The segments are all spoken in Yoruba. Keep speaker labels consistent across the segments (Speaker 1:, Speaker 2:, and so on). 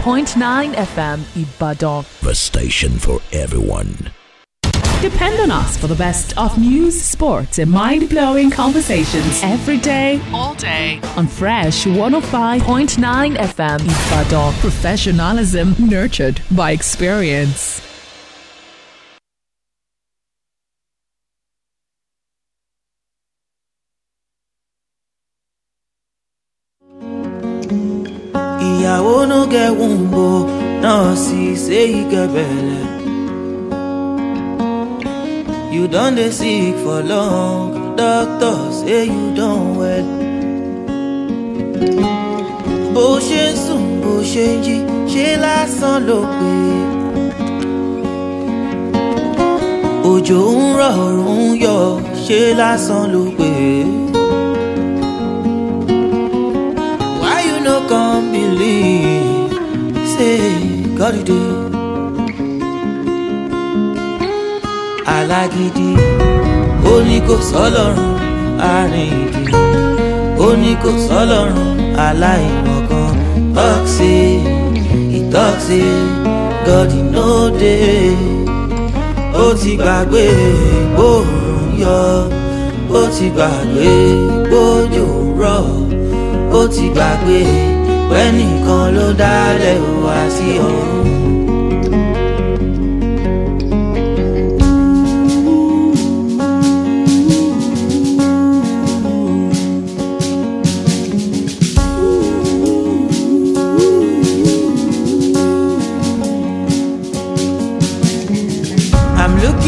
Speaker 1: 101.9 FM Ibadan.
Speaker 2: The station for everyone.
Speaker 1: Depend on us for the best of news, sports, and mind blowing conversations every day,
Speaker 3: all day
Speaker 1: on Fresh 105.9 FM Ibadan. Professionalism nurtured by experience.
Speaker 2: say you belle. You done dey sick for long, doctor say you don't well. Bó ṣe ń sùn, bó ṣe ń jí, ṣé lásán ló pè é. Òjò ń yọ, ṣé lásán ló pè Why you no come believe? Say God dey. alágídí ó ní kò sọ́lọ́run arìndì ó ní kò sọ́lọ́run aláìmọ̀kan toxic e toxic God no dey ó ti gbàgbé gbòòrùn yọ ó ti gbàgbé gbòjò rọ̀ ó ti gbàgbé pẹ́nìkan ló dálẹ̀ wá sí ọ̀run.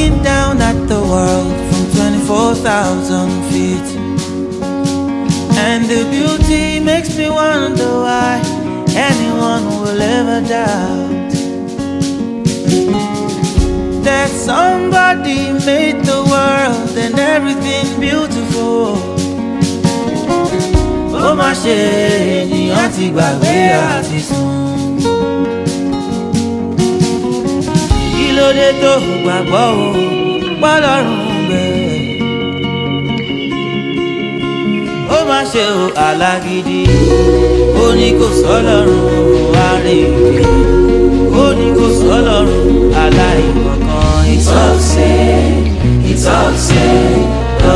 Speaker 2: looking down at the world from 24,000 feet. And the beauty makes me wonder why anyone will ever doubt that somebody made the world and everything beautiful. Oh, my shade, ènìyàn ló dé tó gbàgbọ́ o pọ́lọ́run bẹ́ẹ̀. ó má ṣe o alágídí ó ní kò sọ́lọ́run àárẹ̀ ó ní kò sọ́lọ́run aláìmọ̀kan ìtọ́sẹ̀ ìtọ́sẹ̀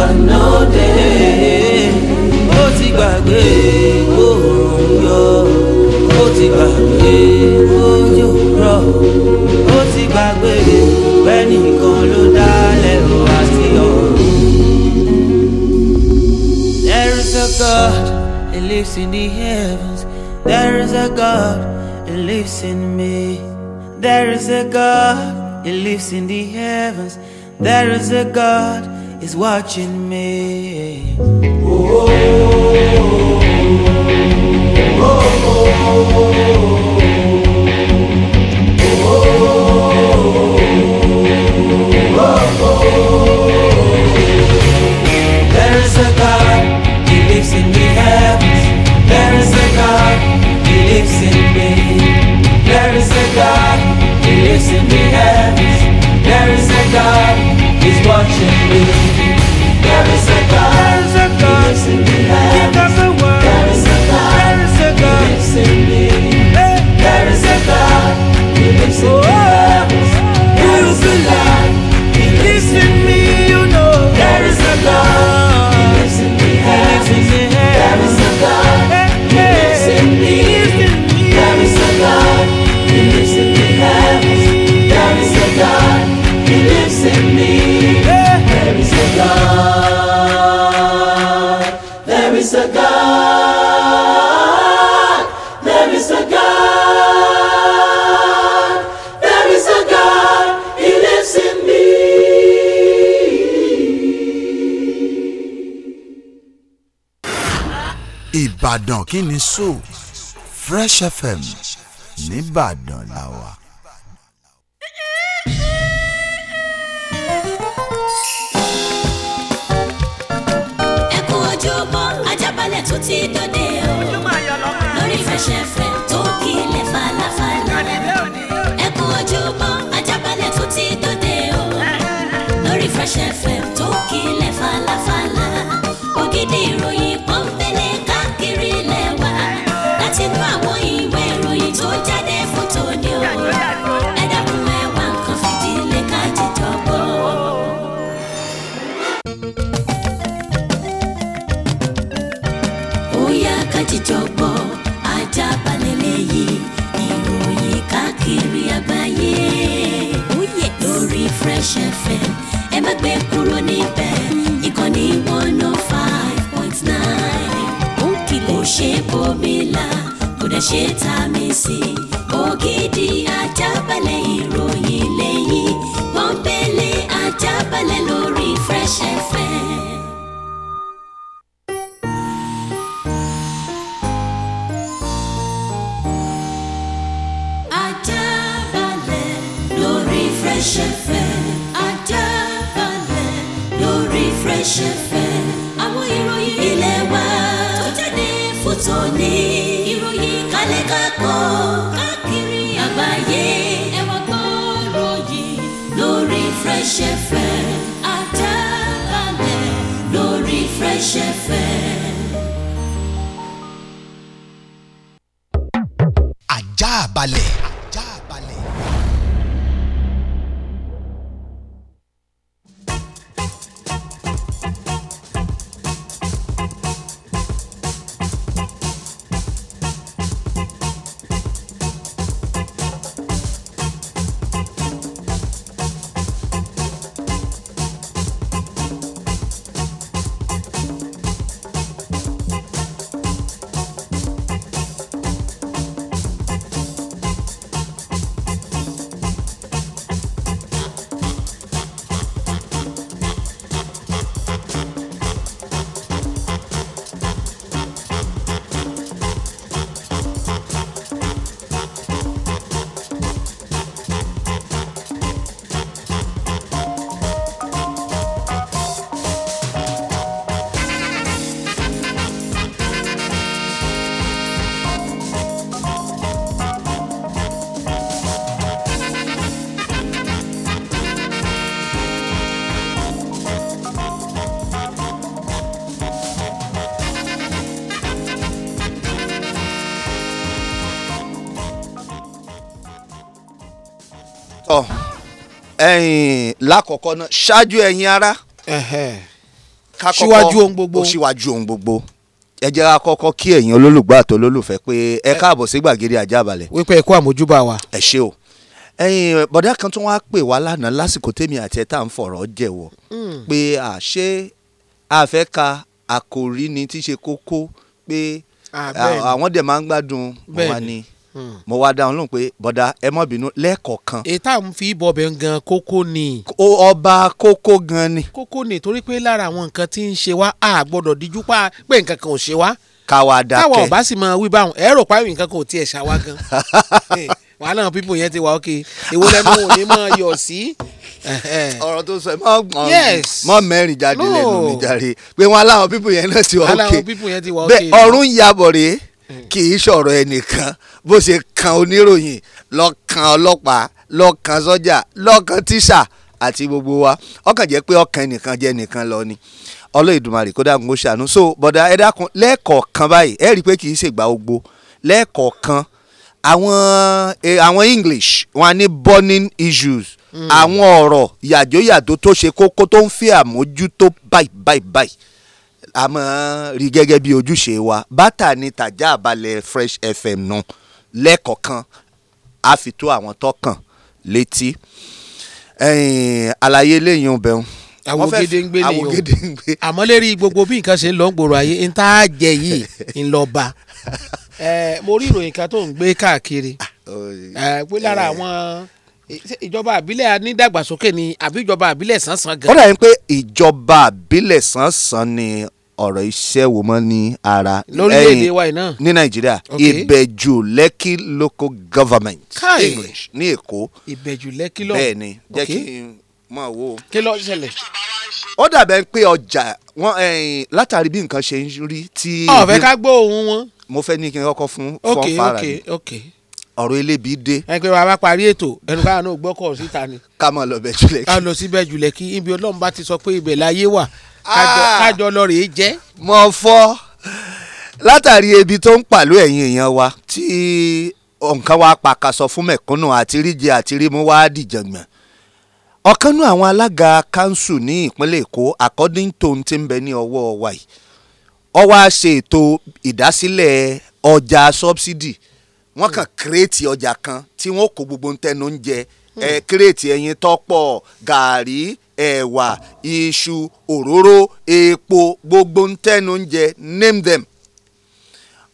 Speaker 2: ọ̀nà òde ó ti gbàgbé òòrùn yọ. There is a God that lives in the heavens. There is a God that lives in me. There is a God that lives in the heavens. There is a God is watching me. watching me. Every second.
Speaker 4: ìbàdàn kí ni so fresh fm nìbàdàn la wà.
Speaker 5: ẹ kú ajabale ajábalẹ̀ tó ti dòde o lórí fresh fm tó kílẹ̀ falafala ẹ kú ojúmọ́ ajábalẹ̀ tó ti dòde o lórí fresh fm tó kílẹ̀ falafala ògidì ìròyìn. fìtàmì sí. fresh fm àdábàlẹ̀ lórí fresh fm.
Speaker 6: lákọ̀ọ́kọ́ náà ṣáájú ẹ̀yin ara síwájú ohun gbogbo síwájú ohun gbogbo ẹ jẹ́ àkọ́kọ́ kí ẹ̀yin olólùgbọ́ àti olólùfẹ́ pé ẹ káàbọ̀ sí gbàgede àjàbalẹ̀.
Speaker 7: wípé ẹ kú àmójúbà
Speaker 6: wa. ẹ ṣé o ẹ̀yin bọ̀dá kan tó wáá pè wá lánàá lásìkò tèmi àti ẹ tá à ń fọ̀rọ̀ jẹ̀wọ̀ hmm. pé àṣé àfẹ́ ka àkòrí ni tí ṣe kókó pé àwọn dẹ̀ máa ń gbádùn wọn ni mo wá dáhùn lóhùn pé bọ́dà ẹ mọ́ bínú lẹ́ẹ̀kọ̀ọ̀kan. ètà ń fi ibọ̀ gan kókó ni. ọba
Speaker 7: kókó gan ni. kókó ni torí pé lára àwọn nǹkan tí ń ṣe wá a gbọ́dọ̀ díjú pa pé nǹkan kan ò ṣe wá. káwa dákẹ́ káwa ọba sì máa wí báwọn ẹ̀rọ pàmì nǹkan kan ò tiẹ̀ ṣá wa gan. Eh, wàhálà pípò yẹn ti wà ókè èwo lẹ́nu ò ní máa yọ̀ sí. ọ̀rọ̀ tó sọ
Speaker 6: ẹ mọ mẹ́rin jáde lẹ́nu mi jáde pé wọn aláwọ̀ pípò yẹn náà ti wà ókè ọ̀run yabọ̀ rèé kì í sọ̀rọ̀ ẹnìkan bó ṣe kan oníròyìn lọ́kàn ọlọ́pàá lọ́kàn sọ́jà lọ́kàn tíṣà àti gbogbo wa ọkàn jẹ́ pé ọkàn ẹnìkan jẹ́ ẹnìkan lọ ni ọlọ́ọ̀dùmarè kó dákun kó ṣàánú so bọ̀dà ẹ dákun lẹ́ẹ̀kọ̀ọ̀kan báyìí ẹ rí i pé kì í ṣègbà ogbó lẹ́ẹ̀kọ̀ọ̀kan àwọn e, àwọn English wọn ní burning issues hmm. àwọn ọ̀rọ̀ yàjóyàdó tó ṣe kókó tó ń fi àmójútó báyìí báyìí báyìí a máa rí gẹ́gẹ́ bí ojúṣe wa bàtà ni tàjà àbálẹ̀ Fresh FM náà lẹ́ẹ̀kọ̀kan a fi tó àwọn tọkàn létí àlàyé eléyìí ń bẹ̀rù àwògede ń gbé ni o àmọ́ lérí gbogbo bí nǹkan ṣe ń lọ ń gbòòrò ayé ń tá a
Speaker 7: jẹ yìí ń lọ bá mo rí ìròyìn kan tó ń gbé káàkiri ah, pé lára eh. àwọn ìjọba àbílẹ̀ anídàgbàsókè ni àbí ìjọba àbílẹ̀ sánsan
Speaker 8: gan. ó dàbí pé
Speaker 6: ìjọba àbílẹ̀ sánsan ni ọ̀rọ̀ iṣẹ́ wò mọ́ ní ara lórílẹ̀‐èdè wa iná ní nàìjíríà ìbẹ̀jù lẹ́kì local government english ní èkó bẹ́ẹ̀ ni jẹ́ kí
Speaker 7: n mọ̀ wò. kí ló ṣẹlẹ̀.
Speaker 6: ó dàbẹ̀ pé ọjà wọn látàrí bí nǹkan ṣe ń rí tí. ọ̀fẹ́ ká
Speaker 7: gbọ́ ohun wọn.
Speaker 6: mo fẹ́ ní kí n kọ́kọ́ fún fọ́n fara mi ọ̀rọ̀ elébi
Speaker 7: dé. ẹ pé bàbá parí ètò ẹnu káwọn náà gbọ́kọ̀ síta ni. ká mọ̀ lọ bẹ́jùlẹ̀kì. ká lọ sí bẹ́jùlẹ̀kì ibi
Speaker 6: ọlọ́run bá ti sọ pé ibẹ̀ láyé wà Ah! kájọ lọ rèé jẹ́. mo fọ́ látàrí ebi tó ń pàlú ẹ̀yìn èèyàn wa tí nǹkan wa pàkàsọ fún mẹ̀kúnnù àti ríje àti rímú wá dìjàngbọ̀n ọ̀kan àwọn alága kanṣu ní ìpínlẹ̀ èkó according to ohun tí ń bẹ ní ọwọ́ wa yìí ó wá ṣe ètò ìdásílẹ̀ ọjà subsidy wọ́n kàn kírètì ọjà kan tí wọ́n kó gbogbo ń tẹnu ń jẹ hmm. kírètì ẹyin tọ́pọ̀ gàárì ẹ̀wà iṣu òróró epo gbogbo ń tẹ́nu ń name them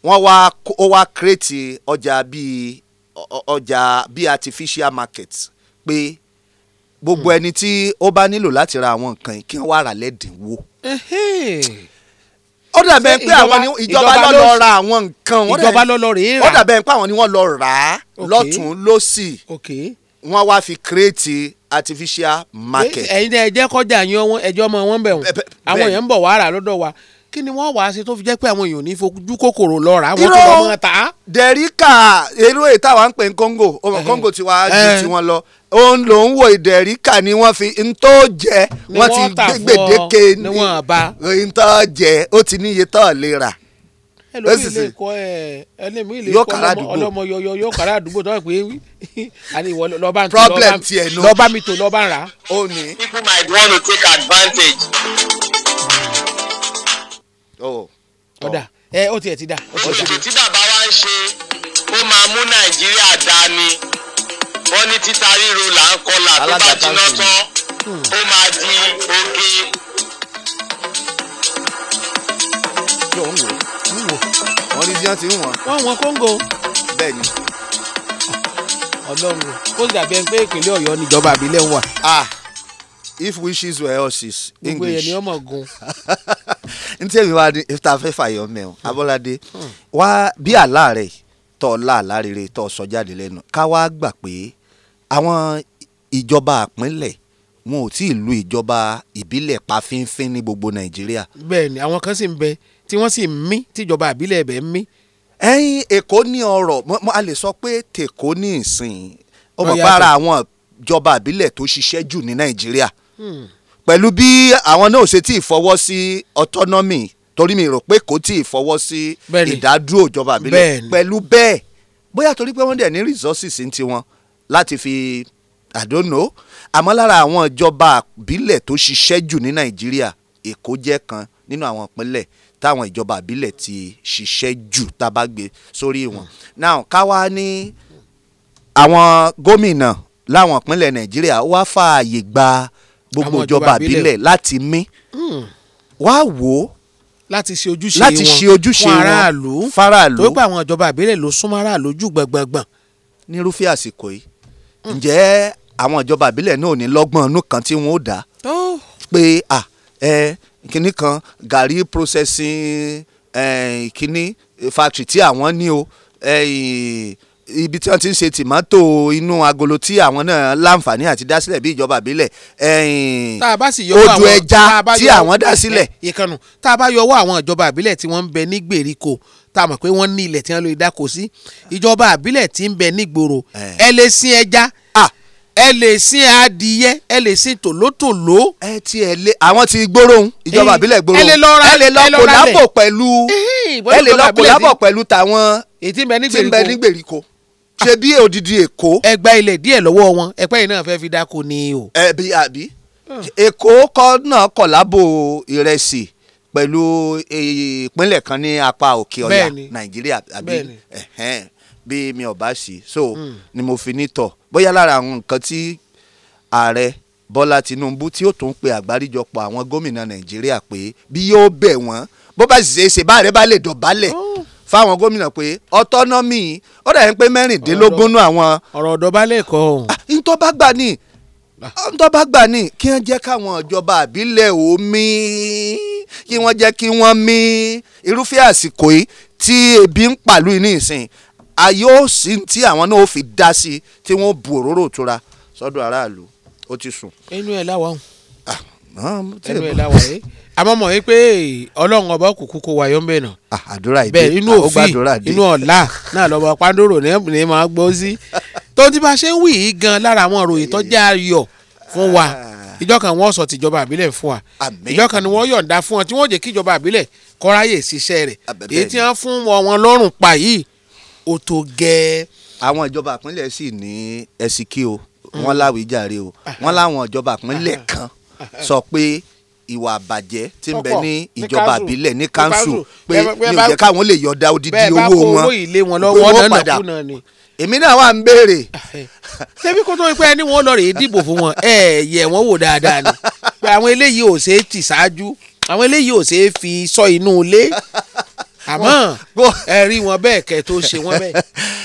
Speaker 6: wọ́n wá ó wá kírètì ọjà bíi ọjà bíi artificial market pé gbogbo hmm. ẹni tí ó bá nílò láti ra àwọn nǹkan kí wọ́n wá rà lẹ́dínwó ó dàbẹ̀ pé àwọn ni ìjọba ló lọ ra àwọn nǹkan ìjọba ló lọ rèé rà ó dàbẹ̀ pé àwọn ni wọ́n lọ rà á lọ́tún lọ́sì wọ́n wá fi kírètì artificial market. ẹ̀yin náà
Speaker 7: kọjá yín ọwọ́n ẹjọ́ ọmọ wọn bẹ̀ wọ́n àwọn èèyàn ń bọ̀ wàhálà lọ́dọ̀ wa kí ni wọ́n wàá ṣe tó fi jẹ́ pé àwọn
Speaker 6: èèyàn ní fojú kòkòrò lọ́ra wọ́n tó lọ́ mọ́ ta. dẹ̀ríkà eré ètò àwọn ń pè ní kóńgò ọmọ kóńgò ti wá ju tiwọn lọ òun ló ń wo ìdẹ̀ríkà ni wọ́n fi ń tó jẹ wọ́n ti gbẹ̀gbẹ̀dẹ̀kẹ́ ní ń tó jẹ ó ti níye tó lè rà
Speaker 7: ẹlòmíì lè kọ ẹ ẹlòmíì lè kọ ọlọmọ yọyọ yọ kàrà àdúgbò tó wà pé àní ìwọ lọba tó lọba mi tó lọba rà.
Speaker 6: o people might want to take advantage. ọ̀dà oh.
Speaker 7: ẹ ó tiẹ̀ ti dà. òṣèlú tí
Speaker 9: bàbá wa ń ṣe ó máa mú nàìjíríà dání wọ́n ní títa ríro là ń kọlà tó bá jiná tán ó máa di
Speaker 6: oge ibi ti ń wọn.
Speaker 7: wọ́n wọn kóńgò. bẹ́ẹ̀ ni. ó dàbí ẹni pé ìpínlẹ̀ ọ̀yọ́ níjọba àbílẹ̀ wà. ah
Speaker 6: if wishes were horses english. gbogbo yẹn ni ọmọ gun. n tí èmi wá ní ifta fẹ́ fàyọ mẹ́wọ̀n hmm. abọ́ládé hmm. wá bí àlá rẹ̀ tọ́ láàlá rere tọ́ sọ jáde lẹ́nu ká wá gbà pé àwọn ìjọba àpínlẹ̀ wọn ò tí ì lu ìjọba ìbílẹ̀ pa fínfín ní gbogbo nàìjíríà.
Speaker 7: bẹ́ẹ̀ni àwọn kan sì ń bẹ tí wọ́n sì mí
Speaker 6: tíjọba àbílẹ̀ ẹ̀bẹ̀ mí. ẹ̀yin èkó ní ọ̀rọ̀ a lè sọ pé tèkó ní ìsìn ó mọ̀ bára àwọn ìjọba àbílẹ̀ tó ṣiṣẹ́ jù ní nàìjíríà hmm. pẹ̀lú bí àwọn náà ṣe tí ì fọwọ́ sí autonomy torí mi rò pé kò tí ì fọwọ́ sí ìdádúró ìjọba àbílẹ̀ pẹ̀lú bẹ́ẹ̀ bóyá torí pé wọ́n dẹ̀ ní resources ń tiwọn láti fi I don't know àmọ́ lára àwọn ìjọba àbílẹ̀ tó ṣiṣẹ́ jù ní nàìjíríà èkó jẹ́ kan nínú àwọn ìpínlẹ̀ táwọn ìjọba àbílẹ̀ ti ṣiṣẹ́ jù tá sórí wọn. now káwa ní àwọn gómìnà láwọn ìpínlẹ̀ nàìjíríà wá fààyè gba gbogbo ìjọba àbílẹ̀ láti mí hmm. wá wò ó
Speaker 7: láti ṣe ojúṣe wọn láti ṣe ojúṣe wọn faraàlú
Speaker 6: faraàlú tó gba àwọn ìjọba àbílẹ̀ ló súnmọ́ aráàlú jù gbọ̀ngbọ̀ngbọ̀n. nírúfẹ́ àsìkò yìí hmm. ǹjẹ́ àwọn ìjọba àbílẹ̀ náà ò ní lọ́gbọ̀n ọdún kan tí wọ́n ó dá oh. pé ah ẹ kínní kan gari processing ẹ kínní factory tí àwọn ní o ẹ ibi tí wọ́n ti ń ṣe tìmọ́tò inú agolo tí àwọn náà láǹfààní àti dásílẹ̀ bí ìjọba àbílẹ̀ odò ẹja tí àwọn dásílẹ̀. ìkànnù tá a bá yọwọ́ àwọn ìjọba àbílẹ̀ tí wọ́n ń bẹ ní
Speaker 7: gbèríko tá a mọ̀ pé wọ́n ní ilẹ̀ tí wọ́n lè dáko sí ìjọba àbílẹ̀ tí ń bẹ nígboro
Speaker 6: ẹ lè sin ẹja ẹ lè sin adìyẹ ẹ lè sin tòlótòló. ẹ ti ẹ lè àwọn ti gbóróhùn ìjọba àbílẹ̀ gbóróhùn ẹ lè lọ kòlábò pẹ̀lú ẹ lè lọ kòlábò pẹ̀lú tàwọn tí ń bẹ ní gbèríko ṣe bí odidi èkó. ẹ gba ilẹ̀ díẹ̀ lọ́wọ́ wọn ẹ̀pẹ́ yìí náà fẹ́ fi dáko ni o. ẹ bí àbí èkó kọ́ náà kòlábò ìrẹsì pẹ̀lú eh, ìpínlẹ̀ kan ní apá òkè ọ̀yà nàìjíríà àbí bí mi ò bá ṣe so mm. ni mo fi ní tọ̀ bóyá lára àwọn nǹkan tí ààrẹ Bọ́lá Tinubu tí ó tún pe àgbáríjọpọ̀ àwọn gómìnà Nàìjíríà pé bí yóò bẹ̀ wọ́n bó bá ṣe ṣe bá ààrẹ bá lè dọ̀bálẹ̀ oh. fáwọn gómìnà pé autonomy ó dà yẹn pé mẹ́rìndínlógún nù àwọn. ọ̀rọ̀ dọ̀bálẹ̀ kọ́ ọ̀hún. Ah, ntọ́ bá gbà ní ah. ntọ́ bá gbà ní kí wọ́n jẹ́ káwọn ìjọba àbílẹ̀ omi kí wọ́n jẹ́ kí wọ́n mí irúfẹ́ àsìkò yìí tí ebi ń pàlú ní ìsìn ayé ó sì ń tí àwọn náà ó fi dá sí i tí wọ́n bu òróró ìtura sọ́dọ̀ aráàlú ó ti sùn.
Speaker 7: inú ẹ̀ láwa
Speaker 6: hàn. ẹnu ẹ̀ láwa yìí
Speaker 7: àmọ́ mọ̀ wípé ọlọ́run ọba òkùnkùn kò wáyọ̀ ń bẹ̀ nà. Ah,
Speaker 6: àdúrà ìdè bẹ́ẹ̀ inú
Speaker 7: ah, òfin inú ọ̀la náà lọ́ba pandoro ní ma gbọ́ sí. tó ti bá ṣe ń wì í gan lára àwọn òròyìn tó jẹ́ ayọ̀ fún wa ah. ìjọ kan wọ́n sọ tìjọba àbílẹ̀ fún wa ìjọ kan ni wọ́n yọ̀ǹda fún wọn tí wọ́n jẹ́ kíjọba àbílẹ̀ kọ́ráyè ṣiṣẹ́ rẹ̀ èyí tí
Speaker 6: wọ́n fún wọn lọ́rùn pa yìí ó tó gẹ́ẹ́. àwọn ìjọba ìpínlẹ̀ sì ní ẹ̀sìnkí o wọ́n láwíjàre o wọ́n láwọn ìjọba ìpínlẹ̀ kan sọ pé ìwà àbàjẹ́ tí ń bẹ ní ìjọba àbílẹ̀ ní kanṣu pé ní ìjẹ́ káwọn lè yọ̀ọ̀da odidi owó wọn pé wọ́n padà èmi náà wà ń béèrè.
Speaker 7: ṣebí kó tó pẹ́ ni wọ́n lọ rèé dìbò fún wọn ẹ yẹ wọ́n wò dáadáa ni pé àwọn eléyìí ò ṣeé tì ṣáájú àwọn eléyìí ò ṣeé fi sọ inú ilé àmọ́
Speaker 6: ẹ̀rí wọn bẹ́ẹ̀ kẹ́ tó ṣe wọn bẹ́ẹ̀.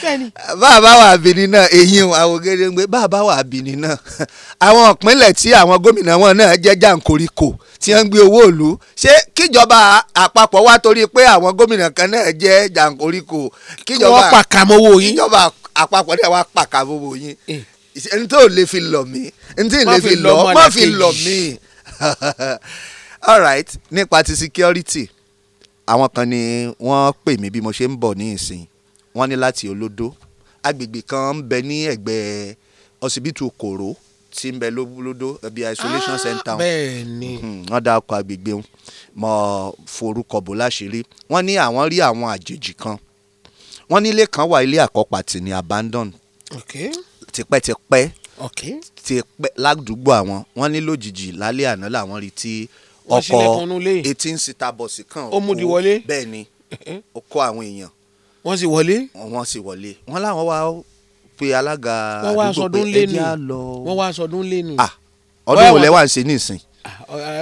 Speaker 6: bàbá wa àbìnrin náà èyí àwọn gẹ́gẹ́ bàbá wa àbìnrin náà àwọn ìpínlẹ̀ tí àwọn gómìnà wọn náà jẹ́ jàǹkóríkò tí wọ́n ń gbé owó ìlú ṣé kíjọba àpapọ̀ wá torí pé àwọn gómìnà kan náà jẹ́ jàǹkóríkò kíjọba wọ́n pàkàmọ́ owó yín kíjọba àpapọ̀ náà wá pàkàmọ́ owó yín eh. ẹni tó lè fi lọ mí ẹni tí lè fi lọ mọ́ fi lọ mí all right nípa ti security àwọn kan ni wọ́n pè mí bí mo ṣe ń bọ̀ ní ìsìn wọ́n ní láti olódó agbègbè kan ń bẹ ní ẹ̀gbẹ́ ọsibítù kòró tí ń bẹ lólódó bí isolation ah, center bẹ́ẹ̀ni hmm, wọ́n dá ọkọ̀ agbègbè wọn mọ̀ forúkọ bò láṣìírí wọ́n ní àwọn rí àwọn àjèjì kan wọ́n ní kan wà ilé àkọ́pàtì ní abandon okay. tipẹ́tipẹ́ okay. tipẹ́ ládùúgbò àwọn wọ́n ní lójijì lálẹ́ àná làwọn rí tí ọkọ̀ eighteen sita bọ̀sì kan ó mú di wọlé bẹ́ẹ̀ ni ó kó àwọn èèyàn. wọ́n sì wọlé. wọ́n sì wọlé wọ́n láwọn wá pe alága àdúgbò pé ẹjẹ́ á
Speaker 7: lọ. wọ́n wá sọdún lẹ́nu.
Speaker 6: ọdún wo lẹ́wà ń ṣe ní ìsìn.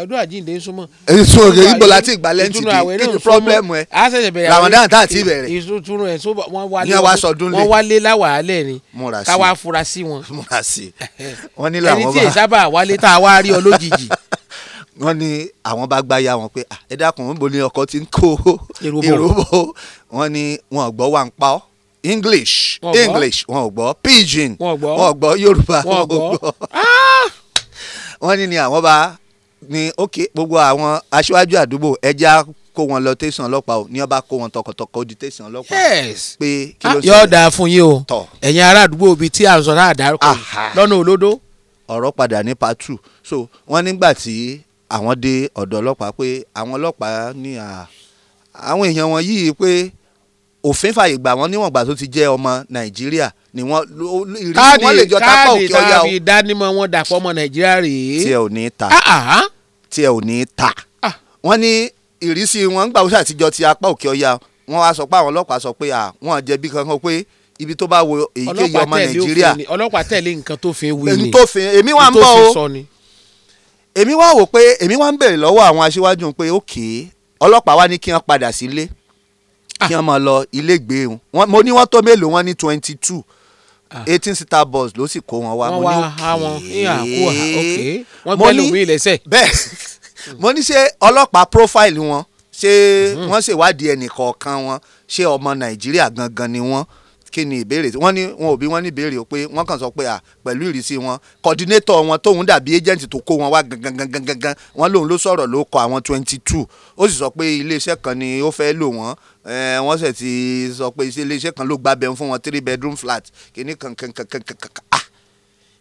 Speaker 7: ọdún àjíǹde ń súnmọ́. èso òkè ibo láti ìgbà lẹ́ǹtì dé kí ni pọ́blẹ́mù ẹ ramadan tá a ti bẹ̀rẹ̀. ìtútúrú ẹ̀ sọ wọ́n wálé láwàálẹ̀ ni káwá fura sí wọn. múra sí i
Speaker 6: wọ́n ní làwọn bá ẹni tí èyí
Speaker 7: sábà wálé tá a wá rí ọ lójijì
Speaker 6: wọ́n ní àwọn bá gbáya wọn pé ah, ẹ dákun níbo ni ọkọ̀ ti ń kó èrò bọ̀ wọ́n ní wọn ò gbọ́ wà ń pa ọ́ english english wọn ò gbọ́ pidgin wọn ò gbọ́ yorùbá wọn ò gbọ́ ah! wọ́n ní ni àwọn bá ní ok gbogbo àwọn aṣáájú àdúgbò ẹja kó wọn lọ tẹsán ọlọ́pàá o ní ọba kó wọn tọkọtọkọ di tẹsán ọlọ́pàá. yes pé kí ah, ló ṣe yóò dáa fún yín o ẹ̀yin ará àdúgbò bíi tí àrùn sọ̀rọ̀ àdárúkọ lọ́nà olódó. ọ̀rọ̀ padà ní part two so wọ́n nígbà tí àwọn dé ọ̀dọ̀ ọlọ́pàá pé àwọn ọlọ́pàá ní àwọn èèyàn wọn yìí pé òfin fàyè gbà wọ́n níwọ̀n gbà tó ti jẹ́ ọmọ nàìjíríà ni wọ́n
Speaker 7: ìrísí wọn lè jọ tápá òkè ọ̀yà o. káàdì káàdì
Speaker 6: ìdánimọ̀ wọn dàpọ̀ ọmọ nàìjíríà rèé. tí ẹ ò ní ta ah, ah, ah. tí ẹ ò ní ta wọ́n ní ìrísí wọn ń gbà ó ṣàtijọ́ ti apá òkè ọ̀yà wọn wá sọ pé àwọn ọlọ́pàá sọ pé wọ́n jẹ̀bi kankan pé ibi tó bá wo èyíkéyìí ọmọ nàìjíríà
Speaker 7: ọlọ́pàá tẹ̀lé nǹkan tó fi wí ni
Speaker 6: èmi wá wò pé èmi wá ń bèrè lọ́wọ́ àwọn aṣíwájú pé ókè ọlọ́pàá wá ní kí wọ́n padà sílé kí wọ́n máa lọ ilégbèé wọn mo ní wọ́n tó mélòó wọn ní twenty two ah. eighteen star bus ló sì kó wọn wá mo ní òkè wọ́n gbẹ́lú wí lẹ́sẹ̀. bẹ́ẹ̀ mo ní ṣe ọlọ́pàá profile wọn ṣé mhm. wọ́n ṣèwádìí ẹnì kọ̀ọ̀kan wọn ṣé ọmọ nàìjíríà gangan ni wọ́n. Mm -hmm kí ni ìbéèrè wọ́n ní wọn ò bí wọ́n ní ìbéèrè o pé wọ́n kàn sọ pé à pẹ̀lú ìrísí wọn coordinator wọn tóun dàbí agent tó kó wọn wá gangan wọn lòun ló sọ̀rọ̀ ló kọ àwọn twenty two ó sì sọ pé iléeṣẹ́ kan ni ó fẹ́ lò wọ́n wọ́n sì ti sọ pé iléeṣẹ́ kan ló gbàbẹ̀ fún wọn three bedroom flat kìíní kankan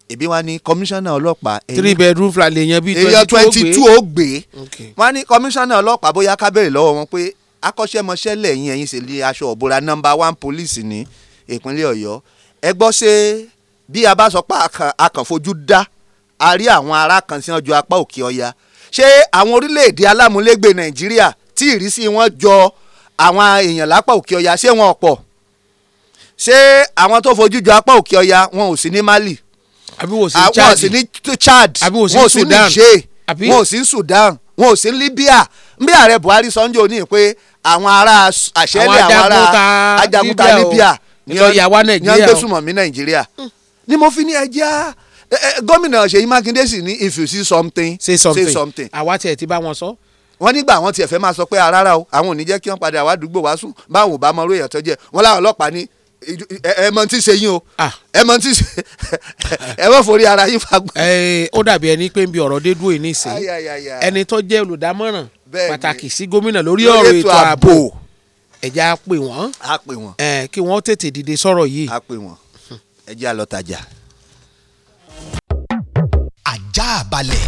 Speaker 6: èbí wá ní kọmíṣánná ọlọ́pàá. three
Speaker 7: bedroom flat lè yan bí twenty two ó gbé
Speaker 6: wọ́n ní kọmíṣánná ọlọ́pàá bóyá ká lọ́wọ́ wọn pé akọ́ṣẹ́mọṣẹ́ lẹ́yìn ẹ̀yin sì lé aṣọ òbora number one police ni. Okay ìpínlẹ̀ ọ̀yọ́ ẹ gbọ́ ṣe bí a bá sọ pé akànfojú dá a rí àwọn ará kan sí ọjọ́ apá òkè ọya ṣé àwọn orílẹ̀-èdè alámúlégbè nàìjíríà tí ìrísí wọn jọ àwọn èèyàn lápá òkè ọya ṣé wọn ọ̀pọ̀ ṣé àwọn tó fojú jọ apá òkè ọya wọn ò sí ní mali wọn ò sí ní chad wọn ò sí ní niger wọn ò sí ní sudan wọn ò sí ní libya nbí ààrẹ buhari sọ ń jò ní pé àwọn ará àṣẹlẹ àwọn ará ajagunta libya ìlọyà wa nàìjíríà ní agbésùmọ̀ mi nàìjíríà hmm. ni mo fi ní ẹja gómìnà ṣèyí mákindé sì ní if you see something say something say something àwa tiẹ̀ ti bá wọn sọ. wọ́n nígbà àwọn tiẹ̀ fẹ́ máa sọ pé rárá o àwọn ò ní jẹ́ kí wọ́n padà wá àdúgbò wá sùn báwọn ò bá mọ orí èèyàn tó jẹ́ wọn láwọn ọlọ́pàá ní ẹ mọ tí ń ṣe yín o ah. ẹ mọ tí ń ṣe ẹ mọ forí ara yín fagbọn. ó dàbí ẹni pé ń bi ọ̀rọ̀ dé dúró ẹni
Speaker 7: tó jẹ́ olùdámọ̀ràn pàtàkì sí gómìnà lórí ọ̀rọ̀ ètò ààbò ẹ̀jẹ̀ á pè wọ́n. á pè wọ́n. ẹ̀ kí wọ́n tètè dìde sọ̀rọ̀ yìí. á pè wọ́n ẹ̀jẹ̀ á lọ tajà. balẹ̀.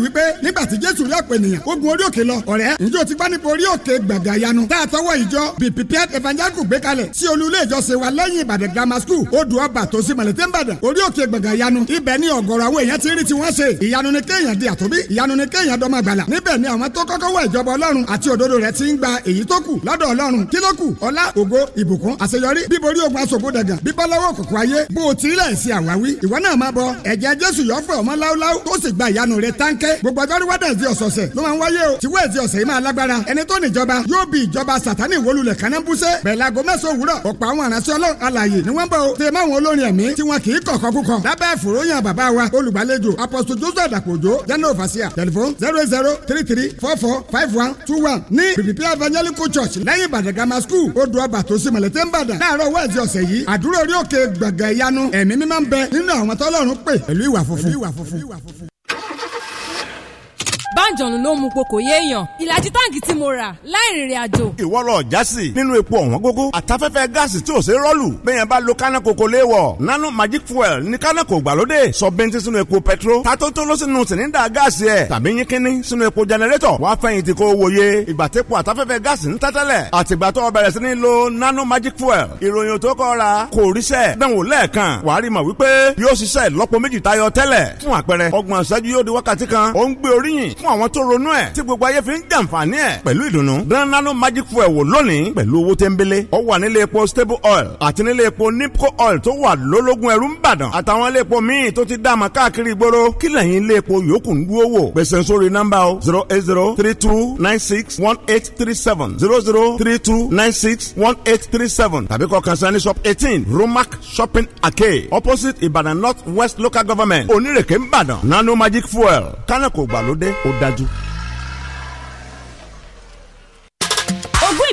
Speaker 10: wípé nígbà tí jésù rí ọ̀pọ̀ ènìyàn ó gun orí òkè lọ ọ̀rẹ́ ìjọ ti gbá nípa orí òkè gbàgbà yanu tá a tọwọ́ ìjọ be prepared evangelical gbé kalẹ̀ sí olú ilé ìjọsìn wa lẹ́yìn ìbàdàn grammar school odò ọba tó sí mọ̀lẹ́tẹ́ ìbàdàn orí òkè gbàgbà yanu ibẹ̀ ni ọ̀gọ̀rọ̀ àwọn èèyàn ti rí tí wọ́n ṣe ìyanu ni kéèyàn di àtòbí ìyanu ni kéèyàn dọ́mọ àgbàlà níbẹ̀ ni àwọn tó kọ́kọ́ wọ ìjọba ọlọ́run àti òdodo rẹ̀ ti ń gba èyí tó kù lọ́dọ̀ ọlọ́run kí ló kù ọlá ògo ìbùkún àṣeyọrí bíborí ogun aṣògo dàgàn bíbọ́láwọ́ òkùnkùn ayé bó o ti ilẹ̀ sí àwáwí ìwọ náà máa bọ ẹ̀jẹ̀ jésù yọ fún ọmọ láúláú tó sì gba ìyanu rẹ̀ táǹkẹ́ dé gbogbo ọjọ́rú wẹ́dẹ̀sì ọ̀sọ̀ọ̀sẹ̀ ló máa ń wáyé o tí wẹ́ẹ̀sì ọ̀sẹ̀ yìí máa lágbára ẹni tó níjọba yóò bí ìjọba sàtánì wólulẹ̀ kánábùsẹ̀ bẹ̀rẹ̀ aago mẹ́sàn-án òwúrọ̀ ọ̀pọ̀ àwọn àránṣẹ́ ọlọ́run alàyè ni wọ́n bọ̀ o tẹ máwọn olórin ẹ̀mí tí wọn kì í kọ̀kọ́ kúkọ lábẹ́ ìfòròyìn bàbá wa olùgbàlejò apostle joseph dàpọ̀jọ́ general overseer telephone zero zero three three four four five one two one ní pdp evangelical church lẹ́yìn ìbàdàn grammar school odò ọba tó sì mọ̀lẹ́tẹ̀ ń bàdàn láàárọ̀ wẹ́ẹ̀sì ọ̀sẹ̀ yìí àdúrà orí òkè gbọ̀ngàn ìyanu ẹ̀mí mímọ́
Speaker 11: báńjọ̀nù ló mu po kò yéèyàn ìlàjì táǹkì tí mo rà láì rìnrìn àjò.
Speaker 4: ìwọ lọ jásì nínú epo ọ̀wọ́n gógó àtafẹ́fẹ́ gáàsì tí ò ṣe rọ́ọ̀lù bẹ́yẹn bá lo kánà kòkó léwọ̀ nano magic fuel ní kánà gbàlódé sọ bẹ́ntì sínú epo petro tatótó ló sínú sìnínda gáàsì ẹ̀ tàbí yín kínní sínú epo jẹnẹrétọ̀ wàá fẹ̀yìntì kó wòye ìgbà àtafẹ́fẹ́ gáàsì ń fún àwọn tó ronú ẹ̀ tí gbogbo ayé fi ń jàǹfààní ẹ̀ pẹ̀lú ìdùnnú. dán magic fuel wò lónìí pẹ̀lú owó tẹ́ńbélé. ó wà nílé epo stable oil àti nílé epo nipco oil tó wà lólógún ẹrú ńbàdàn àtàwọn ilé epo míì tó ti dáàmà káàkiri ìgboro kí lẹ́yìn ilé epo yòókù ń dúró wò. gbèsè sórí nọ́mbà o zero eight zero three two nine six one eight three seven zero zero three two nine six one eight three seven tàbí kọ kànsáni shop eighteen romac shopping arcade opposite Ìbàdàn north west local government onírèké ńbàdàn nano magic fuel kánà kò gbàlódé òd dájú.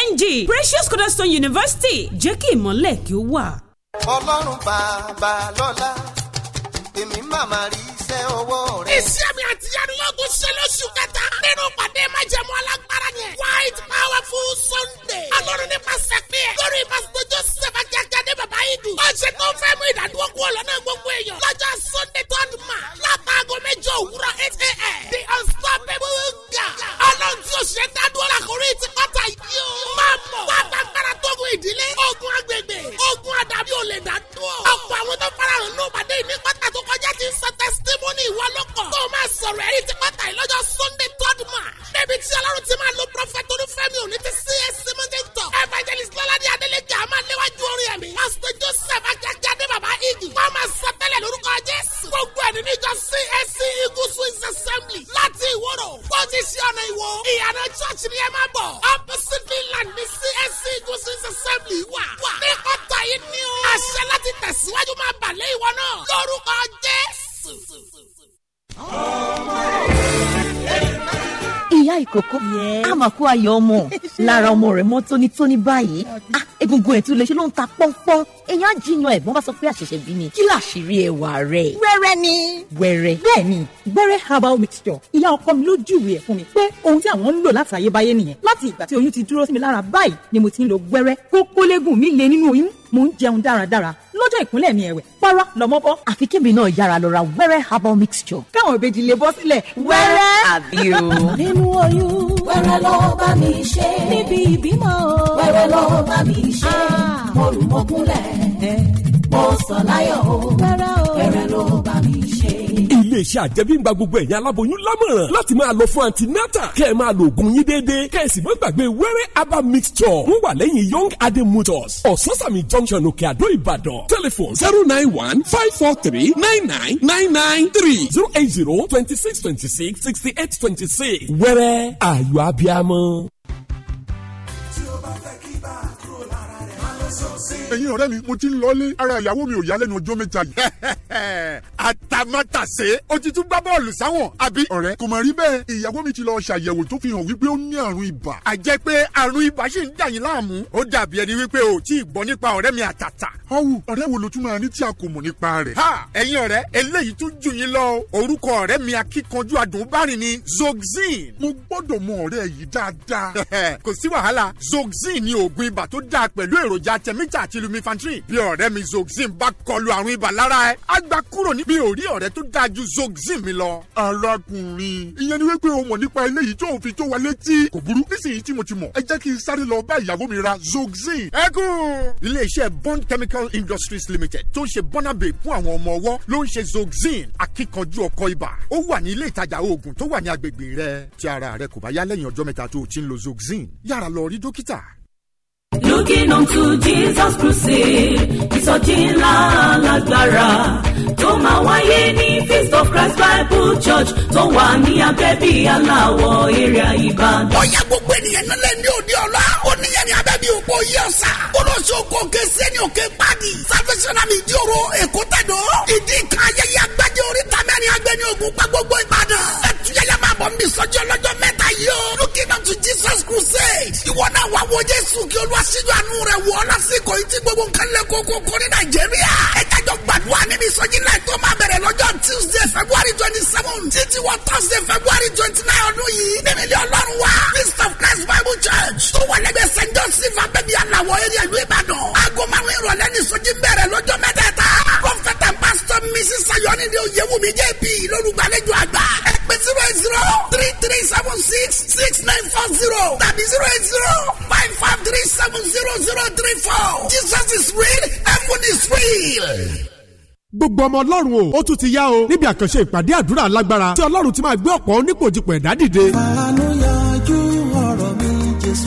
Speaker 12: ng Precious Cornerstone University jẹ́ kí ìmọ̀lẹ̀ kí ó wà.
Speaker 2: ọlọ́run bàbá lọ́lá èmi màmá rí iṣẹ́ ọwọ́ rẹ̀. iṣẹ́
Speaker 8: mi àti yanilógun ṣe lóṣù kẹta nínú pàdé májẹ̀mú alágbára yẹn. white powerful Sunday. alọ́run nípasẹ̀ pé lórí ìbáṣepọ̀ joseph Ṣáídù. Ó ṣe tó ń fẹ́ mú ìdádúró kúrò lọ́nà gbogbo èèyàn. Lọ́jọ́ Sunday third March látàgọ́ mẹ́jọ òwúrọ̀ eight a.m. The unstoppable God. Ọlọ́run tí o ṣe dádúró làkórí ti pátá yìí o. Máa mọ̀. Wá gbàgbára tógun ìdílé. Ogun agbègbè. Ogun àdàbí ò lè dádúró. Ọ̀pọ̀ àwọn tó farahàn ló pàdé ní pátá tó kọjá ti ń sọ testimony ìwọ lọ́kọ̀. Tó máa sọ̀rọ̀ ẹ̀rí ti pátá yìí lọ́jọ́ Sunday third March. Débi tí Ọlọ́run ti máa lo Prọfẹ̀t Olúfẹ́mi òní ti CSC Mọ́tẹ́tọ̀. Evangelist Lọ́ládé Adélèké àmà léwájú orin ẹ̀mí. Pásítọ̀ joseph ajájáde bàbá igi. wọ́n máa sọ tẹ́lẹ̀ lórúkọ jésù. gbogbo ẹ̀ csc igusu is assembly láti ìwòrò. bó ti ṣe ọ̀nà ìwò. ìyànà church ni ẹ máa bọ̀. opposite finland ni csc igusu is assembly wà. ní ọ̀tọ̀ yìí ni o. àṣẹ láti tẹ̀síwájú máa bàlẹ́ ìwọ náà. lórúkọ jésù. ọmọ
Speaker 12: rẹ̀ ìyá ìkókó àmọ́ kó ayọ̀ ọmọ lára ọmọ rẹ̀ mọ́ tónítóní báyìí ah, egungun ẹ̀tún lè ṣe ló ń ta pọ́npọ́n èèyàn á jiyàn ẹ̀gbọ́n bá sọ pé àṣẹ̀ṣẹ̀ bí ni kí làṣírí ẹwà rẹ̀. wẹ́rẹ́ ni. wẹ́rẹ́. bẹ́ẹ̀ni gbẹrẹ herbal mixture ìyá ọkọ mi ló júwèé fún mi pé ohun tí àwọn ń lò láti àyébáyé nìyẹn láti ìgbà tí oyún ti dúró sí mi lára báyìí ni mo ti ń lo gbẹrẹ kókólégùn mi lè nínú oyún mo ń jẹun dáradára lọ́jọ́ ìkúnlẹ̀ mi ẹ̀wẹ̀ para lọ́mọ bọ́. àfi kébì náà yára lọ ra wẹ́rẹ́ herbal mixture. káwọn ìbejì lè bọ́ sílẹ̀ wẹ́rẹ́.
Speaker 5: àbí o. nínú oyún wẹ́rẹ́ lọ bá mi ṣe. níbi ìbímọ wẹ́rẹ́ lọ bá mi ṣe. Ah. mo rù mọ́kúnlẹ̀ eh
Speaker 3: mo sọ láyọ̀
Speaker 5: o fẹ́rẹ́ o fẹ́rẹ́ ló bá mi ṣe.
Speaker 3: iléeṣẹ́ àjẹmíngba gbogbo ẹ̀yìn aláboyún lámọ̀ràn láti máa lọ fún antinata kẹ́ ẹ̀ máa lo oògùn yín déédéé kẹ́ ẹ̀ sì mọ́ gbàgbé wẹ́rẹ́ herbal mixture wọ́n wà lẹ́yìn young adé motors ososami junction òkè àdó ìbàdàn telephone zero nine one five four three nine nine nine nine three zero eight zero twenty six twenty six sixty eight twenty six wẹ́rẹ́ ayọ̀ abiamọ. tí o bá fẹ́
Speaker 13: kí bá a kúrò lára rẹ̀ máa lọ sọ́ọ̀sì ẹ̀yin ọ̀rẹ́ mi mo ti ń lọlé ara ìyàwó mi ò yá lẹ́nu ọjọ́ mẹ́ta yìí. àtàmátàsé o ti tún gbá bọ́ọ̀lù sáwọn àbí. ọ̀rẹ́ kò mà rí bẹ́ẹ̀ ìyàwó mi ti lọ ṣàyẹ̀wò tó fi hàn wípé ó ní àrùn ibà. a jẹ́ pé àrùn ibà ṣì ń dà yín láàmú. ó dàbí ẹni wípé o tí ì gbọ́ nípa ọ̀rẹ́ mi àtàtà. ọ̀wù ọ̀rẹ́ wo ló tún máa ní tí a kò mọ̀ nípa rẹ̀. ha ẹ̀yin ọ̀rẹ́ eléyìí tún jù yín lọ orúkọ ọ̀rẹ́ mi akíkanjú adùnbárìn ni zoxyn. mo gbọ́dọ̀ mọ ọ̀rẹ́ yìí dáadáa. kò sí wàhálà zoxyn ni oògùn ibà tó dáa pẹ̀lú èròjà dókítà àti lumifantrin bí ọ̀rẹ́ mi zoxyn bá kọlu àrùn ibà lára ẹ á gbà kúrò níbi òrí ọ̀rẹ́ tó dáa ju zoxyn mi lọ. arákùnrin ìyẹn ni wípé o mọ̀ nípa eléyìí tó o fi tó wa létí kò burú nísìnyí tí mo ti mọ̀ ẹ jẹ́ kí n sáré lọ bá ìyàwó mi ra zoxyn. ẹ kú. iléeṣẹ́ bond chemical industries limited tó ń ṣe bọ́nàbè fún àwọn ọmọ ọwọ́ ló ń ṣe zoxyn akíkanjú ọkọ ibà ó wà ní ilé ìtajà oògùn tó wà ní agbègbè rẹ tí ara rẹ kò bá yá lẹ́yìn ọjọ́ mẹ́ta tó o ti ń lo zoxyn yára lọ rí dókítà
Speaker 5: Looking unto Jesus crusade ìsọjí ńlá lágbára tó máa wáyé ní feast of Christ Bible Church tó wà ní abẹ́bí aláwọ̀ area
Speaker 8: Ìbàdàn. ọ̀yá gbogbo ènìyàn nílẹ̀ ní òde ọ̀la oníyẹ̀rì abẹ́bí òpó yí ọ̀sà olóṣù òkè òkè sẹ́ni òkè pàdé salvation army ìdí òro èkó tẹ̀dọ̀ ìdí ìka ayẹyẹ agbẹ́jẹ́ oríta mẹ́rin agbẹ́ni ogun pa gbogbo Ìbàdàn ẹ̀túnyẹ̀yẹ máa bọ̀ ń bí sọ́jọ́ lọ́jọ́ Kingdom to Jesus crusade. Ìwọ náà wá wo Jésù kí Olúwa ṣíjú àánú rẹ̀ wọ̀ ọ́ lásìkò yìí tí gbogbo nǹkan lè kókó kó ní Nàìjíríà. Ẹ jájọ gbàdúrà níbi ìsọjí náà tó máa bẹ̀rẹ̀ lọ́jọ́ Tuesday February twenty seven títí wọ Thursday February twenty nine ọdún yìí. Nímìlí Ọlọ́run wa Christ of Christ Bible Church tó wà lẹ́gbẹ̀ẹ́ St. Joseph Abẹ́bí Aláwọ̀ eré ìlú Ìbàdàn. Aago márùn-ún ìrọ̀lẹ́ ní ìsọjí bẹ̀rẹ̀ lọ́jọ́ mẹ́tẹ̀ẹ̀ta. Prophet and pastor Mrs. Ayọ̀nìdé Oyewumi JP lórúkọ six six nine four zero tàbí zero eight zero five five three seven zero zero three four. Jesus is real, heaven is real
Speaker 14: gbogbo ọmọ ọlọ́run o ó tún ti yá o níbi àkànṣe ìpàdé àdúrà lágbára tí ọlọ́run ti máa gbé ọ̀pọ̀ onípòjìpọ̀ ẹ̀dá dìde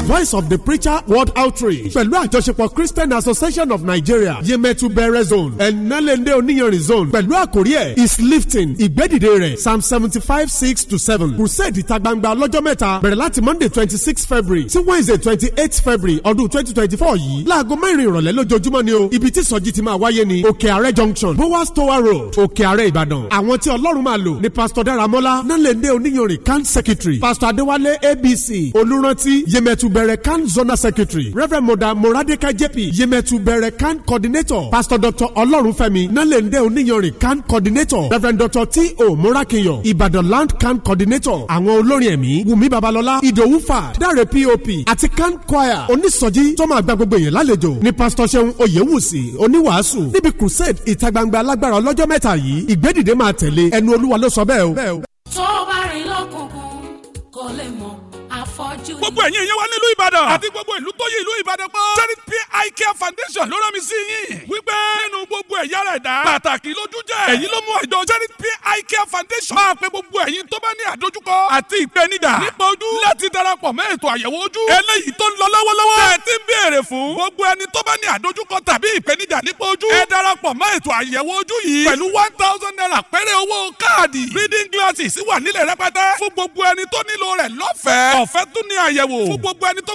Speaker 14: voice of the preacher world outreach pẹ̀lú àjọṣepọ̀ christian association of nigeria yemetu bẹ̀rẹ̀ zone ẹ̀nálẹ̀ndé oníyanrìn zone pẹ̀lú àkórí ẹ̀ is lifting ìgbẹ́dìde rẹ̀ psalm seventy five six to seven crusade ìta gbangba lọ́jọ́ mẹ́ta bẹ̀rẹ̀ láti monday twenty six february sí wednesday twenty eight february ọdún twenty twenty four yìí láago mẹ́rin ìrọ̀lẹ́ lójoojúmọ́ ni o ibi tí sọjí ti máa wáyé ni òkè àrẹ junction bowers tower road òkè àrẹ ìbàdàn àwọn tí ọlọ́run máa lò ni pastor daramola nálẹ̀ndé oníyanrìn camp secretary pastor adéwálé abc olùrántí yemetu Berekan Zona Secretary, Reverend Moda Moradeka JP, Yemetu Berekan Coordinator, Pastor Dr. Olorunfemi, Nalende Oniyanrin Kan Coordinator, Reverend Dr. T.O. Morakinyo, Ibadan Land Kan Coordinator, àwọn olórin ẹ̀mí, Wumi Babalola, Idowu Fad, Dare POP, àti Kan Choir, Onísọjí tó máa gba gbogbo èèyàn lálejò ní Pastor Seun Oyewusi, Oníwàásù, níbi crusade ìta gbangba alágbára ọlọ́jọ́ mẹ́ta yìí, ìgbédìde máa tẹ̀lé ẹnu olúwa ló sọ bẹ́ẹ̀ o.
Speaker 3: gbogbo ẹ̀yin ìyẹn wá nílùú ìbàdàn. àti gbogbo ìlú tó yí ìlú ìbàdàn pọ̀. charity pi care foundation ló rán mi sí yín. wípé nínú gbogbo ẹ̀yà ara ẹ̀dá. pàtàkì lójú jẹ́. èyí ló mú àjọ charity pi care foundation. máa pe gbogbo ẹ̀yin tó bá ní àdójúkọ. àti ìpènijà. nípa ojú. láti darapọ̀ mẹ́ ètò àyẹ̀wò ojú. eléyìí tó ń lọ lọ́wọ́lọ́wọ́. tẹ́ ẹ ti ń béèrè fún. gbogbo ẹni tó bá ní àdójúkọ tàbí ìpènijà nípa ojú. ẹ darapọ̀ mẹ́ ètò àyẹ̀wò ojú yìí. pẹ̀lú one thousand naira péré owó káàdì. reading glasses wà nílẹ̀ rẹpẹtẹ. fún gbogbo ẹni tó nílò rẹ̀ lọ́fẹ̀ẹ́. ọ̀fẹ́ tún ní àyẹ̀wò. fún gbogbo ẹni tó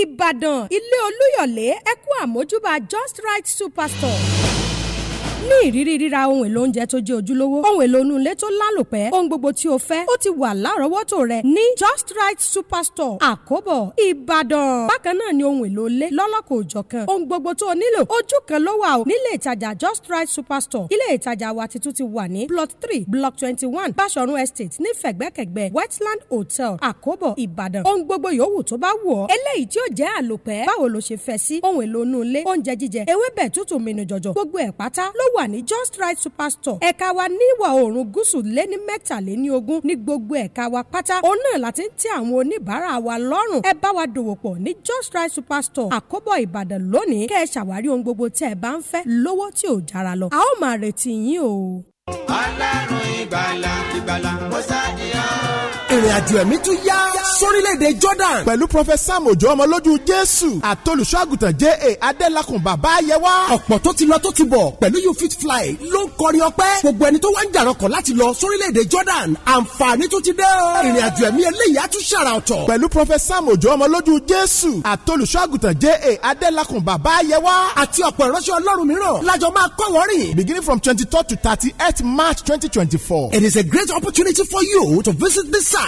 Speaker 11: Ìbàdàn ilé Olúyọ̀lé ẹ kú àmójúbà Just Right Superstore ní ìrírí ríra ohun èlò oúnjẹ tó jẹ́ ojúlówó ohun èlò inú ilé tó lálòpẹ́ ohun gbogbo tí o fẹ́ ó ti wà lárọ̀ọ́wọ́tò rẹ ní just right superstore àkóbọ̀ ìbàdàn bákan náà ni ohun èlò ilé lọ́lọ́kọ̀ òjọ̀kan ohun gbogbo tó o nílò ojú kan ló wà o nílé ìtajà just right superstore ilé ìtajà wa titun ti wà ní plot three block twenty one bashorun estate ní fẹ̀gbẹ́kẹ̀gbẹ́ westland hotel àkóbọ̀ ìbàdàn ohun gbogbo yòówù tó bá wù ọ́ eléyìí tí ó jẹ́ àlòpẹ́ báwo ló ṣe fẹ́ sí ohun èlò inú ilé oúnjẹ jíjẹ ewébẹ̀ tútù mìnìjọ̀jọ̀ gbogbo ẹ̀ pátá ló w wà ní just right superstore ẹ̀ka wa ní ìwà oòrùn gúúsù lé ní mẹ́tàléní ogún ní gbogbo ẹ̀ka wa pátá òun náà láti ń tẹ́ àwọn oníbàárà wa lọ́rùn ẹ bá wa dòwò pọ̀ ní just right superstore àkóbọ̀ ìbàdàn lónìí kẹ́ ẹ ṣàwárí ohun gbogbo tẹ́ ẹ bá ń fẹ́ lówó tí ò jára lọ a ó máa retí yín o.
Speaker 9: ọlọ́run ìgbàlà ìgbàlà mọ́sáàdì
Speaker 11: ìrìn àjò ẹ̀mí tún yá sórílẹ̀-èdè
Speaker 14: Jordan pẹ̀lú Prophet Sam Òjó ọmọlójú Jésù àtolùṣọ́àgùtàn J.A. Adélakùn bàbá ayẹwà. ọ̀pọ̀ tó ti lọ tó ti bọ̀ pẹ̀lú you fit fly ló ń kọrin ọpẹ́ gbogbo ẹni tó wá ń jàrọ̀kọ̀ láti lọ sórílẹ̀-èdè Jordan àǹfààní tún ti dé o ìrìn àjò ẹ̀mí eléyìí á tún ṣàrà ọ̀tọ̀. pẹ̀lú Prophet Sam Òjó ọmọlójú Jésù àtolùṣọ́àgùtàn J.A. Adélakùn bàbá ayẹwà àti ọ̀pọ̀ ìránṣẹ́ ọlọ́run mìíràn lájọ máa kọ́ wọ́n rìn. beginning from twenty to thirty-eighth March twenty it is a great opportunity for you to visit this site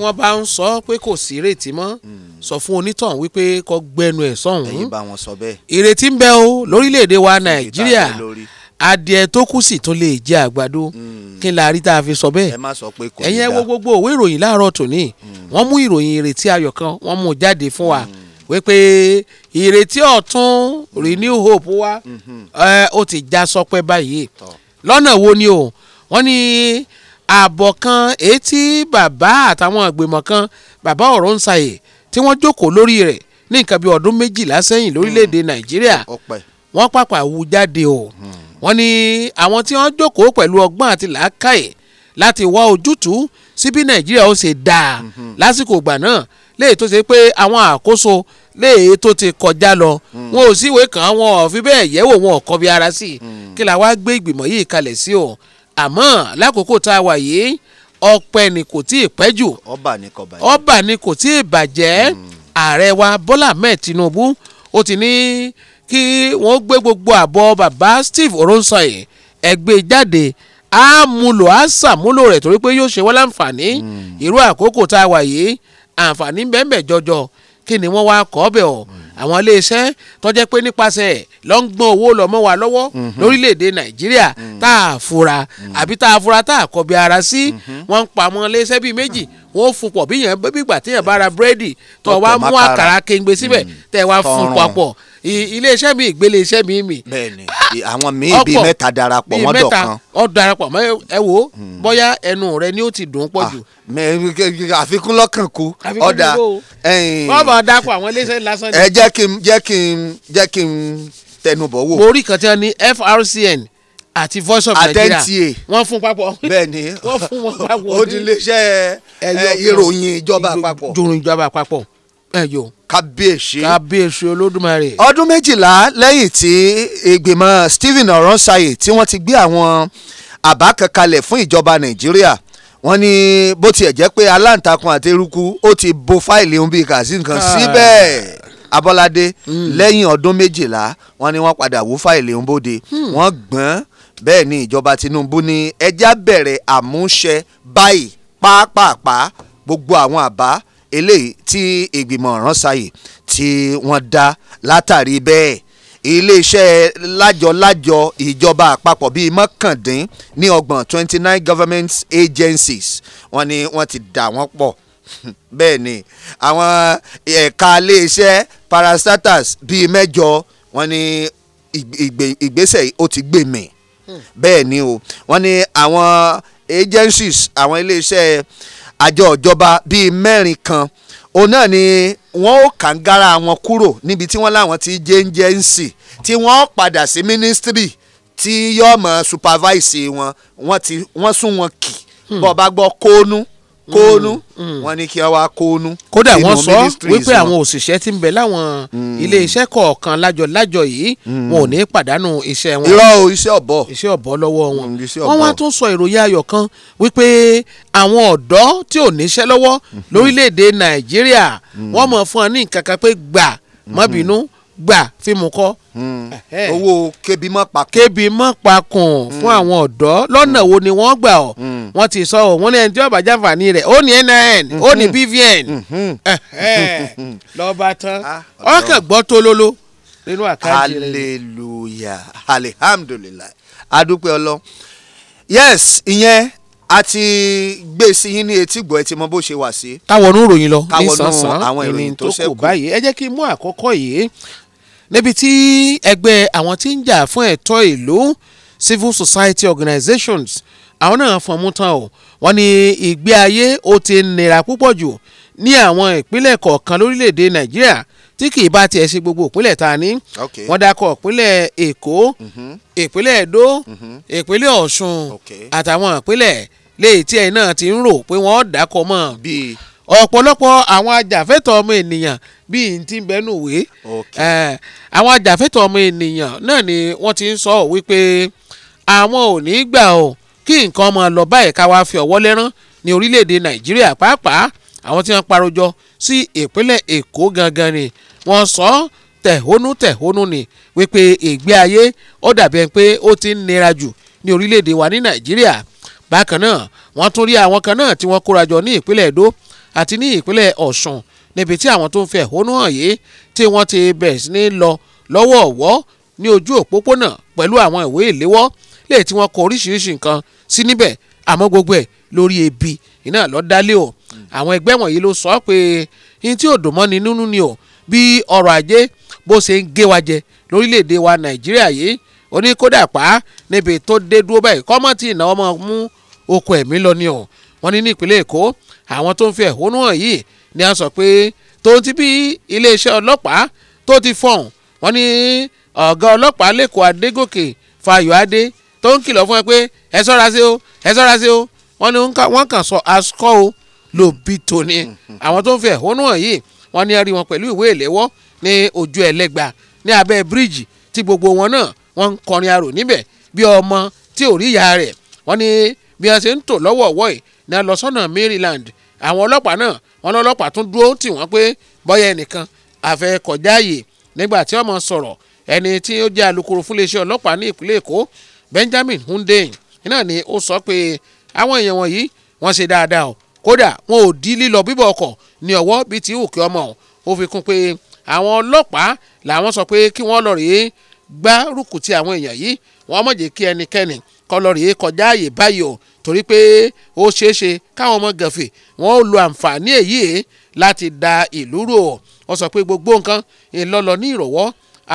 Speaker 7: wọ́n bá ń sọ pé kò sí ìrètí mọ́ hmm. sọ fún onítọ̀hún wípé kó gbẹnu ẹ̀ sọ̀hún ìrètí ń bẹ o lórílẹ̀‐èdè wa nàìjíríà adìẹ tó kù sì tún lè jẹ àgbàdo hmm. kí n la tá a fi sọ bẹ́ẹ̀ ẹ̀yin ẹ wo gbogbo òwe ìròyìn láàárọ̀ tòní hmm. wọ́n mú ìròyìn ìrètí ayọ̀ kan wọ́n mú jáde fún wa wípé ìrètí ọ̀tún renew hope wa ó ti já sọpẹ́ báyìí lọ́nà wo ni o wọ́n ní ààbọ̀ kan etí bàbá àtàwọn ìgbìmọ̀ kan bàbá ọ̀rọ̀ ń ṣàyè tí wọ́n jókòó lórí rẹ̀ ní nǹkan bí ọdún méjìlá sẹ́yìn lórílẹ̀‐èdè hmm. nàìjíríà wọ́n pàpà wú jáde o hmm. wọ́n ní àwọn tí wọ́n jókòó pẹ̀lú ọgbọ́n àti làákàyè láti wá ojútùú sí bí nàìjíríà ó ṣe dáa hmm. lásìkò ìgbà náà léè tó ṣe pé àwọn àkóso léè tó ti kọjá lọ wọn ò síwèé kàn án wọn ò fi bẹ́ẹ̀ yẹ̀wò wọn ò kọ́ bí ara sí i kí la wá gbé ìgbìmọ̀ yìí kalẹ̀ sí o àmọ́ lákòókò tá a wà yìí ọpẹ́ ni kò tí ì pẹ́ jù ọba ni kò tí ì bàjẹ́ hmm. ààrẹ wa Bọ́lá Ahmed Tinubu ó ti ní kí wọ́n gbé gbogbo àbọ̀ bàbá Steve Oronsaye ẹgbẹ́ jáde á múlò rẹ̀ torí pé yóò ṣe wọ́n láǹfààní hmm. irú àkókò tá a wà yìí àǹfààní bẹ́ẹ̀ bẹ́ẹ̀ jọjọ kí ni wọ́n wá kọ́ bẹ̀ ọ́ àwọn iléeṣẹ́ tó jẹ́ pé nípasẹ̀ ló ń gbọ́n owó lọ́mọ́ wa lọ́wọ́ mhm. lórílẹ̀‐èdè nàìjíríà mhm. tá a fura mhm. àbí tá a fura tá a kọbi ara sí wọ́n ń pa àwọn iléeṣẹ́ bíi méjì wọ́n ó fún pọ̀ bí yẹn bí gbà téèyàn bá ra búrẹ́dì tó wá mú àkàrà kéńgbé síbẹ̀ tẹ̀ wá fún papọ̀ iléeṣẹ́ mi ìgbélé iṣẹ́ mi mi. bẹ́ẹ̀ni àwọn míì bíi mẹ́ta darapọ̀ mọ́ dọ̀kan. ọ darapọ̀ ẹ wo hmm. bóyá ẹnu rẹ ni ó ti
Speaker 6: dùn pọ̀ jù. Ah, àfikún lọ́kàn kú ọ̀dà bọ́ọ̀bù
Speaker 7: ọ̀dàpọ̀ àwọn iléeṣẹ́ lásán ni. ẹ jẹ́
Speaker 6: kí n jẹ́ kí n jẹ́ kí n tẹnubọ̀ wò. mo kan tí wọ́n ní
Speaker 7: FRCN àti voice of nigeria wọ́n fún papọ̀ bẹ́ẹ̀ni wọ́n fún wọn papọ̀ ó di iléeṣẹ́
Speaker 6: eh, ìròyìn ìjọba àpapọ̀ ẹyọ kábíyèsí kábíyèsí olódùmarè. ọdún méjìlá lẹ́yìn tí ìgbìmọ̀ Stephen Oronsaye tí wọ́n ti gbé àwọn àbá kan kalẹ̀ fún ìjọba Nàìjíríà wọ́n ní bó tiẹ̀ jẹ́ pé aláǹtakùn àti eruku ó ti bo fáìlì ohun bíi kàzí nǹkan ah. síbẹ̀ Abọ́ládé hmm. lẹ́yìn ọdún méjìlá wọ́n ní wọ́n padà wú fáìlì ohun bóde hmm. wọ́n gbọ́n bẹ́ẹ̀ ni ìjọba Tinubu ní ẹjá bẹ̀rẹ̀ àmúṣe báyìí pàápàá gbogbo àwọn àbá eléyìí tí ìgbìmọ̀ ìránṣayè tí wọ́n dá látàrí bẹ́ẹ̀ iléeṣẹ́ lájọ-lájọ ìjọba àpapọ̀ bíi mọ́kàndín ní ọgbọ̀n twenty nine government agencies wọ́n ní wọ́n ti dà wọ́n pọ̀ bẹ́ẹ̀ ni àwọn ẹ̀ka iléeṣẹ́ parastatals bíi mẹ́jọ wọ́n ní ìgbésẹ̀ ó ti gbé mì hmm. bẹ́ẹ̀ ni o wọ́n ní àwọn agencies àwọn iléeṣẹ́ àjọ ìjọba bíi mẹ́rin kan òun náà ni wọ́n ó kàǹgára wọn kúrò níbi tí wọ́n láwọn ti jẹ́ńjẹ́ ń sì tí wọ́n padà sí mínísítírì tí yọ̀ọ̀mọ̀ supervise wọn wọ́n ti wọ́n sún wọn kì hmm. bọ́ọ̀ bá gbọ́ kónú kóónú mm, mm. wọn ní kí ọ wá kóónú. kódà wọ́n sọ wípé àwọn
Speaker 7: òṣìṣẹ́ tí ń bẹ láwọn mm. ilé iṣẹ́ kọ̀ọ̀kan lájọ lájọ yìí wọn ò ní pàdánù iṣẹ́ wọn. irọ́ o iṣẹ́ ọ̀bọ. iṣẹ́ ọ̀bọ lọ́wọ́ wọn. wọ́n wá tún sọ ìròyìn ayọ̀ kan wípé àwọn ọ̀dọ́ tí ò níṣẹ́ lọ́wọ́ mm-hmm. lórílẹ̀‐èdè nàìjíríà wọ́n mọ̀ fún ọ ní nǹkan pé gbà má mm-hmm gbà fi mú kọ́. Hmm. owó kébi mọ́ pakùn. kébi mọ́ pakùn fún hmm. àwọn ọ̀dọ́ lọ́nà hmm. wo ni wọ́n gbà ọ́ wọ́n ti sọ ọ́ wọ́n ní ẹni tí ọba jàǹfààní rẹ̀ ó ní NIN ó ní BVN lọ́ba
Speaker 9: tán ah, ọkàn
Speaker 6: gbọ́ tó lólo nínú àkáǹtì rẹ̀. adúpẹ́ ọlọ́ yes ìyẹn a ti gbé sí yín ní etí gbọ́ ẹ ti mọ bó ṣe wà sí.
Speaker 7: káwọnú ròyìn lọ ní sàn-sàn ìrìn tó kù báyìí ẹ jẹ́ kí n mú àkọ́kọ́ yìí níbi tí ẹgbẹ́ àwọn tí ń jà fún ẹ̀tọ́ ìlú civil society organizations àwọn náà fọ̀n mú tán o wọ́n ní ìgbé ayé ó ti nira púpọ̀ jù ní àwọn ìpínlẹ̀ kọ̀ọ̀kan lórílẹ̀‐èdè nàìjíríà tí kì í bá tiẹ̀ ṣe gbogbo ìpínlẹ̀ ta ni wọ́n dákọ̀ ìpínlẹ̀ èkó mhm. ìpínlẹ̀ èdó mhm. ìpínlẹ̀ ọ̀ṣun àtàwọn ìpínlẹ̀ léyìí tí ẹ̀yin náà ti ń rò pé wọ́n dákọ̀ mọ́ bíi ọ̀pọ̀lọpọ̀ àwọn ajàfẹ́tọ̀ ọmọ ènìyàn bíi ti ń bẹnu ìwé àwọn ajàfẹ́tọ̀ ọmọ ènìyàn náà ni wọ́n ti ń sọ wípé àwọn ò ní gbà ọ́ kí nǹkan ọmọ lọ báyìí ká wá fi ọwọ́ lẹ́rán ní orílẹ̀-èdè nàìjíríà pàápàá àwọn tí wọ́n parojọ sí ìpínlẹ̀ èkó gangan ni wọ́n sọ tẹ̀hónú tẹ̀hónú ni wípé ìgbé ayé ó dàbí ẹni pé ó ti ń nira jù ní orílẹ̀-èdè wa ní nàìjíríà bákan náà wọ́n tún rí àwọn kan náà tí wọ́n kórajọ ní ìpínlẹ̀ èdó àti ní ìpínlẹ̀ Ọ̀ṣun níbi tí àwọn tó ń fi hàn yìí tí wọ́n ti bẹ̀rẹ̀ sí ní lọ lọ́wọ́ ọ̀wọ́ ní ojú òpópónà pẹ̀lú àwọn ìwé ìléwọ́ lẹ́yìn tí wọ́n kọ oríṣiríṣi nǹkan sí níbẹ̀ àmọ́ gbogbo ẹ̀ lórí ebi iná lọ dálé o àwọn ẹgbẹ́ wọ̀nyí ló sọ pé ní tí òdò mọ́ni nínú ni o bí ọrọ̀ ajé bó ṣe ń gé wa jẹ lórílẹ̀‐èdè wa Nàìjíríà yìí oníkódà pa níbi tó dé dúró báyìí kọ́mọ́tì ìnáwó máa mú okùn ẹ̀mí lọ ni o wọ́n ní ní ìpínlẹ̀ èkó àwọn tó ń fi ẹ̀hónú hàn yìí ni a sọ pé tòun ti bí iléeṣẹ́ ọlọ́pàá tó ti fọ̀hún wọ́n ní ọ̀gá ọlọ́pàá lẹ́kọ̀ọ́ adégòkè fayọ̀adé tó ń kìlọ̀ fún ẹ pé ẹ sọ́ra sí o ẹ sọ́ra sí o wọ́n ní wọ́n kàn sọ asukọ́ o lòbí tòní àwọn tó ń fi ẹ̀hónú hàn yìí wọ́n ní a rí wọn pẹ̀lú ìwé ìléwọ́ ní ojú ẹlẹ́gba ní abẹ́ bíríìjì tí gbogbo wọn náà wọ́n ń kọrin arò níbẹ̀ bí ọmọ tí ò rí ìyá rẹ̀ wọ́n ní bí wọ́n ṣe ń tò lọ́wọ́ ọ̀wọ́ yìí ní a lọ sọ́nà Maryland àwọn ọlọ́pàá náà wọn lọ́lọ́pàá tún dúró tì wọ́n pé bọ́yá ẹnìkan àfẹ́ kọjá ààyè nígbà tí ọmọ sọ̀rọ̀ ẹni tí ó jẹ́ alukoro fún iléeṣẹ́ ọlọ́pàá ní ìpínlẹ̀ Èkó Benjamin Hundeyin náà ni ó sọ pé àwọn èèyàn wọ̀nyí wọ́n ṣe dáadáa o kódà wọn ò dí lílọ bíbọ̀ ọkọ̀ ní ọwọ́ bíi ti òkè ọmọ ó fi kún pé àwọn ọlọ́pàá làwọn sọ pé kí wọ́n lọ rèé gbárùkù ti àwọn èèyàn yìí wọ́n mọ̀jẹ̀ kí ẹnikẹ́ni kọ́ lọ rèé kọjá ààyè báyìí o torí pé ó ṣeé ṣe káwọn ọmọ gànfè wọn ó lo àǹfààní èyí láti da ìlú rò ó sọ pé gbogbo nǹkan ìlọlọ ní ìrọ̀wọ́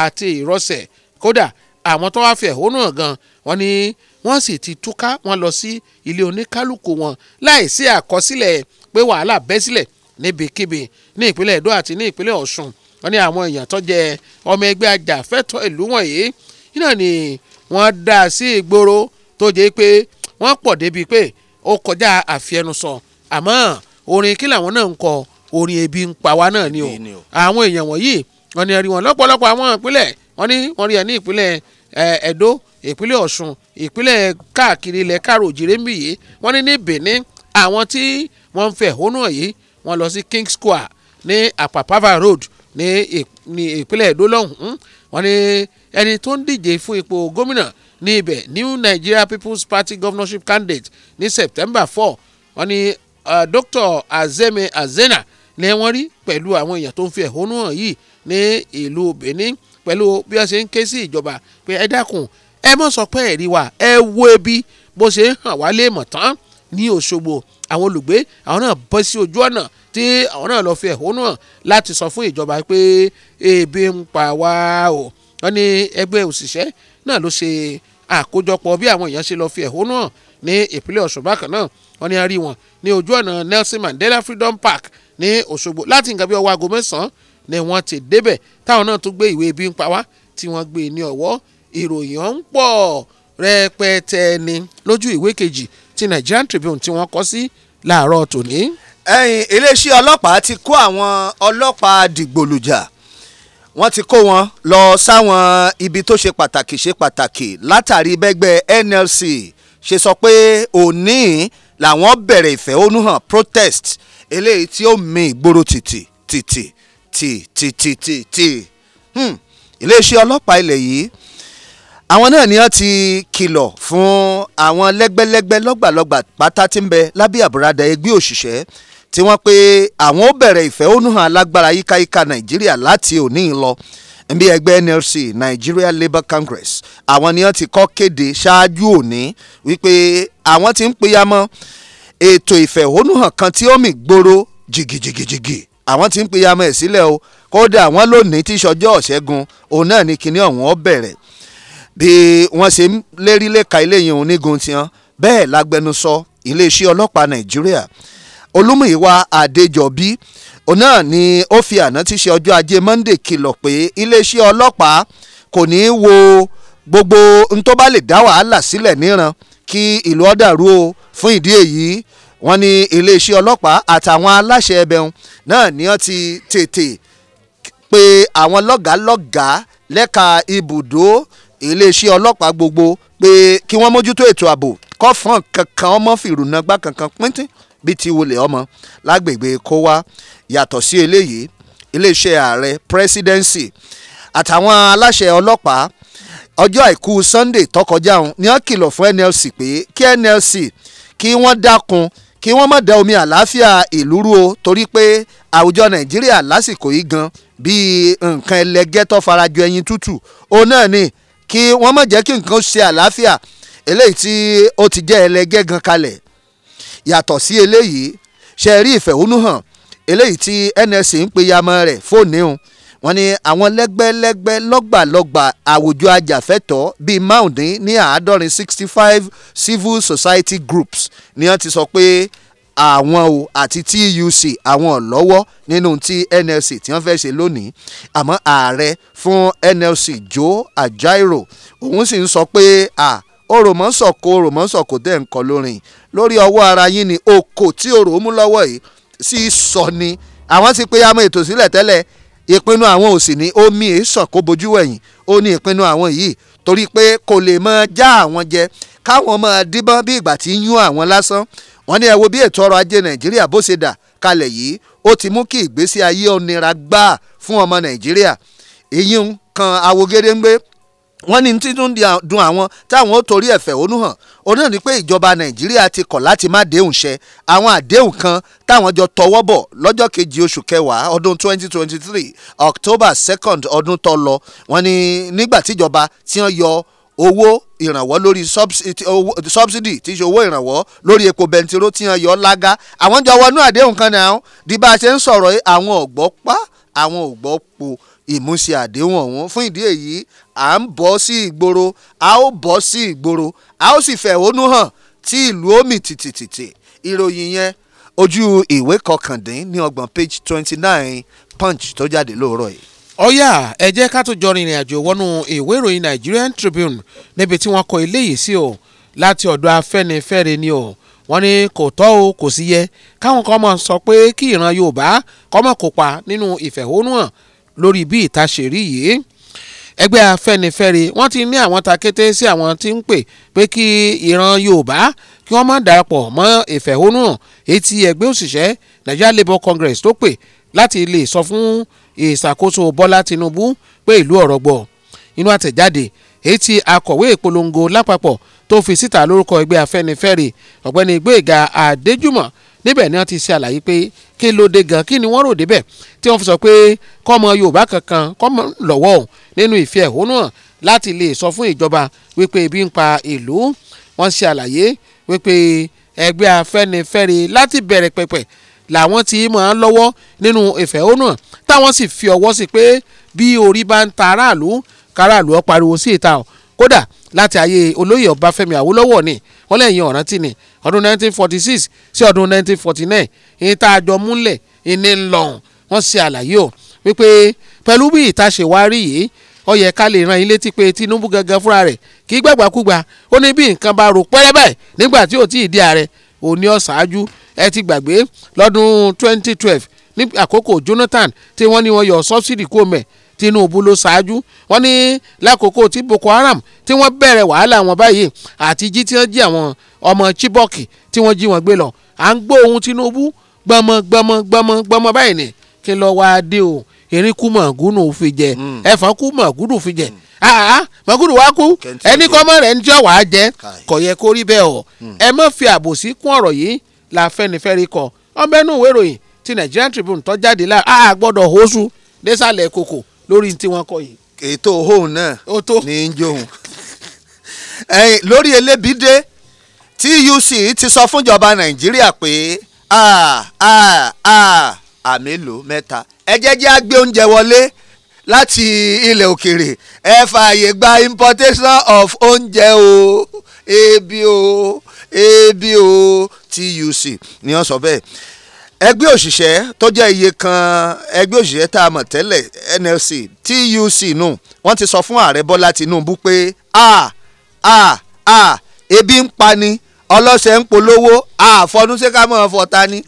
Speaker 7: àti ìrọsẹ̀ kódà àwọn tó wá fẹ̀hónú hàn gan wọn ni wọ́n sì ti túká wọn lọ sí ilé oníkálukú wọn láì sí àkọsílẹ̀ pé wàhálà bẹ́ sílẹ̀ níbikíbi ní ìpínlẹ̀ Edo àti ní ìpínlẹ̀ Ọ̀ṣun wọn ní àwọn èèyàn tó jẹ ọmọ ẹgbẹ́ ajàfẹ́tọ̀ ìlú wọ̀nyí náà ni wọ́n dá sí ìgboro tó jẹ́ pé wọ́n pọ̀ débi pé ó kọjá àfiẹnusọ àmọ́ orin kí làwọn náà ń kọ orin ebi ń pa wá náà ni o àwọn èèyàn wọ̀nyí wọ́n ní ẹ̀rí wọn lọ́pọ̀lọpọ̀ àwọn ìpínlẹ̀ wọ́n ní wọ́n rí ẹ̀ ní ìpínlẹ̀ Ẹdó ìpínlẹ̀ Ọ̀ṣun ìpínlẹ̀ káàkiri ilẹ̀ káàrò òjìrè mbì yìí wọ́n ní ní Benin àwọn tí wọ́n ń fẹ̀hónú yìí wọ́n lọ sí King Square ní Apapava Road ní ìpínlẹ̀ Ẹdó lọ́hùn-ún wọ́n ní ẹni tó ń díje fún ipò gómìnà ní ibẹ̀ New Nigeria People's Party governorship candidate ní September four wọ́n ní uh, Dr. Azeme Azena ni wọ́n rí pẹ̀lú àwọn èèyàn tó ń fi ẹ̀hónú hàn yìí ní ìlú Benin pẹ̀lú bí wọ́n ṣe ń ké sí ìjọba pé ẹ dákun ẹ mọ̀ sọ pé ẹ̀rí wa ẹ wo ebi bó ṣe ń hàn wá lè mọ̀ tán ní Òṣogbo àwọn olùgbé àwọn náà bọ́ sí ojú ọ̀nà tí àwọn náà lọ fi ẹ̀hónú hàn láti sọ fún ìjọba pé ebi ń pa wá o wọ́n ní ẹgbẹ́ òṣìṣẹ́ náà ló ṣe àkójọpọ̀ bí àwọn èèyàn ṣe lọ́ọ́ fi ẹ̀hónú hàn ní ìpínlẹ̀ Ọ̀ṣun bákan náà wọ́n ní a wọn ní ojú ọ̀nà Nelson Mandela Freedom Park ní Òṣogbo láti nǹkan bí ọwọ́ aago mẹ́sàn-án ni wọ́n ti débẹ̀ táwọn náà tún gbé ìwé ibi ń pa wá tí wọ́n gbé ní ọ̀wọ́ ìròyìn ọ̀hún pọ̀ rẹpẹtẹ ni lójú ìwé kejì ti Nigerian Tribune tí wọ́n kọ sí
Speaker 6: láàárọ̀ tòní. ẹ̀yìn iléeṣẹ́ ọlọ́pàá ti kó àwọn ọlọ́pàá dìgbòlùjà wọ́n ti kó wọn lọ sáwọn ibi tó ṣe pàtàkì ṣe pàtàkì látàrí bẹ́gbẹ́ NLC ṣe sọ pé òní làwọn bẹ̀rẹ̀ ìfẹ̀hónú hàn protest eléyìí tí ó mì ìgboro tìtì tìtì tìtìtìtì hmm, iléeṣẹ́ ọlọ́pàá ilẹ̀ yìí àwọn náà ni wọ́n ti kìlọ̀ fún àwọn lẹ́gbẹ́lẹ́gbẹ́ lọ́gbàlọ́gbà pátá tí ń bẹ lábẹ́ àbúradà ẹgbẹ́ òṣìṣẹ́ tí wọ́n pé àwọn ó bẹ̀rẹ̀ ìfẹ̀hónú hàn alágbára yíkáyíká nàìjíríà láti òní lọ bí ẹgbẹ́ NLC Nigeria Labour Congress àwọn ni wọ́n ti kọ́ kéde ṣáájú òní wípé àwọn ti ń peyamọ́ ètò ìfẹ̀hónúhàn kan tí ó mì gbòòrò jìgìjìgìjìgì àwọn ti ń peyamọ́ ẹ̀ sílẹ̀ o kódà wọ́n lónìí tí ìṣọjọ́ ọ̀ṣẹ́gun òun náà ni kinní ọ̀hún ó bẹ̀rẹ̀ bí wọ́n ṣe ń lérí lẹ́ka eléyìí òun nígun tiwọn bẹ́ẹ̀ lágbẹnusọ iléeṣẹ́ ọlọ́pàá Nàìjíríà olúmúyíwá adéjọbí òun náà ni ó fi àná tí í ṣe ọjọ́ ajé monday kìlọ̀ pé iléeṣẹ́ ọlọ́pàá kò ní í wo gbogbo n tó bá lè dá wàhálà sílẹ̀ níran kí ìlú ọ̀dàrú o fún ìdí èyí wọ́n ní iléeṣẹ́ ọlọ́pàá àtàwọn aláṣẹ ẹbẹ̀hún náà ni wọ́n ti tètè pé àwọn lọ́gàálọ́gàá lẹ́ka ibùdó iléeṣẹ́ ọlọ́pàá gbogbo pé kí wọ́n mójútó ètò ààbò kọ́fọ́n kankan ọmọ fìrùnàgbà kankan pínpín bíi ti wọlé ọmọ lágbègbè kówá yàtọ̀ sí eléyìí iléeṣẹ́ ààrẹ presidency àtàwọn aláṣẹ ọlọ́pàá ọjọ́ àìkú sunday tó kọjá òun ni wọ́n kìlọ̀ fún nlc pé kí nlc kí wọ́n dákun kí wọ́n má da omi àlàáfíà ìlú rú o torí pé àwùjọ nàìjíríà lásìkò yìí gan bíi nǹkan ẹlẹgẹ́ tó farajọ ẹyin tútù òun náà ni kí wọ́n má jẹ́ kí nǹkan ṣe àlàáfíà eléyìí tí ó ti jẹ́ ẹlẹgẹ́ gan kalẹ̀ yàtọ̀ sí eléyìí ṣe rí ìfẹ̀hónúhàn eléyìí tí NSC ń pe yamọ rẹ̀ fóònù un wọ́n ní àwọn lẹ́gbẹ́lẹ́gbẹ́ lọ́gbàlọ́gbà àwùjọ ajàfẹ́tọ̀ọ́ bíi moundin ní àádọ́rin sixty five civil society groups ni wọ́n ti sọ pé àwọn o àti TUC àwọn ọ̀lọ́wọ́ nínú ti NLC tí wọ́n fẹ́ ṣe lónìí àmọ́ ààrẹ fún NLC Joe Ajaero òun sì ń sọ pé à ah, òròmọ́sọ̀kò òròmọ́sọ̀kò dẹ́ ń kọ lórin lórí ọwọ́ ara yín ni okò tí òrò mú lọ́wọ́ yìí sì sọ ni àwọn ti pe amọ̀ ètò sílẹ̀ tẹ́lẹ̀ ìpinnu àwọn òsì ní omi èésàn kó bojú wẹ̀yìn ó ní ìpinnu àwọn yìí torí pé kò lè mọ já àwọn jẹ káwọn máa díbọ́n bí ìgbà tí ń yún àwọn lásán wọ́n ní ẹ bí ètò ọrọ̀ ajé nàìjíríà bó ṣe dà kalẹ̀ yìí ó ti mú kí ìgbésí ayé ọ̀nira gbà fún ọmọ nàìjíríà èyí ń kan awogedengbe wọ́n ní títún dun àwọn táwọn ó torí ẹ̀ fẹ̀hónú hàn òun náà ni pé ìjọba nàìjíríà ti kọ̀ láti má déhùn ṣẹ àwọn àdéhùn kan táwọn jọ tọwọ́ bọ̀ lọ́jọ́ kejì oṣù kẹwàá ọdún 2023 october 2nd ọdún tó lọ wọ́n ní nígbà tíjọba tí wọ́n yọ owó ìrànwọ́ lórí subsidy tí í ṣe owó ìrànwọ́ lórí epo bẹntiró tí wọ́n yọ lága àwọn jọ wọnú àdéhùn kan náà di bá a ṣe ń sọ̀rọ̀ àwọn ọ̀gbọ́ pa àwọn ọ̀gbọ́ po ìmúṣẹ àdéhùn ọ̀hún fún ìdí èyí à ń bọ́ sí ìgboro a ó bọ́ sí ìgboro a ó sì fẹ̀hónú hàn tí ìlú omi tìtìtìtì ìròyìn yẹn ojú ìwé kọkàndín ní ọgbọ̀n page twenty nine punch tó jáde lóòrọ̀ yìí. ọ̀yà ẹ jẹ́ ká tó jọ rìnrìn àjò wọnú ìwé ìròyìn Nigerian Tribune níbi tí wọ́n
Speaker 7: kọ eléyìí sí o láti ọ̀dọ̀ Afẹ́nifẹ́re ni o wọ́n ní kò tọ́ o kò sì yẹ káwọn kan mọ̀ sọ pé kí ìran Yorùbá kọ́mọ̀ kópa nínú ìfẹ̀hónúhàn lórí bí ìta ṣe rí yìí ẹgbẹ́ afẹ́nifẹ́re wọ́n ti ní àwọn takété sí àwọn tí ń pè pé kí ìran yorùbá kí wọ́n má darapọ̀ mọ́ ìfẹ̀hónúhàn etí ẹgbẹ́ òṣìṣẹ́ nigeria labour congress tó pè láti lè sọ fún ìṣàkóso bọ́lá tinubu pé ìlú ọ̀rọ̀ gbọ́ inú àtẹ̀jáde etí akọ̀wé ìpolongo lápapọ̀ tó fi síta lórúkọ ẹgbẹ́ afẹ́nifẹ́re ọ̀gbẹ́ni gbẹ̀gà adéjúmọ̀ níbẹ̀ ni wọ́n ti ṣe àlàyé pé kí ló dé gan kí ni wọ́n rò débẹ̀ tí wọ́n fi sọ pé kọ́mọ Yorùbá kankan kọ́mọ lọ́wọ́ òun nínú ìfẹ́ ẹ̀hónú hàn láti lè sọ fún ìjọba wípé ebi ń pa ìlú wọ́n ṣe àlàyé wípé ẹgbẹ́ Afẹ́nifẹ́re láti bẹ̀rẹ̀ pẹ̀pẹ̀ làwọn ti máa ń lọ́wọ́ nínú ìfẹ̀hónú hàn táwọn sì fi ọwọ́ sí pé bí orí bá ń ta aráàlú káràlú ó pariwo sí ìta kódà láti ayé olóyè Ọbáfẹ́mi Awólọ́wọ̀ ni wọ́n lẹ́yìn ọ̀ràn tì ní ọdún 1946 sí ọdún 1949 ìyẹn tá a jọ múlẹ̀ ìní ńlọrùn wọ́n ṣe àlàyé o wípé pẹ̀lú bí ìta ṣe wá rí yìí ó yẹ ká lè ran ilé tí pé Tinubu gangan fúnra rẹ̀ kí gbàgbàkúgbà ó ní bí nǹkan bá rò pẹ́rẹ́bẹ̀ nígbà tí ò tí ì di ààrẹ òní ọ̀ṣáájú ẹ ti gbàgbé lọ́dún 2012 ní àkókò Jonathan tí wọ́n ní wọ́n yọ sọ́bsidì kó Tinubu ló ṣáájú wọ́n ní lákòókò tí Boko Haram tí wọ́n bẹ̀rẹ̀ wàhálà wọn báyìí àti jí tí wọ́n jí àwọn ọmọ Chibok tí wọ́n jí wọn gbé lọ à ń gbọ́ ohun Tinubu gbọmọ gbọmọ gbọmọ gbọmọ báyìí ni kí lọ wá dé o erin kú mọ̀gúnù fi jẹ hmm. ẹ̀fọn kú mọ̀gúnù fi jẹ mọ̀gúnù hmm. wá kú ẹni kọ́mọ́ rẹ̀ ń jọ wàá jẹ kò yẹ kó rí bẹ́ẹ̀ o hmm. ẹ má fi àbòsí kún ọ̀rọ̀ yìí la Afẹ́nifẹ́re kọ ọmọ ẹnu ìwé ìròyìn ti Nigerian Tribune tó jáde láàrin a gbọ́dọ̀ hóṣù désàlẹ̀ kòkò
Speaker 6: lórí tí wọ́n kọ yìí. ètò ohun náà ní í jóun lórí elébídé TUC ti sọ fúnjọba Nàìjíríà pé àmélòó mẹ́ta ẹ jẹ́ jẹ́ àgbé oúnjẹ wọlé láti ilẹ̀ òkèrè ẹ fààyè gba importation of oúnjẹ o ebi o ebi o TUC ni wọ́n sọ bẹ́ẹ̀ ẹgbẹ́ òṣìṣẹ́ tó jẹ́ iye kan ẹgbẹ́ òṣìṣẹ́ tá a mọ̀ tẹ́lẹ̀ NLC TUC nù wọ́n ti sọ fún ààrẹ Bọ́lá Tinubu pé a a a ebi ń pani ọlọ́sẹ̀ ń polówó àfọdúnṣe ká mọ̀ fọ́ta ni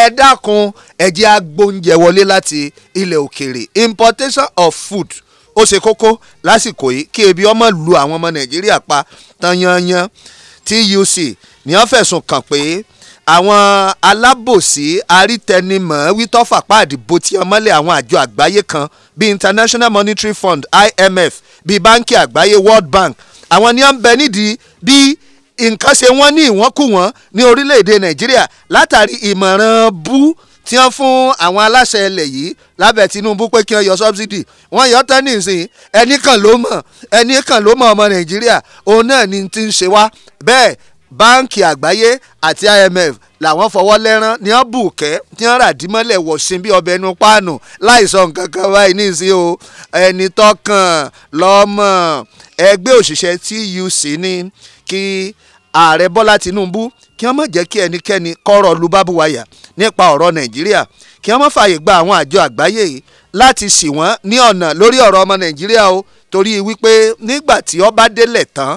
Speaker 6: ẹ dákun ẹ jẹ́ agbóúnjẹ wọlé láti ilẹ̀ òkèèrè importation of food ó ṣe kókó lásìkò yìí kí ebi ọmọ lu àwọn ọmọ Nàìjíríà pa tan yanyan TUC ni wọ́n fẹ̀sùn kàn pé àwọn alábòsí arítẹnimọ̀ wítọ́fà páàdì bo tí ọmọlẹ̀ àwọn àjọ àgbáyé kan bíi International Monetary Fund IMF bíi báńkì àgbáyé World Bank àwọn ni wọ́n ń bẹ nídìí bí nǹkan ṣe wọ́n ní ìwọ̀nkúwọ̀n ní orílẹ̀-èdè Nàìjíríà látàrí ìmọ̀ràn bú tí wọ́n fún àwọn aláṣẹ ilẹ̀ yìí lábẹ́ Tinubu pé kí wọ́n yọ sọ́bsidì wọ́n yọ tán nísìn ẹnì kan ló mọ̀ ẹnì kan ló mọ̀ ọmọ Nàìjíríà òun náà ni ti ń ṣe wá bẹ́ẹ̀ báńkì àgbáyé àti imf làwọn fọwọ́ lẹ́rán ní wọ́n bù kẹ́ tí wọ́n ràdí mọ́lẹ̀ wọ̀ṣin bí ọbẹ̀ inú páànù láìsọ nǹkan kan báyìí nísìnyí o ẹni tọkàn lọ́mọ ẹgbẹ́ òṣìṣẹ́ TUC ní kí ààrẹ bọ́lá tinubu kí wọ́n má jẹ́ kí ẹnikẹ́ni kọ́rọ̀ lu bábúwáyà nípa ọ̀rọ̀ nàìjíríà kí wọ́n má fààyè gba àwọn àjọ àgbáyé yìí láti ṣì wọ́n ní ọ̀nà lórí ọ̀rọ̀ ọmọ nàìjíríà o torí wípé nígbà tí ó bá délẹ̀ tán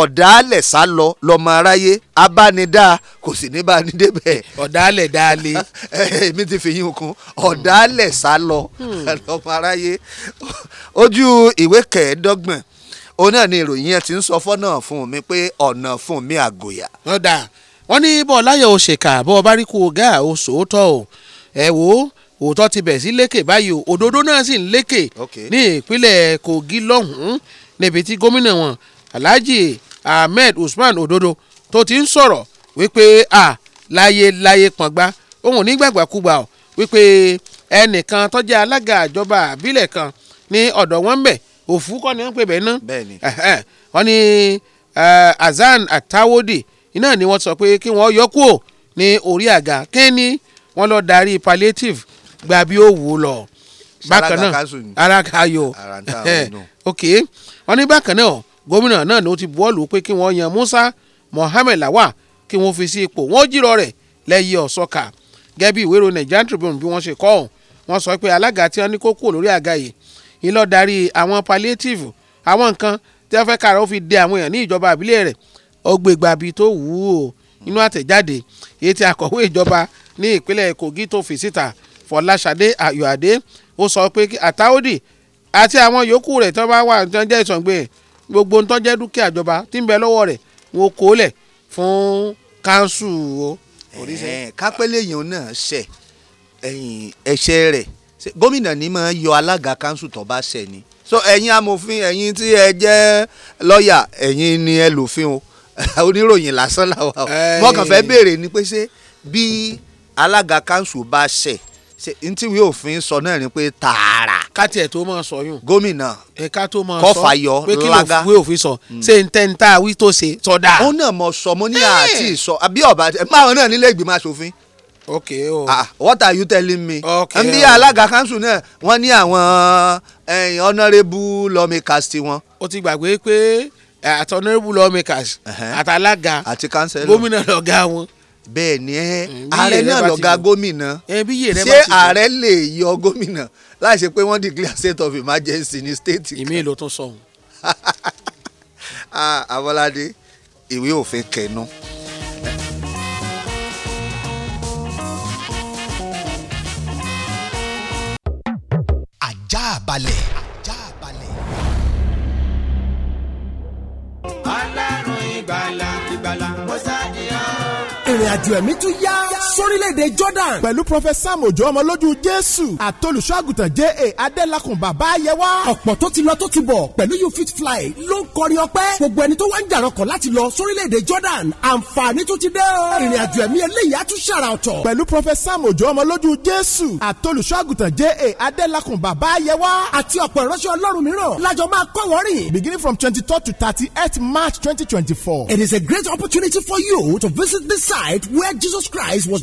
Speaker 6: ọ̀dàálẹ̀ sá lọ lọ́mọ aráyé abánidá kò sì ní bá a ní débẹ̀. ọ̀dàálẹ̀ dáálé. Eh, èmi ti fi yín okun ọ̀dàálẹ̀ sá lọ hmm. lọ́mọ aráyé ojú ìwé kẹẹ̀ẹ́dọ́gbọ̀n òun náà ni ìròyìn yẹn ti ń sọ fọ́nà fún mi pé ọ̀nà fún mi àgòyà. ọ̀dà wọ́n ní bọ́ láyọ̀ òṣèkà bọ́ ọ bá rí kú
Speaker 7: ọ̀gá ò sòótọ́ ò ẹ̀ wò òótọ́ ti bẹ̀ sí lékè báyìí o òdodo náà sì ń lékè ní ìpínlẹ̀ Kogi lọ́hùn-ún níbi tí gómìnà wọn alhaji ahmed usman ododo tó ti ń sọ̀rọ̀ wípé a láyé láyé pọ̀ngbá òun nígbàgbàkúgbà ọ̀ wípé ẹnìkan tó jẹ́ alága àjọba àbílẹ̀ kan ní ọ̀dọ̀ wọn ń bẹ̀ òfú kọ́ ni wọ́n pè bẹ́ẹ̀ ná wọ́n ní azan atawodi iná ni wọ́n sọ pé kí wọ́n yọ kúò ní orí àga kẹ́ni wọ́n lọ darí palliative gba bí ó wù ú lọ bákan náà ara kayo ok wọ́n ní bákan náà gómìnà náà ló ti buwọ́lù pé kí wọ́n yan Musa Mohammed Lawa kí wọ́n fi sí ipò wọ́n jírọ̀ rẹ̀ lẹ́yìn ọ̀sọ́ka gẹ́gẹ́ bí ìwé ìròyìn Nigerian Tribune bí wọ́n ṣe kọ ọ́ wọ́n sọ pé alága tí wọ́n ní kó kúrò lórí àga yìí ìlọ darí àwọn palliative àwọn nǹkan tí wọ́n fẹ́ kára ó fi de àwọn èèyàn ní ìjọba àbílẹ̀ rẹ̀ ọgbẹ̀gbà bíi tó wù ú o inú àtẹ̀jáde èyí tí akọ̀wé ìjọba ní ìpínlẹ̀ Kogi tó fi síta Fọláṣadé Ayọ̀adé ó sọ pé àtàódì àti àwọn yòókù rẹ̀ tó bá wà jẹ́ ìsọ̀ǹgbẹ̀ gbogbo ntọ́jẹ́ dúkìá ìjọba tí ń bẹ
Speaker 6: lọ́wọ́ rẹ̀ wọn kò lẹ̀ fún kanṣu o. kápẹ́lẹ́ èèyàn náà ṣẹ̀ ẹ̀ṣẹ̀ rẹ̀ gómìnà ni máa yọ alága kanṣu tó bá ṣẹ̀ ni so ẹ̀yin amòfin ẹ̀yin tí ẹ jẹ́ lọ́ọ̀yà ẹ̀yin ni ẹ lòfin o oníròyìn lásán làwa o mọ̀kànfẹ́ béèrè ni pé ṣé bí alága kanṣu bá ṣẹ̀ ntí wí òfin sọ náà ni pé tààrà. káti ẹ̀ tó máa sọ yùn. gómìnà ẹ̀ka tó máa sọ kọfàyọ lága pé kí òfin sọ hmm. ṣé n tẹ́ n tá wí tó ṣe sọdá. ó náà mọ sọ mo ní àti sọ àbí ọba máa náà nílé ìgbìmọ̀ asòfin. ok o. ah what are you telling me. ok o. nbí alága kanṣu náà wọ́n ní àwọn eh, honourable lawmakers tiwọn. o ti gbàgbé pé eh, àtọ̀nẹ́rẹ́bù lawmakers àtàlága gómìnà lọ́gá wọn bẹ́ẹ̀ ni ààrẹ náà lọ́gá gómìnà ṣé ààrẹ lè yọ gómìnà láì ṣe pé wọ́n declare state of emergency ní state kan. ìmí ló tún sọ òun. Ah, Abọ́ládé ìwé òfin kẹnu.
Speaker 14: àjà balẹ̀. ìrìnàjò ẹ̀mí tún yá sórílẹ̀-èdè Jordan pẹ̀lú prọfẹsọ Sam Òjó ọmọlójú Jésù àtolùṣọ́ àgùntàn J.A. Adélakùn bàbá Ayẹwà ọ̀pọ̀ tó ti lọ tó ti bọ̀ pẹ̀lú You Fit Fly ló ń kọrin ọpẹ́ gbogbo ẹni tó wá ń jàrọ̀kọ̀ láti lọ sórílẹ̀-èdè Jordan àǹfààní tó ti dé o ìrìn àjò ẹ̀mí eléyìí á tún ṣàrà ọ̀tọ̀ pẹ̀lú prọfẹsọ Sam Òjó ọmọlójú Jésù àtolùṣọ́ àgùntàn J.A. Adélakùn bàbá Ayẹwà àti ọ̀pọ̀ ìránṣẹ́ Ọlọ́run mìíràn lájọ máa beginning from twenty to thirty eight March twenty It is a great opportunity for you to visit the site where Jesus Christ was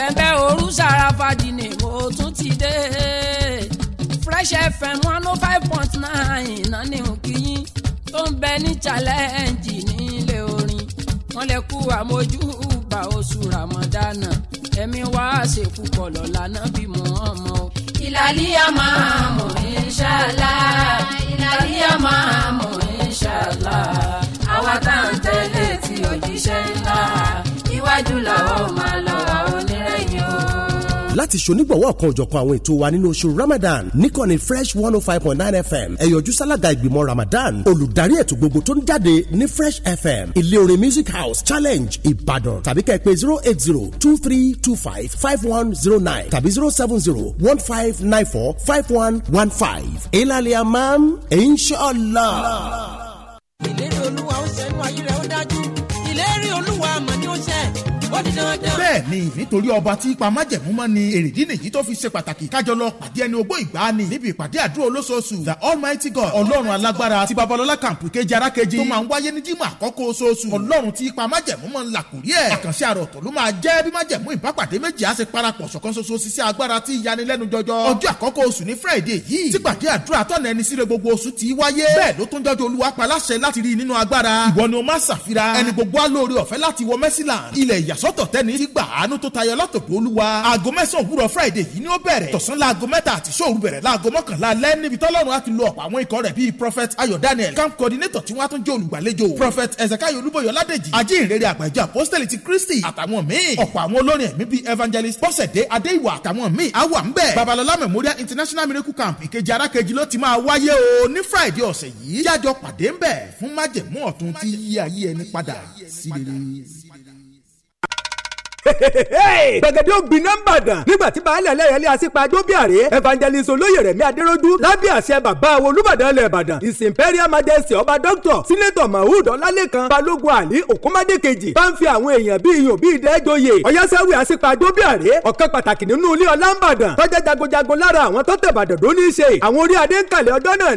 Speaker 1: bẹ́ẹ̀ òru ṣàràfàjì ni mo tún ti dé Fresh FM one oh five point nine náà ni n kì í tó ń bẹ ní challenge nílé orin wọn lè kú àmójú bá oṣù ramadana ẹ̀mí wá ṣèkú pọ̀lọ̀ lánàá
Speaker 12: bí mo hàn
Speaker 1: mọ́. ìlàlí a
Speaker 2: máa mọ̀ inṣàlá ìlàlí a máa mọ̀ inṣàlá àwa tá à ń tẹ́lẹ̀ tí òjíṣẹ́ ńlá iwájú làwọn máa lọ àwọn
Speaker 14: láti ṣonígbọ̀wọ́ ọ̀kan òjọ̀kan àwọn ètò wa nínú oṣù Ramadan níkànnì Fresh one oh five point nine FM ẹ̀yọ̀jú sálága ìgbìmọ̀ Ramadan olùdarí ètò gbogbo tó ń jáde ní Fresh FM ilé orin Music House Challenge Ìbàdàn tàbí kẹ́ ẹ pé zero eight zero two three two five five one zero nine tàbí zero seven zero one five nine four five one one five ìlàlẹ̀ àmàm inshallah.
Speaker 11: ìlérí olúwa ó ṣẹ́nu ayé rẹ̀ ó dájú ìlérí
Speaker 2: olúwa àmọ́ ni ó ṣẹ́ bẹ́ẹ̀
Speaker 14: ni nítorí ọba tí ipa májẹ̀mú mọ́ ni èrèdí nìyí tó fi ṣe pàtàkì kájọ lọ pàdé ẹni ogbó ìgbàanì níbi ìpàdé àdúrà olóṣooṣù the almighty god ọlọ́run alágbára ti babalọ́lá kàǹpù kejì arákejì tó máa ń wáyé ní jímọ̀ àkọ́kọ́ oṣooṣù ọlọ́run tí ipa májẹ̀mú mọ́ ń là ẹ̀ àkànṣe àrò ọ̀tọ̀ ló máa jẹ́ bí májẹ̀mú ìbápàdé méjì á ṣe parapọ̀ ṣọ̀kan ṣoṣo ṣiṣẹ́ agbára ìyàsọ́tọ̀ tẹ́ni ti gbà àánú tó tayọ látọ̀gbọ́ olúwa aago mẹ́sàn-án òwúrọ̀ friday yìí ni ó bẹ̀rẹ̀ tọ̀sán laago mẹ́ta àti sóòru bẹ̀rẹ̀ laago mọ́kànlá alẹ́ níbi tọ́lọ́run á lo ọ̀pọ̀ àwọn ikọ̀ rẹ̀ bíi prophet ayo daniel camp coordinator tí wọ́n á tún jẹ́ olùgbàlejò prophet ezekiel olúbọyọ̀ ládèjì ajínrere àgbàjọ apostoli ti kristi àtàwọn míì ọ̀pọ̀ àwọn olórin ẹ̀mí bíi evangelist bọ́sẹ̀dé adéìwà àtàwọn míì á wà ńbẹ̀ babalọlá memorial international miracle camp ìkejì arákejì ló ti máa wáyé o ní friday ọ̀sẹ̀ yìí jájọ pàdé ńbẹ̀ fún májẹ̀mú ọ̀tun ti yí ayé ẹni padà sí rere
Speaker 9: gbàgede ògbìnà ńbàdàn nígbà tí baálé ẹlẹ́yẹlé asípa jóbíàrè evangelist olóyè rẹ̀mí adéròjú lábẹ́ àṣẹ bàbá olùbàdàn ilẹ̀ ìbàdàn his imperial majesty ọba doctor senator mahood ọlálẹ́kan balógun ali òkúmádé kejì bá ń fi àwọn èèyàn bíi iyùn bíi ìdẹ́jọyè ọ̀yásáwì àṣípa jóbíàrè ọ̀kan pàtàkì nínú ilé ọlá ńbàdàn tọ́jà jagunjagun lára àwọn tọ́tẹ̀ ìbàdàn ló ní í ṣe àwọn orí adé ń kàlẹ̀ ọjọ́ náà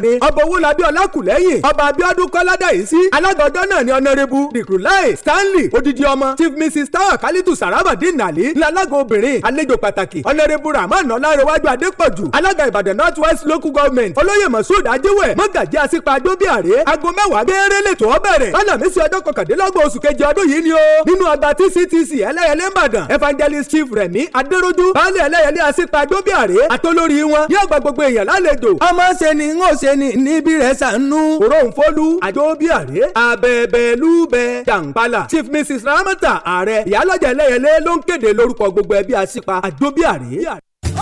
Speaker 9: stanley odidi chief mrs tawa kálítù sàrà muhammadin nali lalago obìnrin àlejò pàtàkì ọ̀nàrẹ́bù rahman ọ̀làrẹ̀wájú adépọ̀jù alága ìbàdàn north west local government olóyè masud ajiwe mọ́gàjí asípa adóbíàrè aago mẹ́wàá gééré lẹ́tọ̀ ọ́ bẹ̀rẹ̀ lálàmísì ọjọ́ kọkàndínlọ́gbọ̀n oṣù kejì ọdún yìí ni ó nínú ọgbà tctc ẹlẹ́yẹlé ìbàdàn evangelist chief remi, adéròjú baálẹ̀ ẹlẹ́yẹlé asípa adóbíàrè àtolórí wọn yóò gba gbogbo èèyàn lálejò ọmọ ṣe ni ń ò ṣe ni níbi rẹ̀ sànú òróǹfọ́lú adóbíàrè abẹ́bẹ́lúbẹ́ jàǹpalà chief mrs ramata ààrẹ ìyálọ́jà ẹlẹ́yẹlé ayé ló ń kéde lórúkọ gbogbo ẹbí àṣìpa àdóbíàrè.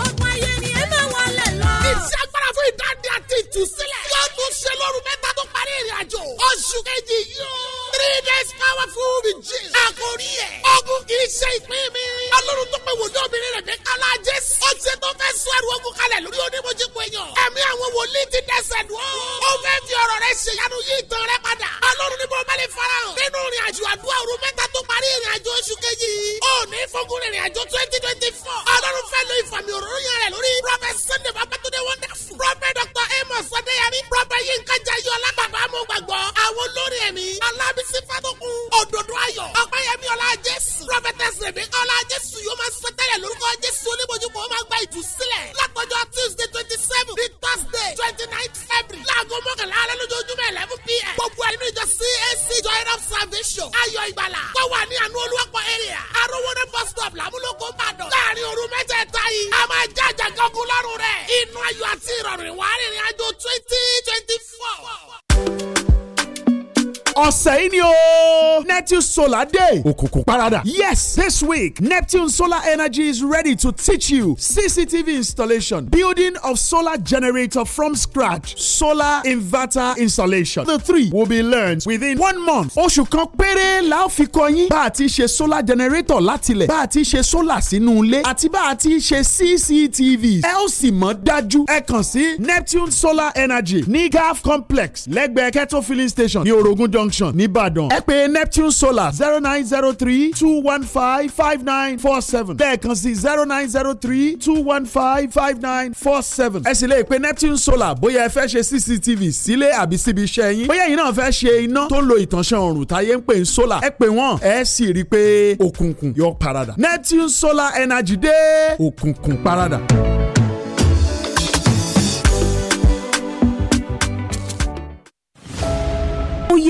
Speaker 8: ogun ayé ni ẹ máa wọlé lọ. iṣẹ́ agbára fún ìdá ti jù sílẹ̀. yóò tún ṣe lóru mẹ́ta tó parí ìrìn àjò. oṣù kejì yóò. three days powerful vigil. àkórí ẹ̀. ogun kì í ṣe ìpín mi. ọlọ́run tó pe wòlíì obìnrin rẹ̀ bí kálá jésù. ó ti tó fẹ́ sọ ẹrù ogun kalẹ̀ lórí onímọ̀jìkọ èèyàn. ẹ̀mí àwọn wòlíì ti dẹ́sẹ̀ dùn. ó fẹ́ fi ọ̀rọ̀ rẹ̀ ṣèyanu yí ìtàn rẹ̀ padà. ọlọ́run ni mo bá lè fara hàn. nínú ìrìn àjò àdúrà òru mẹ́ta tó parí ìrìn àjò oṣù kejì. ó ní fọ́gùn ìrìn àjò twenty twenty four. ọlọ́run fẹ́ lo ìfàmì òróró yẹn rẹ̀ lórí. prophet sunday babatunde wonderful. prophet doctor a amos adéyẹrí rọba yínká jayọlá bàbá amúgbàgbọ́ àwọn olórí ẹ̀mí alábísí fatókun òdòdó ayọ̀ ọ̀pẹ́yẹmí ọlá jésù prophetess rebecca ọlá jésù yóò máa sọ tẹ́lẹ̀ lórúkọ jésù oníbojúkọ ó máa gba ìtúsílẹ̀ látọjọ́ tuesday twenty seven bíi thursday twenty nine february láago mọ́kànlá alẹ́ lójoojúmọ́ eleven pm gbogbo àìní ìjọ cac joy of salvation ayọ̀ ìgbàlà tó wà ní àánú olúwapọ̀ area arówóná bus stop làmúlòkó ìbàdàn láàrin òru mẹ́tẹ̀ẹ̀ta yìí a máa jájà kankan lọ́rùn rẹ̀ inú ayọ̀ àti ìrọ̀rùn ìwà arìnrìn ọdún twenty twenty four.
Speaker 3: ọ̀sẹ̀ yìí ni o Neptune Solar Day.
Speaker 14: Òkùnkùn parada. Yes, this week Neptune Solar Energy is ready to teach you CCTV installation, building of solar generator from scratch, solar inverter installation. The three will be learned within one month. Oṣù kan péré la ó fi kọ́ yín bá a ti ṣe solar generator látilẹ̀, bá a ti ṣe solar sínú ilé, àti bá a ti ṣe CCTV. Ẹ ó sì mọ̀ dájú. Ẹ kàn sí Neptune Solar Energy ní GAF complex lẹ́gbẹ̀ẹ́ Keto filling station ní Orogun junction ní Ìbàdàn. Ẹ pè Neptune. Neptune Solar zero nine zero three two one five five nine four seven lẹ́ẹ̀kan sí zero nine zero three two one five five nine four seven. ẹ sì lè pe Neptune Solar bóyá ẹ fẹ́ ṣe CCTV sílé
Speaker 13: àbí síbi iṣẹ́ yín bóyá ẹ̀yin náà fẹ́ ṣe iná tó ń lo ìtànṣán oòrùn táyé ń pè ní solar ẹ pè wọ́n ẹ sì rí i pé òkùnkùn yọ parada Neptune Solar Energy dé òkùnkùn parada.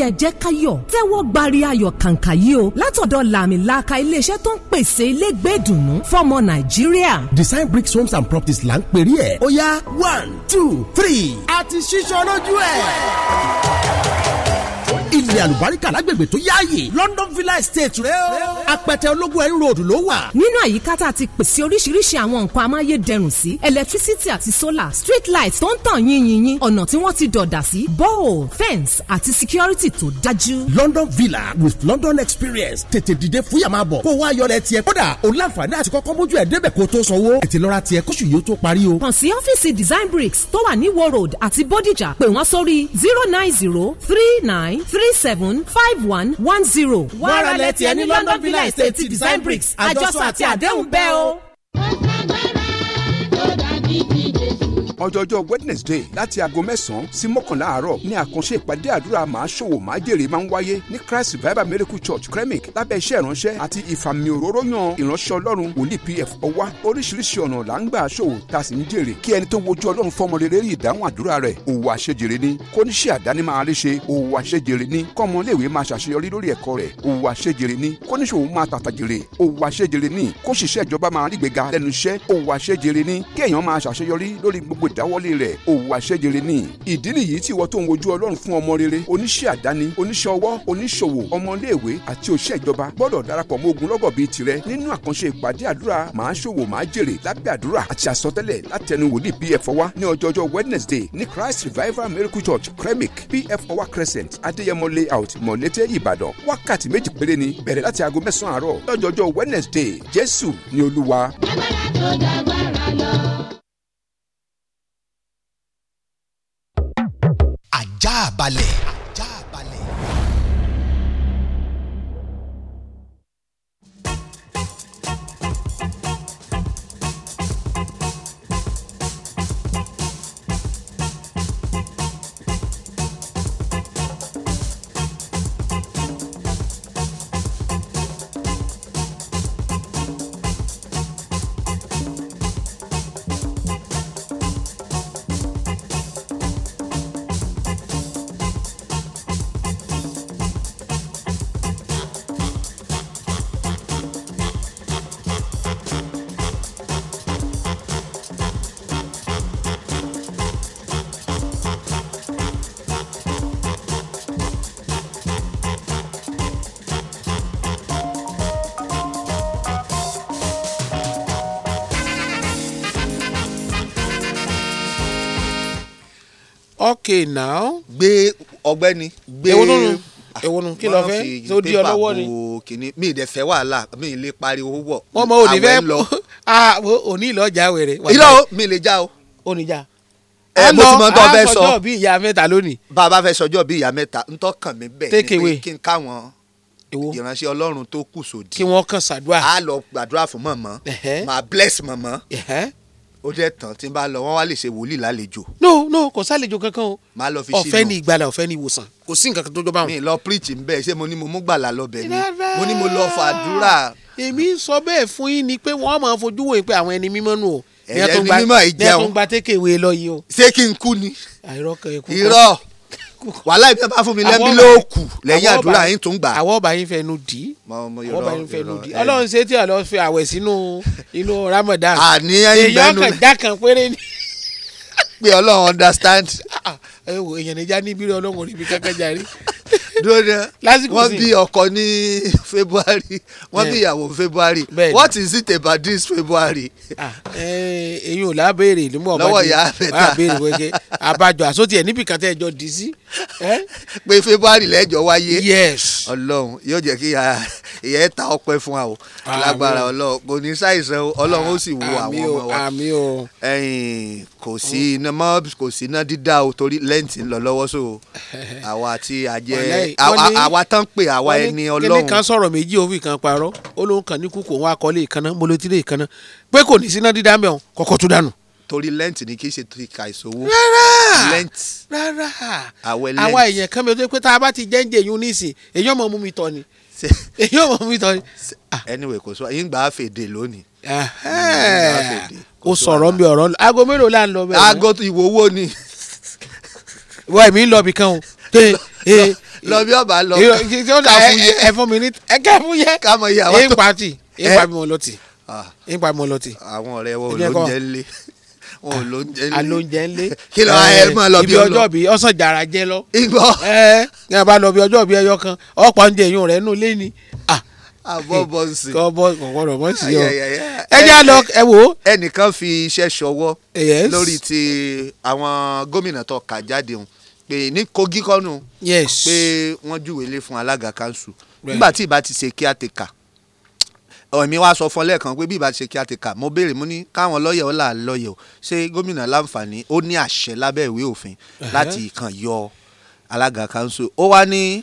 Speaker 11: ẹ jẹ́ káyọ̀ tẹ́wọ́ gbari ayọ̀ kàǹkà yìí o
Speaker 14: látọ̀dọ̀ làmìlaka iléeṣẹ́ tó ń pèsè ilégbè dùnú fọ́mọ nàìjíríà. design bricks homes and properties là ń pèrè ẹ̀ ó yá one two three àti ṣíṣọ́ lójú ẹ̀ káàkiri àlùbáríkà lágbègbè tó yáàyè London Villa Estate rẹ o. apẹtẹ ológun ẹ̀rín road ló wà. nínú àyíká tá a ti pèsè oríṣiríṣi àwọn nǹkan amáyédẹrùn sí electricity àti solar street light tó ń tàn yín yín yín ọ̀nà tí wọ́n ti dọ̀dà sí borehole fence àti security tó dájú. London Villa with London experience tètè dìde fúyà máa bọ̀ kó wá yọlẹ̀ tiẹ̀ kódà òun láǹfààní àti kọ́kọ́ mójú ẹ̀ débẹ̀ kó tó sanwó ètè lọ́ra tiẹ̀ kóṣù yìí tó parí o. kàn sí ọ́fíìsì design bricks tó wà ní Ìwó road àti Bódìjà pè wọ́n sórí
Speaker 12: zero nine zero three nine three seven five one one zero.
Speaker 14: wàrà lẹ́tì
Speaker 8: ẹni London
Speaker 15: Villa Estate Design
Speaker 8: Bricks àjọṣọ àti àdéhùn bẹ́ẹ̀
Speaker 15: o ọjọ́jọ́ wednesday láti aago mẹ́sàn-án sí mọ́kànlá àárọ̀ ni àkànṣe ìpàdé àdúrà màá ṣòwò màá jèrè máa ń wáyé ní christ revival miracle church kremik lábẹ́ iṣẹ́ ìránṣẹ́ àti ìfàmì òróró yan ìránṣẹ́ ọlọ́run wòlíì pf ọwá oríṣiríṣi ọ̀nà là ń gbà ṣòwò tá a sì ń jèrè kí ẹni tó wojú ọlọ́run fọmọ rere rí ìdáhùn àdúrà rẹ̀ òwò àṣejèrè ni kóníṣẹ́ àdáni máa rí ṣe òwò àṣejèrè ni kọ́mọléèwé máa ṣàṣeyọrí lórí ẹ̀kọ́ rẹ̀ òwò àṣejèrè ni kóníṣòwò máa tàtàjèrè òwò àṣejèrè ni kóṣìṣẹ́ ìjọba máa rígbéga lẹ́nu iṣẹ́ òwò àṣejèrè ni kéèyàn jáwọ́lé rẹ̀ òwò àṣẹjèrè ni ìdí nìyí tí ìwọ tó ń wojú ọlọ́run fún ọmọ rere oníṣẹ́ àdáni oníṣẹ́ ọwọ́ oníṣòwò ọmọléèwé àti òṣìṣẹ́ ìjọba gbọ́dọ̀ darapọ̀ mọ́ ogun lọ́gọ̀ bíi tirẹ̀ nínú àkànṣe ìpàdé àdúrà máa ṣòwò máa jèrè lábẹ́ àdúrà àti àsọtẹ́lẹ̀ látẹnu wòlíì pf ọwá ní ọjọ́jọ́ wednesday ní christ revival miracle church kremik pf ọwá crescent adéyẹmọ layout mọ̀lété ìbàdàn wákàtí méjì péré ni bẹ̀rẹ̀ láti aago mẹ́sàn-án àárọ̀ lọ́jọ́jọ́ wednesday jésù ni olúwa. agbára tó dágbára lọ.
Speaker 9: ajá balẹ̀.
Speaker 6: okay now. gbé ọ̀gbẹ́ni. gbé èwo ah, kí lọ fẹ́ tó di ọlọ́wọ́ ni. kìíní mi ì dẹ̀ fẹ́ wàhálà mi ì lè pariwo wọ̀. wọ́n mọ òní fẹ́ òní ìlọ́jà wẹ̀rẹ̀. ìlọ mi lè já o. oníjà
Speaker 7: ẹ mo ti mọ tó fẹ́ sọ a sọjọ
Speaker 6: bí ìyá mẹ́ta lónìí. bàbá fẹ́ sọjọ bí ìyá mẹ́ta ń tọkàn mi bẹ ni pé kí n káwọn ìránṣẹ́ Ọlọ́run tó kù sódì. kí wọ́n kàn ṣàdúrà. a lọ gbàdúrà fún mọ̀mọ́ máa bless mọ̀mọ́ ó dẹ̀ tán tí n bá lọ wọ́n wá lè ṣe wòlíì lálejò.
Speaker 7: no no kò sálejò kankan o.
Speaker 6: máa lọ fi ṣe lọ ọ̀fẹ́ ni ìgbàlà ọ̀fẹ́ ni ìwòsàn kò sí nǹkan kan tó jọba wọn. mi lọ preach nbẹ ṣé mo ní mo mú gbàlà lọ bẹ ni mo ní mo lọ fàdúrà. èmi ń sọ
Speaker 7: bẹ́ẹ̀ fún yín ni pé wọ́n máa fojú wò pé àwọn ẹni mímọ́ nù o. ẹ̀yẹ́ ni mímọ́ ìjẹun ní ẹ̀ gba tékèwé lọ yìí o. ṣé kí n kú ni. àìrọ́kẹ́ ikú kọ́ wàhálà ìbí bá fún mi lẹ́mí ló lẹ́yìn àdúrà yín tó ń gbà. àwọn ọba yín fẹnu dì í àwọn ọba yín fẹnu dì í ọlọ́run ṣe tí àlọ́ fi àwẹ̀ sínú inú Ramadan àní ẹyin bẹnu èyí ọkàn já péré ni. pé ọlọ́run understand. Ah, ah, ẹ wo èèyàn níjà níbí ọlọ́run ò níbi kankan jàre
Speaker 6: dúró wọ́n bí ọkọ ní february wọ́n bí ìyàwó february what is it about this february. eyín
Speaker 7: ò lábẹ́rẹ̀ ní mọ̀ lọ́wọ́ ìyá rẹ̀ ta àbẹ̀rẹ̀ wẹ́gẹ́ àbájọ àsótì ẹ̀ níbi kàtà ẹ̀jọ́ dì sí.
Speaker 6: pé february lẹ́jọ́ wáyé yes ọlọ́run yóò jẹ́ kí ìyá ẹ̀ ta ọpẹ́ fún wa o lágbára ọlọ́run kò ní ṣàìsàn o ọlọ́run ó sì wo àwọn ọmọ wa ẹ̀yìn kò sí iná dídá o torí lẹ́ǹtì ń lọ lọ́wọ́ so àwa àti ajẹ́ Eh, àwa tán pé àwa ẹni ọlọ́run. kíni kan sọ̀rọ̀ méjì òfin
Speaker 7: kan parọ́ ó lóun ní kúkú òun akọ́lé ìkànnà molotílé ìkànnà pé kò ní síná dídá mẹ́wọ̀n kọ́kọ́ tó dànù. torí lẹ́ǹtì ni kì í ṣe ti ìṣòwò.
Speaker 6: rárá lẹ́ǹtì rárá àwa
Speaker 7: èèyàn kan mi ò dé pé tá a bá ti jẹ́ǹjẹ́ yún nísìn èyí ọmọ mú mi tọ́ ni èyí ọmọ mú mi tọ́ ni. anyway kò sọ yín gbà á fèdè lónìí o sọ̀rọ̀ mi ọ̀rọ̀ aago mélòó la ń lọ bẹ́ẹ̀. aago ìwò ni. wọ́n mi ń lọ ibì o. lọ bí ọba lọ káfúyẹ ẹ fún mi ní káfúyẹ kámọ iye àwọn tó ipa ti ipa mi wọn lọ ti ipa mi wọn lọ ti. àwọn ọ̀rẹ́ wọn ò lóúnjẹ ńlé wọn ò lóúnjẹ ńlé. alóúnjẹ ńlé kí lọ ẹ mọ lọ bí ọlọ ibi ọjọ́ bí ọsàn jàrà jẹ lọ. igbọ ẹ ẹ bá lọ bí ọjọ́ bí ẹyọ kan ọ̀pọ̀ oúnjẹ yìí rẹ̀ nù lẹ́ni àbọ̀ bọ̀ ń sìn. kọ́ bọ́ ọ̀gbọ́dọ̀ bọ́ sí ọ. ẹ já lọ ẹ wò. ẹnìkan fi iṣẹ́
Speaker 6: ṣọwọ́ lórí ti àwọn gómìnà tó kà jáde hùn pé ní Kogi kọ́nu yes pé wọ́n júwèé lé fún alága kanṣu nígbà tí ìbá ti ṣe kí á ti kà èmi wá sọ fún ọ lẹ́ẹ̀kan pé bí ìbá ti ṣe kí á ti kà mo béèrè mo ní káwọn lọ́yẹ̀ ó là lọ́yẹ̀ o ṣé gómìnà láǹfààní ó ní àṣẹ lábẹ́ ìwé òfin uh-huh. láti kàn yọ alága kanṣu ó wá ní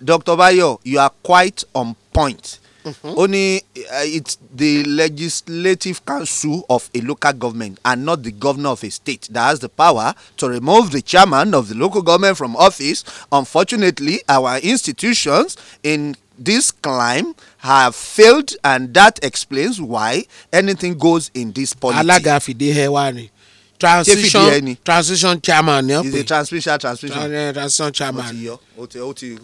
Speaker 6: Dr. Bayo you are quite on point Mm-hmm. ó ní uh, it's the legislative council of a local government and not the governor of a state that has the power to remove the chairman of the local government from office unfortunately our institutions in this climb have failed and that explains why anything goes in this politics. alága fìdí ẹ wá ni transition transition chairman ni ọ pe is a transition transition eh, transition chairman. o ti o ti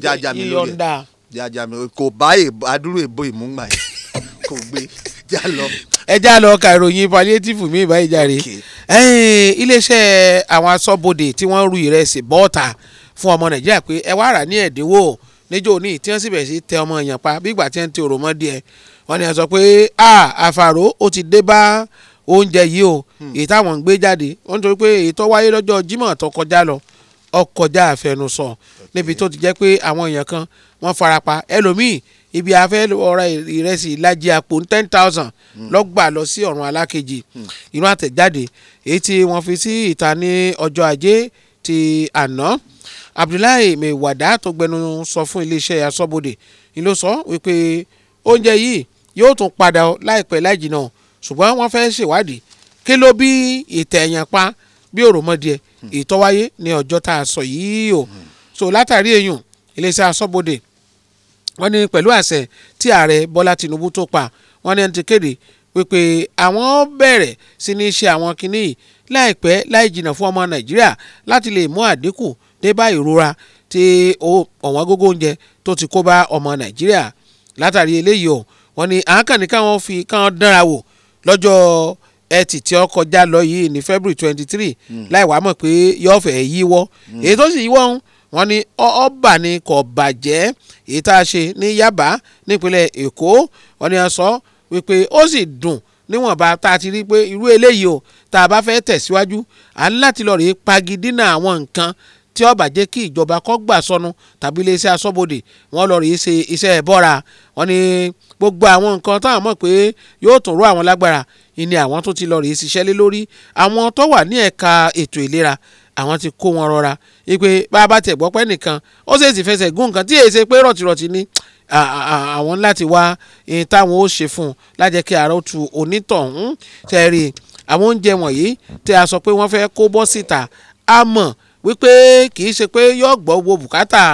Speaker 6: jaja mi lórí jaja mi kò bá e, adúrú èbó ìmúgbà yìí kò gbé já lọ.
Speaker 7: ẹ já lọ ka ìròyìn palliative mi ìbáyìí jàre iléeṣẹ́ àwọn aṣọ́bodè tí wọ́n ru ìrẹsì bọ́ọ̀ta fún ọmọ nàìjíríà pé ẹ wá rà ní ẹ̀dínwó níjó ní tí wọ́n sì bẹ̀rẹ̀ sí tẹ ọmọ èèyàn pa bí ìgbà tí wọ́n ti rò mọ́ díẹ̀ wọ́n ní sọ pé àfàrò ó ti dé bá oúnjẹ yìí o hmm. èyí táwọn ń gbé jáde wọ́n torí pé èyí wáyé lọ́jọ́ Jímọ̀ tó kọjá lọ ọkọjá àfẹnusọ níbi tó ti jẹ́ pé àwọn èèyàn kan wọ́n farapa ẹlòmíì ibi afẹ́ ọ̀rọ̀ ìrẹsì ìlàjì àpò ten thousand hmm. lọ́gbà lọ sí ọ̀run alákejì hmm. inú àtẹ̀jáde èyí tí wọ́n fi sí ìta ní ọjọ́ ajé ti àná Abdullahi Mewada tó gbẹnu sọ fún iléeṣẹ́ asọ́bodè ni ló sọ wípé oúnjẹ yìí yóò tún padà láìpẹ́ láìjìnà ṣùgbọ́n wọ́n fẹ́ ṣèwádìí kí ló bí ìtẹ̀yàn pa bí òròmọdìẹ hmm. ìtọ́wáyé ní ọjọ́ tá a sọ yìí o so látàrí èèyàn iléeṣẹ́ asọ́bodè wọ́n ní pẹ̀lú àṣẹ tí ààrẹ Bọ́lá Tinubu tó pa wọ́n ní ẹni tí kéde pípé àwọn bẹ̀rẹ̀ sí ní ṣe àwọn kinní yìí láìpẹ́ láì jìnnà fún ọmọ Nàìjíríà láti lè mú àdínkù dé bá ìrora tí ọ̀wọ́n gógó oúnjẹ tó ti kó bá ọmọ Nàìjíríà látàrí eléyìí o wọ́n ní àákànní káwọn fi káwọn dánra wò lọ́jọ́ ẹtì tí ó kọjá lọ yìí ní February twenty three hmm. láì wá mọ̀ pé yọ̀ọ̀fẹ́ yíwọ́ hmm. èyí tó sì yíwọ́ ń wọ́n ní ọba ni kò bàjẹ́ èyí tá a ṣe ní Yaba nípínlẹ̀ Èkó wọ́n ní a sọ wípé ó sì dùn níwọ̀nba tá a ti rí pé irú eléyìí o tá a bá fẹ́ tẹ̀síwájú à ń láti lọ rèé pagidínà àwọn nǹkan tí ó bàjẹ́ kí ìjọba kọ́ gbà sọnù tàbí iléeṣẹ́ aṣọ́bodè wọ́n lọ rèé ṣe iṣẹ́ ìbọ́ra wọ́n ní gbogbo àwọn nǹkan táwọn mọ̀ pé yóò tún rú àwọn lágbára ìní àwọn tó ti lọ rèé ṣiṣẹ́ lé lórí àwọn tó wà ní ẹ̀ka ètò ìlera àwọn ti kó wọn rọra wípé bá a bá tẹ̀ gbọ́pẹ́ nìkan ó sì ti fẹsẹ̀ gún nǹkan tí èyí ṣe pé rọ̀tìrọ̀tì ni àwọn láti wá ẹni táwọn ó ṣe fún un lájẹ́ kí àárọ̀ tu onítọ̀hún tẹ̀rí àwọn oúnjẹ wọ̀nyí tẹ́ a sọ pé wọ́n fẹ́ kó bọ́ síta a mọ̀ wípé kì í ṣe pé yóò gbọ́ wo bùkátà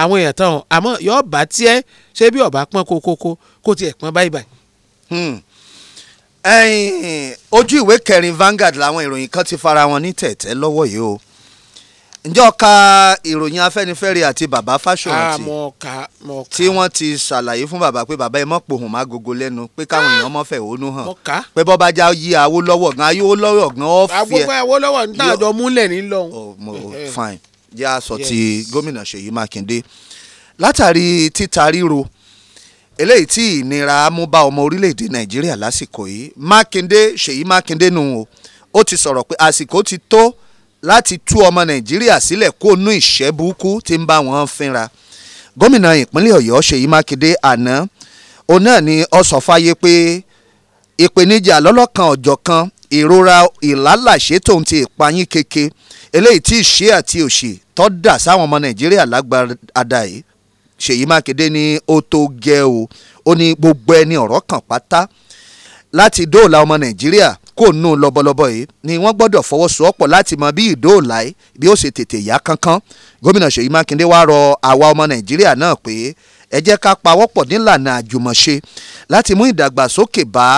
Speaker 7: àwọn èèyàn tán àmọ́ yóò bá tiẹ̀ ṣé bí ọ̀bá pọ́n kókókó kó tiẹ̀ pọ́n báyìí báyìí.
Speaker 6: Hmm ojú ìwé kẹrin Vanguard làwọn ìròyìn kan ti fara wọn ní tẹ̀tẹ̀ lọ́wọ́ yìí o ǹjọ́ ka ìròyìn Afẹ́nifẹ́re àti bàbá Fáṣọ̀rántì ah, tí wọ́n ti ṣàlàyé fún bàbá pé bàbá ẹ mọ̀ pohùn má gogo lẹ́nu pé káwọn èèyàn mọ̀ fẹ̀hónú hàn pé bọ́ba já yí Awólọ́wọ̀ gan ayé Awólọ́wọ̀ gan ọ́ fi ẹ́. àgbogbo
Speaker 7: Awólọ́wọ̀ ní tàjọ
Speaker 6: múlẹ̀ ní lọ́hùn. Oh, fine jẹ́ a ti gómìnà Ṣèyí Mákindé látàrí títa ríro eléyìí tí ìnira mú bá ọmọ orílẹ̀-èdè nàìjíríà lásìkò yìí mákindé ṣèyí mákindé nù o ó ti sọ̀rọ̀ pé àsìkò ti tó láti tú ọmọ nàìjíríà sílẹ̀ kó nú ìṣẹ́ burúkú tí ń bá wọn fínra gómìnà ìpínlẹ̀ ọ̀yọ́ ṣèyí mákindé àná òun náà ni ó sọ fáyé pé ìpèníjà lọ́lọ́kan ọ̀jọ̀kan ìrora ìlálàṣẹ tóun ti ìpayín keke eléyìí tí ìṣe àti òṣì tó dà sáwọn ọmọ nàìjíríà lágbára àdáyé Ṣèyí Mákindé ni ó tó gẹ́ o ó ní gbogbo ẹni ọ̀rọ̀ kan pátá láti dóòlà ọmọ Nàìjíríà kò nù lọ́bọ̀lọ́bọ̀ yìí ni wọ́n gbọ́dọ̀ fọwọ́sowọ́pọ̀ láti mọ bí ìdóòlà yìí bí ó ṣe tètè yá kankan gómìnà Ṣèyí Mákindé wá rọ àwa ọmọ Nàìjíríà náà pé ẹ jẹ́ ká pawọ́pọ̀ nílànà àjùmọ̀ṣe láti mú ìdàgbàsókè bá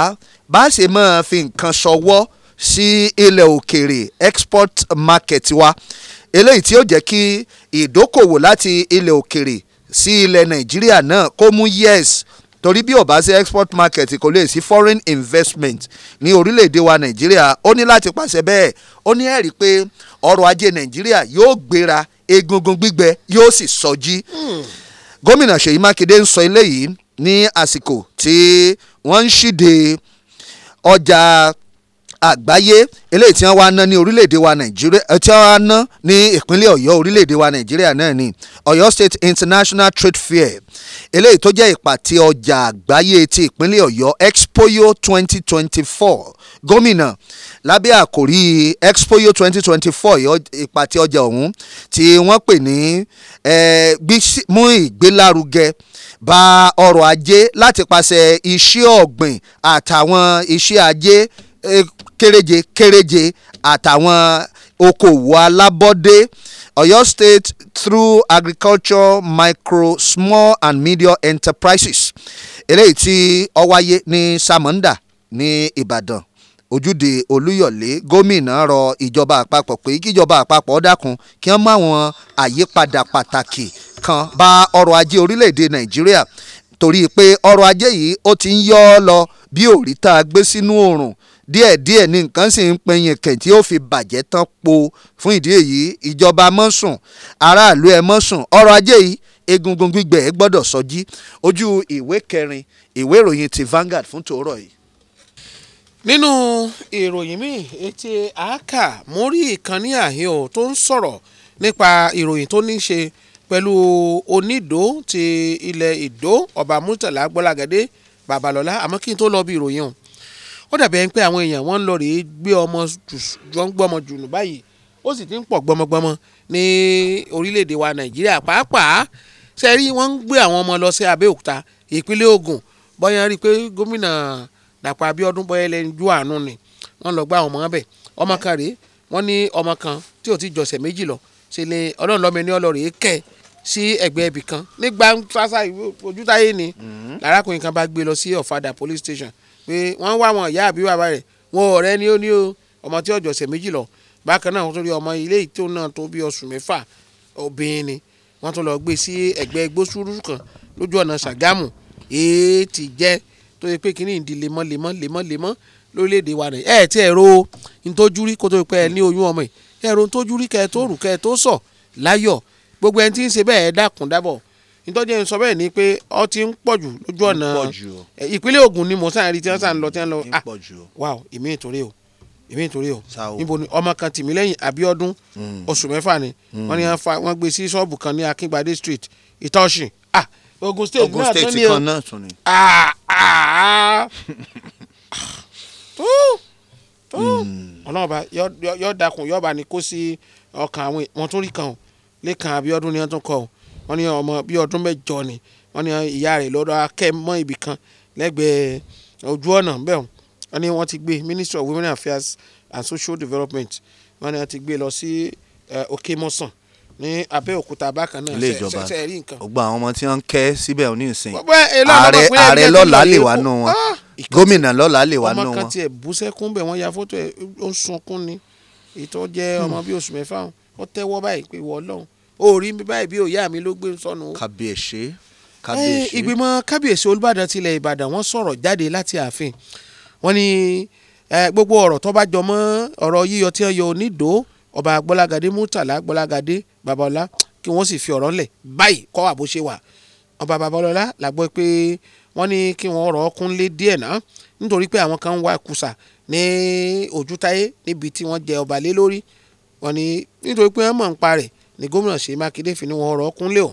Speaker 6: bá ṣe máa fi nǹkan ṣọwọ́ sí ilẹ̀ òkèèrè export market wa eléyìí tí ó jẹ́ kí ìdókòwò láti ilẹ̀ òkèèrè sí ilẹ̀ nàìjíríà náà kó mú yes torí bí ó bá sí export market kò lè sí foreign investment ní orílẹ̀-èdè wa nàìjíríà ó ní láti pàṣẹ bẹ́ẹ̀ ó ní ẹ̀rí pé ọrọ̀ ajé nàìjíríà yóò gbéra egungun gbígbẹ yóò sì sọjí. Hmm. gómìnà ṣèyí mákindé ń sọ eléyìí ní àsìkò tí wọ́n ń ṣíde ọjà àgbáyé eléyìí tí wọ́n wá ná ní orílẹ̀-èdè wa nàìjíríà eh, tí wọ́n wá ná ní ìpínlẹ̀ ọ̀yọ́ orílẹ̀-èdè wa nàìjíríà náà ni ọ̀yọ́ state international trade fair eléyìí tó jẹ́ ìpàtẹ ọjà àgbáyé ti ìpínlẹ̀ ọ̀yọ́ expoyo twenty twenty four gómìnà lábẹ́ àkòrí expoyo twenty twenty four ìpàtẹ ọjà ọ̀hún tí wọ́n pè ní eh, mú ìgbélárugẹ bá ọrọ̀ ajé láti pàṣẹ iṣẹ́ ọ̀gbìn àtàwọn iṣẹ́ ajé Eh, kéréje kéréje àtàwọn okòwò alábọ́dé Ọ̀yọ́ State through agriculture micro small and medium enterprises eléyìí tí ó wáyé ní Samonda ní Ìbàdàn ojúde olúyọ̀lé gómìnà rọ ìjọba àpapọ̀ pé kíjọba àpapọ̀ dákun kí wọ́n mú àwọn àyípadà pàtàkì kan bá ọrọ̀ ajé orílẹ̀-èdè nàìjíríà torí pé ọrọ̀ ajé yìí ó ti ń yọ́ ọ lọ bí òrítà gbé sínú oòrùn díẹ̀díẹ̀ ni nǹkan sì ń pinyin kẹ̀ tí ó fi bàjẹ́ tán po fún ìdí èyí ìjọba mọ́sùn aráàlú ẹ mọ́sùn ọrọ̀ ajé yìí egungun gbígbẹ ẹ gbọ́dọ̀ sọjí ojú ìwé kẹrin ìwé ìròyìn ti Vanguard fún tòórọ̀ yìí. nínú ìròyìn
Speaker 7: míì etí àákà mo rí ìkànnì àhíò tó ń sọ̀rọ̀ nípa ìròyìn tó ní í ṣe pẹ̀lú onídó ti ilẹ̀ ìdó ọba murtala gbọ́lágadé babalọ́lá àmọ́ kí n tó lọ bí ìròyìn ọ̀hún ó dàbí ẹni pé àwọn èèyàn wọ́n ń lọ rèé gbé ọmọ jọ ń gbọ́mọ jùlọ báyìí ó sì ti ń pọ̀ gbọmọgbọmọ ní orílẹ̀-èdè wa nàìjíríà pàápàá ṣe rí wọ́n ń gbé àwọn ọmọ lọ sí abẹ́òkúta ìpínlẹ̀ ògùn bóyá rí i pé gómìnà dàpọ̀ abíọ́dún bóyá ẹlẹ́ni ju àánú ni wọ́n lọ gbá àwọn ọmọ bẹ̀ ọmọ kan rèé wọ́n ní ọmọ kan tí ò ti jọ̀sẹ̀ méjì lọ ṣe lè ọlọ́run lọ́mọ ẹni ọlọ́rẹ̀ kẹ́ sí ẹgbẹ́ ibì kan ní gbàǹfàṣà ojútáyé ni mm-hmm. lárákùnrin kan bá gbé lọ sí ọ̀fadà police station pé wọ́n wá wọn ìyá àbí bàbá rẹ̀ wọn ọ̀rẹ́ ni ó ní o ọmọ tí ọjọ́ ọ̀sẹ̀ méjì lọ bákan náà wọ́n tún rí ọmọ ilé ìtò náà tó bí oṣù mẹ́fà obìnrin ni wọ́n tún lọ gbé sí ẹ̀gbẹ́ gbósùrú kan lójú ọ̀nà Ṣàgámù èé ti jẹ́ tó yẹ pé kínní ìdí lemọ́ lemọ́ lemọ́ lemọ́ lórílẹ̀‐èdè wa rẹ̀ ẹ̀ tí ẹ̀rọ ntójúrí kó tó pé ẹ ní oyún ọmọ yìí ẹ̀rọ ntójúrí kẹ́ẹ̀ tó rù kẹ́ẹ̀ tó sọ láyọ̀ gbogbo ẹni tí ń ṣe bẹ́ẹ̀ dákun dábọ̀ nítorí ẹni sọ bẹ́ẹ̀ ni pé ọtí ń pọ̀ jù lójú ọ̀nà ìpínlẹ̀ Ògùn ni mò ń sàn rí tí wọ́n sàn lọ tí wọ́n lọ ah wow èmi ìtòrí o èmi ìtòrí o níbo ni ọmọ kan tì mí lẹ́yìn Abíọ́dún hmm. oṣù mẹ́fà ni hmm. wọ́n ní wọ́n gbé sí ṣọ́ọ̀bù kan ní Akíngbadé Street Ìtọ́sìn ah Ogun State náà tún ni o Ogun State kan náà
Speaker 6: tún
Speaker 15: ni
Speaker 7: ah ah, ah. tó tó hmm. ọlọ́ọ̀ba yọ̀ọ́ dakùn yọ̀ọ́ bá ní kó sí ọkàn àwọn wọ́n tún rí kan lẹ́kàn Abíọ́dún ni wọ́n tún kọ́ o wọ́n ní ọmọ bí ọdún mẹ́jọ ni wọ́n ní ìyá rẹ̀ lọ́dọ̀ akẹ́ mọ́ ibì kan lẹ́gbẹ̀ẹ́ ojú ọ̀nà bẹ́ẹ̀ wọ́n ní wọ́n ti gbé ministry of women affairs and social development wọ́n ní wọ́n ti gbé lọ sí eh, òkèmọ́sàn ní abẹ́òkúta bákan náà ilé ìjọba
Speaker 6: gbogbo àwọn ọmọ tí wọ́n ń kẹ́ síbẹ̀ ní ìsìn ààrẹ ààrẹ lọ́la lè wà nù wọn ah! gómìnà lọ́la lè wà nù wọn. ọmọ kan
Speaker 7: tiẹ̀ bú sẹ́kún bẹ̀ wọ́n ya fótó ẹ̀ ó ń sunkún ni ìtọ́ hmm. ọmọ bíi oṣù mẹ́fà ó tẹ́wọ́ báyìí pé wọ́ọ́ lọ́hùn orí mi báyìí bí òyà mi ló gbé sọnù.
Speaker 6: kàbíyèsí eh,
Speaker 15: kàbíyèsí. ìgbìmọ̀
Speaker 7: kábíyèsí olùbàdàn tilẹ̀ ìbàdàn wọ́n sọ̀rọ̀ jáde láti ààfin wọ́n ní eh, gbogbo ọ̀rọ̀ tó bá jọmọ́ ọ̀rọ̀ yíyọ tí wọ́n yọ onídòó ọba gbọ́lágadé murtala gbọ́lágadé babalọ́lá kí wọ́n sì fi ọ̀rọ̀ ńlẹ̀ báyìí kọ́ wà ṣe wà ọba babalọ́lá la gbọ́ pé wọ́n ní kí wọ́n rọ̀ kúnlé díẹ̀ náà nítorí pé àwọn kan ń wá kùsà ní ojútáyé níbi tí wọ́n jẹ ọba lé lórí wọ́n ní nítorí pé wọ́n mọ̀ ń pa ni gómìnà Ṣèyí Mákindé fi ní wọn ọ̀rọ̀ kúnlẹ̀ o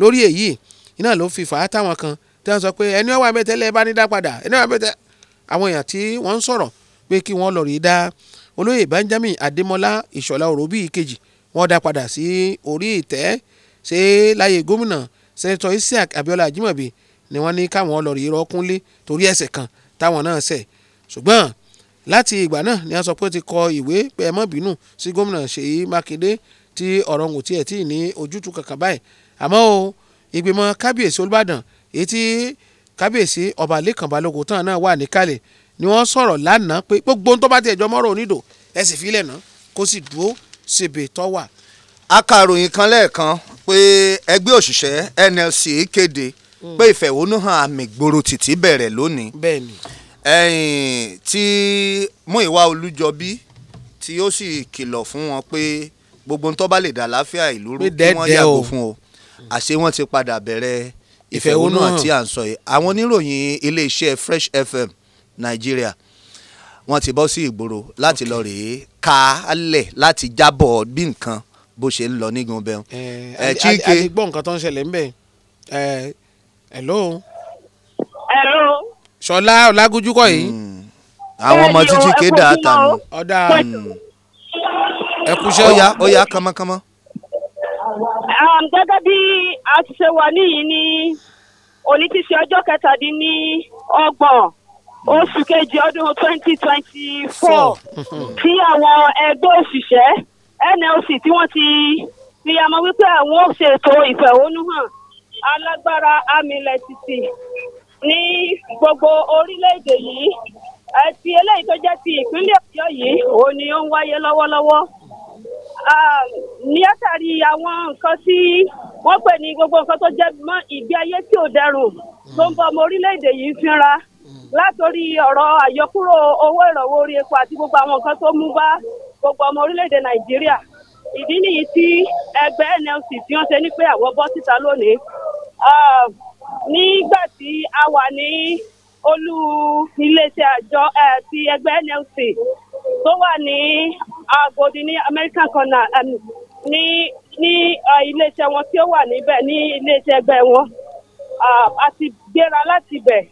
Speaker 7: lórí èyí iná ló fi fà á táwọn kan tí wọ́n sọ pé ẹni wà mẹ́tẹ́lẹ́ bá ní dá padà ẹni wà mẹ́tẹ́lẹ́ àwọn èèyàn tí wọ́n ń sọ̀rọ̀ pé kí wọ́n lọ rí dá olóyè Benjamin Adémọ́lá Ìṣọ̀lá Òróbì ìkejì wọ́n dá padà sí orí ìtẹ́ ṣe láyé gómìnà sẹ́ńtọ̀ Isiaq Abiola Ajimobi ni wọ́n ní káwọn lọ rí rọ́kúnlé torí ẹ̀ṣẹ̀ kan táwọn náà ṣẹ̀ ṣùgbọ́n láti ìgbà náà ni wọ́n sọ pé ó ti kọ ìwé pé ẹ tí ọ̀rọ̀ ń wò tí ẹ̀ tí ì ní ojútùú kankan báyìí àmọ́ o ìgbìmọ̀ kábíyèsí olùbàdàn èyí tí kábíyèsí ọba lẹ́kàn balógun tán náà wà níkàlẹ̀ ni wọ́n sọ̀rọ̀ lánàá pé gbogbo ohun tó bá tiẹ̀ jọ mọ́rọ̀
Speaker 6: onídò ẹ sì filẹ̀ ná kó sì dúró síbi tó wà. akàròyìn kan lẹ́ẹ̀kan pé ẹgbẹ́ òṣìṣẹ́ NLC kéde hmm. pé ìfẹ̀hónúhàn àmì gbòòrò tìtì bẹ̀rẹ̀ lónìí. bẹ́ẹ̀ni. ẹ̀yìn tí Múyìwá Olújọbí tí ó sì kìlọ̀ fún wọn pé gbogbo ń tó bá lè dà láfíà ìlú rú kí wọ́n yàgò fún o àṣé wọ́n ti padà bẹ̀rẹ̀ ìfẹ̀hónú àti à yìí àwọn oníròyìn iléeṣẹ́ Fresh FM Nàìjíríà wọ́n ti bọ́ sí ìgboro láti lọ rèé kálẹ̀ láti jábọ̀ bí nǹkan bó ṣe ń lọ nígun bẹ́ẹ̀.
Speaker 7: ẹ Chike àti gbọ́ nǹkan tó ń ṣẹlẹ̀ ńbẹ̀ ẹ hello. hello. Ṣọlá Ọlágúnjú yìí. Hmm.
Speaker 5: àwọn ọmọ tí Chike dá àtàwọn.
Speaker 6: ọ̀dà ẹ kúṣẹ́ ó yá ó yá kánmọ́kánmọ́.
Speaker 1: Um, gẹ́gẹ́ bí a ti ṣe wà níyìí ní òní ti ṣe ọjọ́ kẹtàdínlọ́gbọ̀n oṣù kejì ọdún twenty twenty four hmm. tí àwọn ẹgbẹ́ òṣìṣẹ́ NLC tí wọ́n ti fi àmọ́ wípé àwọn ò ṣètò ìfẹ̀hónúhàn alágbára amílẹ̀ ní gbogbo orílẹ̀-èdè yìí àti eléyìí tó jẹ́ ti ìpínlẹ̀ Ọ̀yọ́ yìí òun ni ó ń wáyé lọ́wọ́lọ́wọ́ látàrí ah, àwọn nǹkan tí wọ́n pè ní gbogbo nǹkan tó jẹ́ mọ́ ìgbé ayé tí ò dẹrùn hmm. tó ń bọ ọmọ orílẹ̀-èdè yìí fínra hmm. látòrí ọ̀rọ̀ àyọkúrò owó ìrànwọ́ orí epo àti gbogbo àwọn nǹkan tó mú bá gbogbo ọmọ orílẹ̀-èdè nàìjíríà ìdí nìyí tí ẹgbẹ́ nlc tí wọ́n ṣe ní pé àwọn bọ́ síta lónìí ah, nígbà tí a wà ní olú iléeṣẹ́ àjọ ti ẹgbẹ́ NLC tó wà ní Agodi ní American Corner ní ní iléeṣẹ́ wọn tí ó wà níbẹ̀ ní iléeṣẹ́ ẹgbẹ́ wọn a ti gbéra láti bẹ̀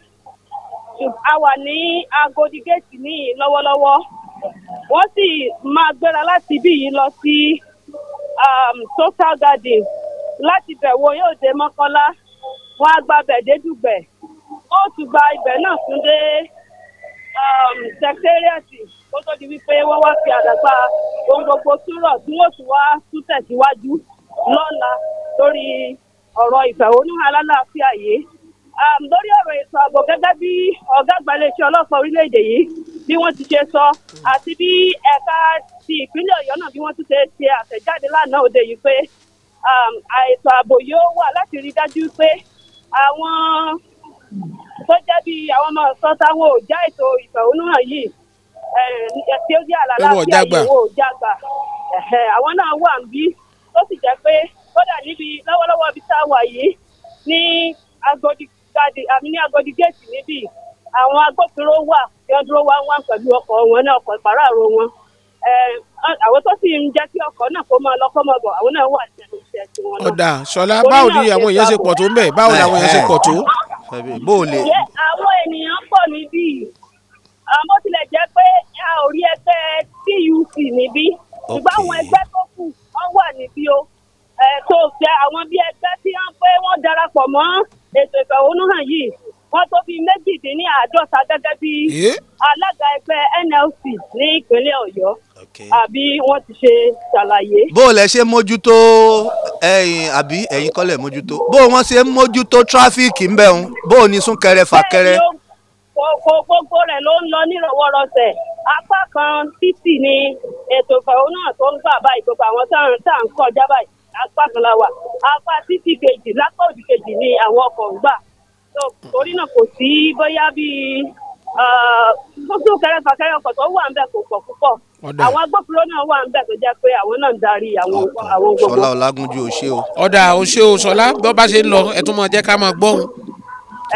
Speaker 1: a wà ní Agodi gate ní lọ́wọ́lọ́wọ́ wọ́n sì máa gbéra láti ibí yìí lọ sí Total Garden láti bẹ̀ wo yóò dé Mọ́kọ́lá wọ́n á gbabẹ̀ dé Dùgbẹ̀ ó ti gba ibẹ̀ náà fún dé um, sẹkítẹ́rìàtì kó tó di wípé wọ́n wá fi àdàgbà ohun gbogbo túrọ̀ tí wọ́n sì wá tún tẹ̀síwájú lọ́la lórí ọ̀rọ̀ ìfẹ̀hónúhàn alálàáfíà yìí um, lórí ọ̀rọ̀ ètò ààbò gẹ́gẹ́ bí ọ̀gá àgbà iléeṣẹ́ ọlọ́pàá orílẹ̀-èdè yìí bí wọ́n ti ṣe sọ àti bí ẹ̀ka ti ìpínlẹ̀ ọ̀yọ́ náà bí wọ́n ti ṣe ṣe àtẹ̀jáde lánàá òde yìí pé ètò um, ààbò yóò wà láti rí dájú pé àwọn tó jẹ́ bí àwọn ọmọ ọ̀sán táwọn ò já ètò ìfẹ̀hónúhàn yìí ẹ̀sìn ó jẹ́ àlàáfíà yìí wò ó jágbà àwọn náà wà ń bí tó sì jẹ́ pé kódà níbi lọ́wọ́lọ́wọ́ bí tá a wà yìí ní agodi gadi àmì ní agodi géètì níbí àwọn agbófinró wà tí wọ́n dúró wá wá pẹ̀lú ọkọ̀ wọn náà ọkọ̀ ìpàráàrò wọn àwọn tó sì ń jẹ́ kí ọkọ̀ náà kó máa lọ kó máa bọ̀ àwọn náà wà ní ẹnu iṣẹ́ tiwọn
Speaker 7: náà. ọ̀dà ṣọlá báwo ni àwọn èèyàn ṣe pọ̀ tó ń bẹ̀ báwo ni àwọn èèyàn ṣe pọ̀ tó bó o lè.
Speaker 1: àwọn ènìyàn pọ̀ níbí bó tilẹ̀ jẹ́ pé a ò rí ẹgbẹ́ tuc níbí ṣùgbọ́n àwọn ẹgbẹ́ tó kù wọ́n wà níbí o tó fẹ́ àwọn bí ẹgbẹ́ tí wọ́n darapọ̀ mọ́ ètò ìfẹ̀hónúhàn yìí wọ́n tó bíi méjìdínní àádọ́ta gẹ́gẹ́ bí alága ẹgbẹ́ NLC ní ìpínlẹ̀ Ọ̀yọ́ àbí wọ́n ti ṣe ṣàlàyé. bó
Speaker 6: o lẹ ṣe mójútó ẹ̀yin àbí ẹ̀yin kọ́lẹ̀ mójútó bó o wọ́n ṣe mójútó tráfíìkì ń bẹ̀rùn bó o ní súnkẹrẹ fàkẹrẹ.
Speaker 1: kò gbogbo rẹ̀ ló ń lọ nírọ̀wọ́rọ̀sẹ̀ apá kan títì ni ètò ìfẹ̀hónú tó ń gbà báyìí gbogbo àwọn tá à ń kọjá báyìí apá kan la wà apá títì kejì lápá òdì kejì ni àwọn ọkọ̀ ń torí náà kò sí bóyá bíi fúnfún kẹrẹfàkẹrẹ ọkọ̀ tó wà ń bẹ̀ kò pọ̀ púpọ̀ àwọn agbófinró náà wà ń bẹ̀ tó jẹ́ pé àwọn náà ń darí àwọn gbogbo.
Speaker 6: Ṣọlá Ọlágúnjú o ṣé
Speaker 7: o. ọ̀dà o ṣé o Ṣọlá bí wọ́n bá ṣe ń lọ ẹ tún mọ̀ jẹ́ ká máa gbọ́.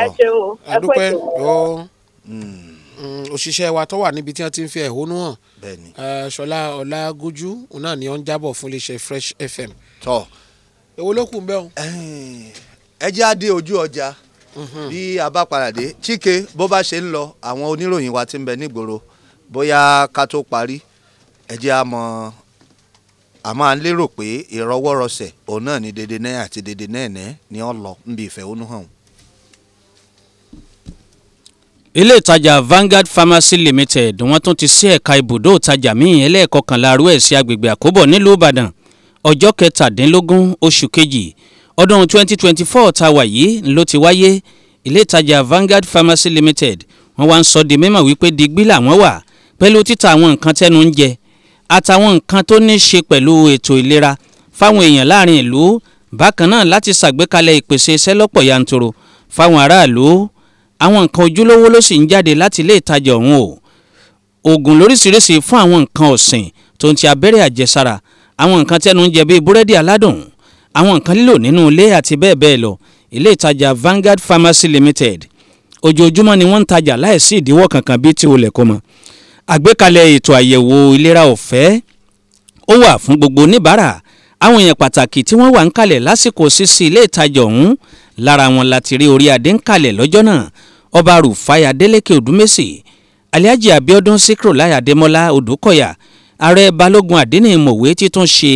Speaker 1: ẹ ṣeun ẹ kú
Speaker 7: ètò. Hmm. Mm, òṣìṣẹ́ wa tó wà níbi tí wọ́n ti ń fi ẹ̀hónú hàn Ṣọlá Ọlágúnjú náà ni ó ń jábọ̀ fún iléeṣẹ́ Fresh FM. tọ́
Speaker 6: èwo ló kù ń bẹ́ ẹ jẹ́ ojú ọjà. Mm-hmm. bí a bá padà dé Chike bó bá ṣe ń lọ àwọn oníròyìn wa ti ń bẹ nígboro bóyá ká tó parí ẹ jẹ́ a mọ̀ a máa ń lérò pé ìrọwọ́rọsẹ̀ òun náà ni dédé náà àti dédé náà náà ni ó lọ níbi ìfẹ̀hónú hàn.
Speaker 16: ilé ìtajà Vanguard Pharmacy Limited wọ́n tún ti sí ẹ̀ka ibùdó ìtajà míì ẹlẹ́ẹ̀kọkànlá arú ẹ̀ sí agbègbè àkóbọ̀ nílùú Ìbàdàn ọjọ́ kẹtàdínlógún oṣù kejì ọdún 2024 tá a wà yìí ló ti wáyé ilé ìtajà Vanguard Pharmacy Limited wọ́n wá ń sọ di mímọ̀ wípé digbí làwọn wà pẹ̀lú títa àwọn nǹkan tẹ́nu ń jẹ àtàwọn nǹkan tó ní í ṣe pẹ̀lú ètò ìlera fáwọn èèyàn láàrin ìlú bákan náà láti ṣàgbékalẹ̀ ìpèsè iṣẹ́ lọ́pọ̀ yanturu fáwọn aráàlú àwọn nǹkan ojúlówó ló sì ń jáde láti ilé ìtajà ọ̀hún o oògùn lóríṣiríṣi fún àwọn nǹkan ọ̀sìn tó ń ti abẹ́rẹ́ àjẹsára àwọn nǹkan tẹ́nu ń jẹ bíi búrẹ́dì aládùn àwọn nǹkan lílò nínú ilé àti bẹ́ẹ̀ bẹ́ẹ̀ lọ ilé ìtajà Vanguard Pharmacy Limited ojoojúmọ́ ni wọ́n ń tajà láìsí ìdíwọ́ kankan bíi tí olè kó mọ́ àgbékalẹ̀ ètò àyẹ̀wò ìlera ọ̀fẹ́ ó wà fún gbogbo oníbàárà àwọn èèyàn pàtàkì tí wọ́n wà ń kalẹ̀ lásìkò ṣíṣí ilé ìtajà ọ̀hún lára wọn láti rí orí adé ń kalẹ̀ lọ́jọ́ náà ọba Rufai Adeleke Odumesi Alhaji Abiodun Sikro Lai Ademola Odukoya ààrẹ Balógun Adénímọ̀wé títún ṣe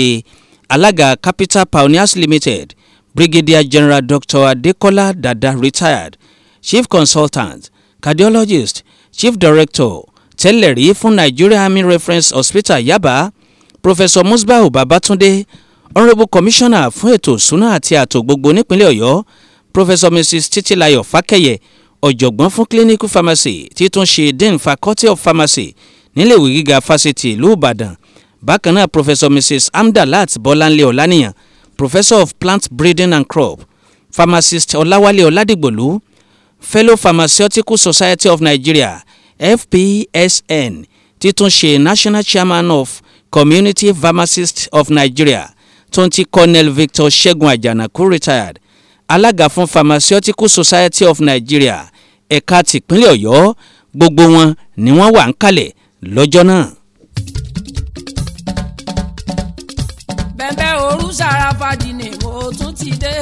Speaker 16: alága capital pioneers limited brigadier general dr adekola dada retired chief consultant cardiologist chief director tẹ́lẹ̀rí fún nigeria army reference hospital yaba professor musbau babatunde honourable commissioner fún ètò ìsúná àti ààtò gbogbo nípínlẹ̀ ọ̀yọ́ professor mrs titilayo fakeye ọ̀jọ̀gbọ́n fún clinical pharmacy títún ṣe dean faculty of pharmacy níléèwé gíga fásitì ìlú ìbàdàn bákan náà professor mrs amdalat Bolanle Olaniyan, professor of plant breeding and crop pharmacist Olawale ọládìgbòlú fellow pharmaceutical society of nigeria fpsn títún ṣe national chairman of community pharmacists of nigeria Tonti ń colonel victor ṣẹ́gun àjànàkú retired alága fún pharmaceutical society of nigeria ẹ̀ka tìpínlẹ̀ ọ̀yọ́ gbogbo wọn ni wọ́n wà ń kalẹ̀ lọ́jọ́ náà.
Speaker 1: bẹ́ẹ̀ òru sára fàjìnnì mo tún ti dé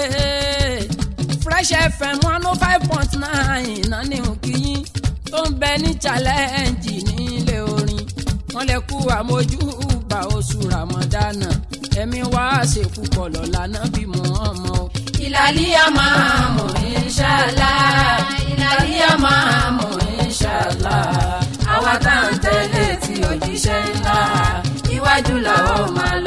Speaker 1: fresh fm one oh five point nine nání òkìyín tó ń bẹ ní challenge nílé orin wọn lè kú àmójú bá oṣù ramadana ẹ̀mí wá ṣèkú kọlọ̀ lánàá bí
Speaker 5: mo hàn mọ́.
Speaker 1: ìlàlí a
Speaker 2: máa mọ̀ inṣàlá ìlàlí a máa mọ̀ inṣàlá àwa tá à ń tẹ́lẹ̀ tí òjíṣẹ́ ńlá iwájú làwọn máa lọ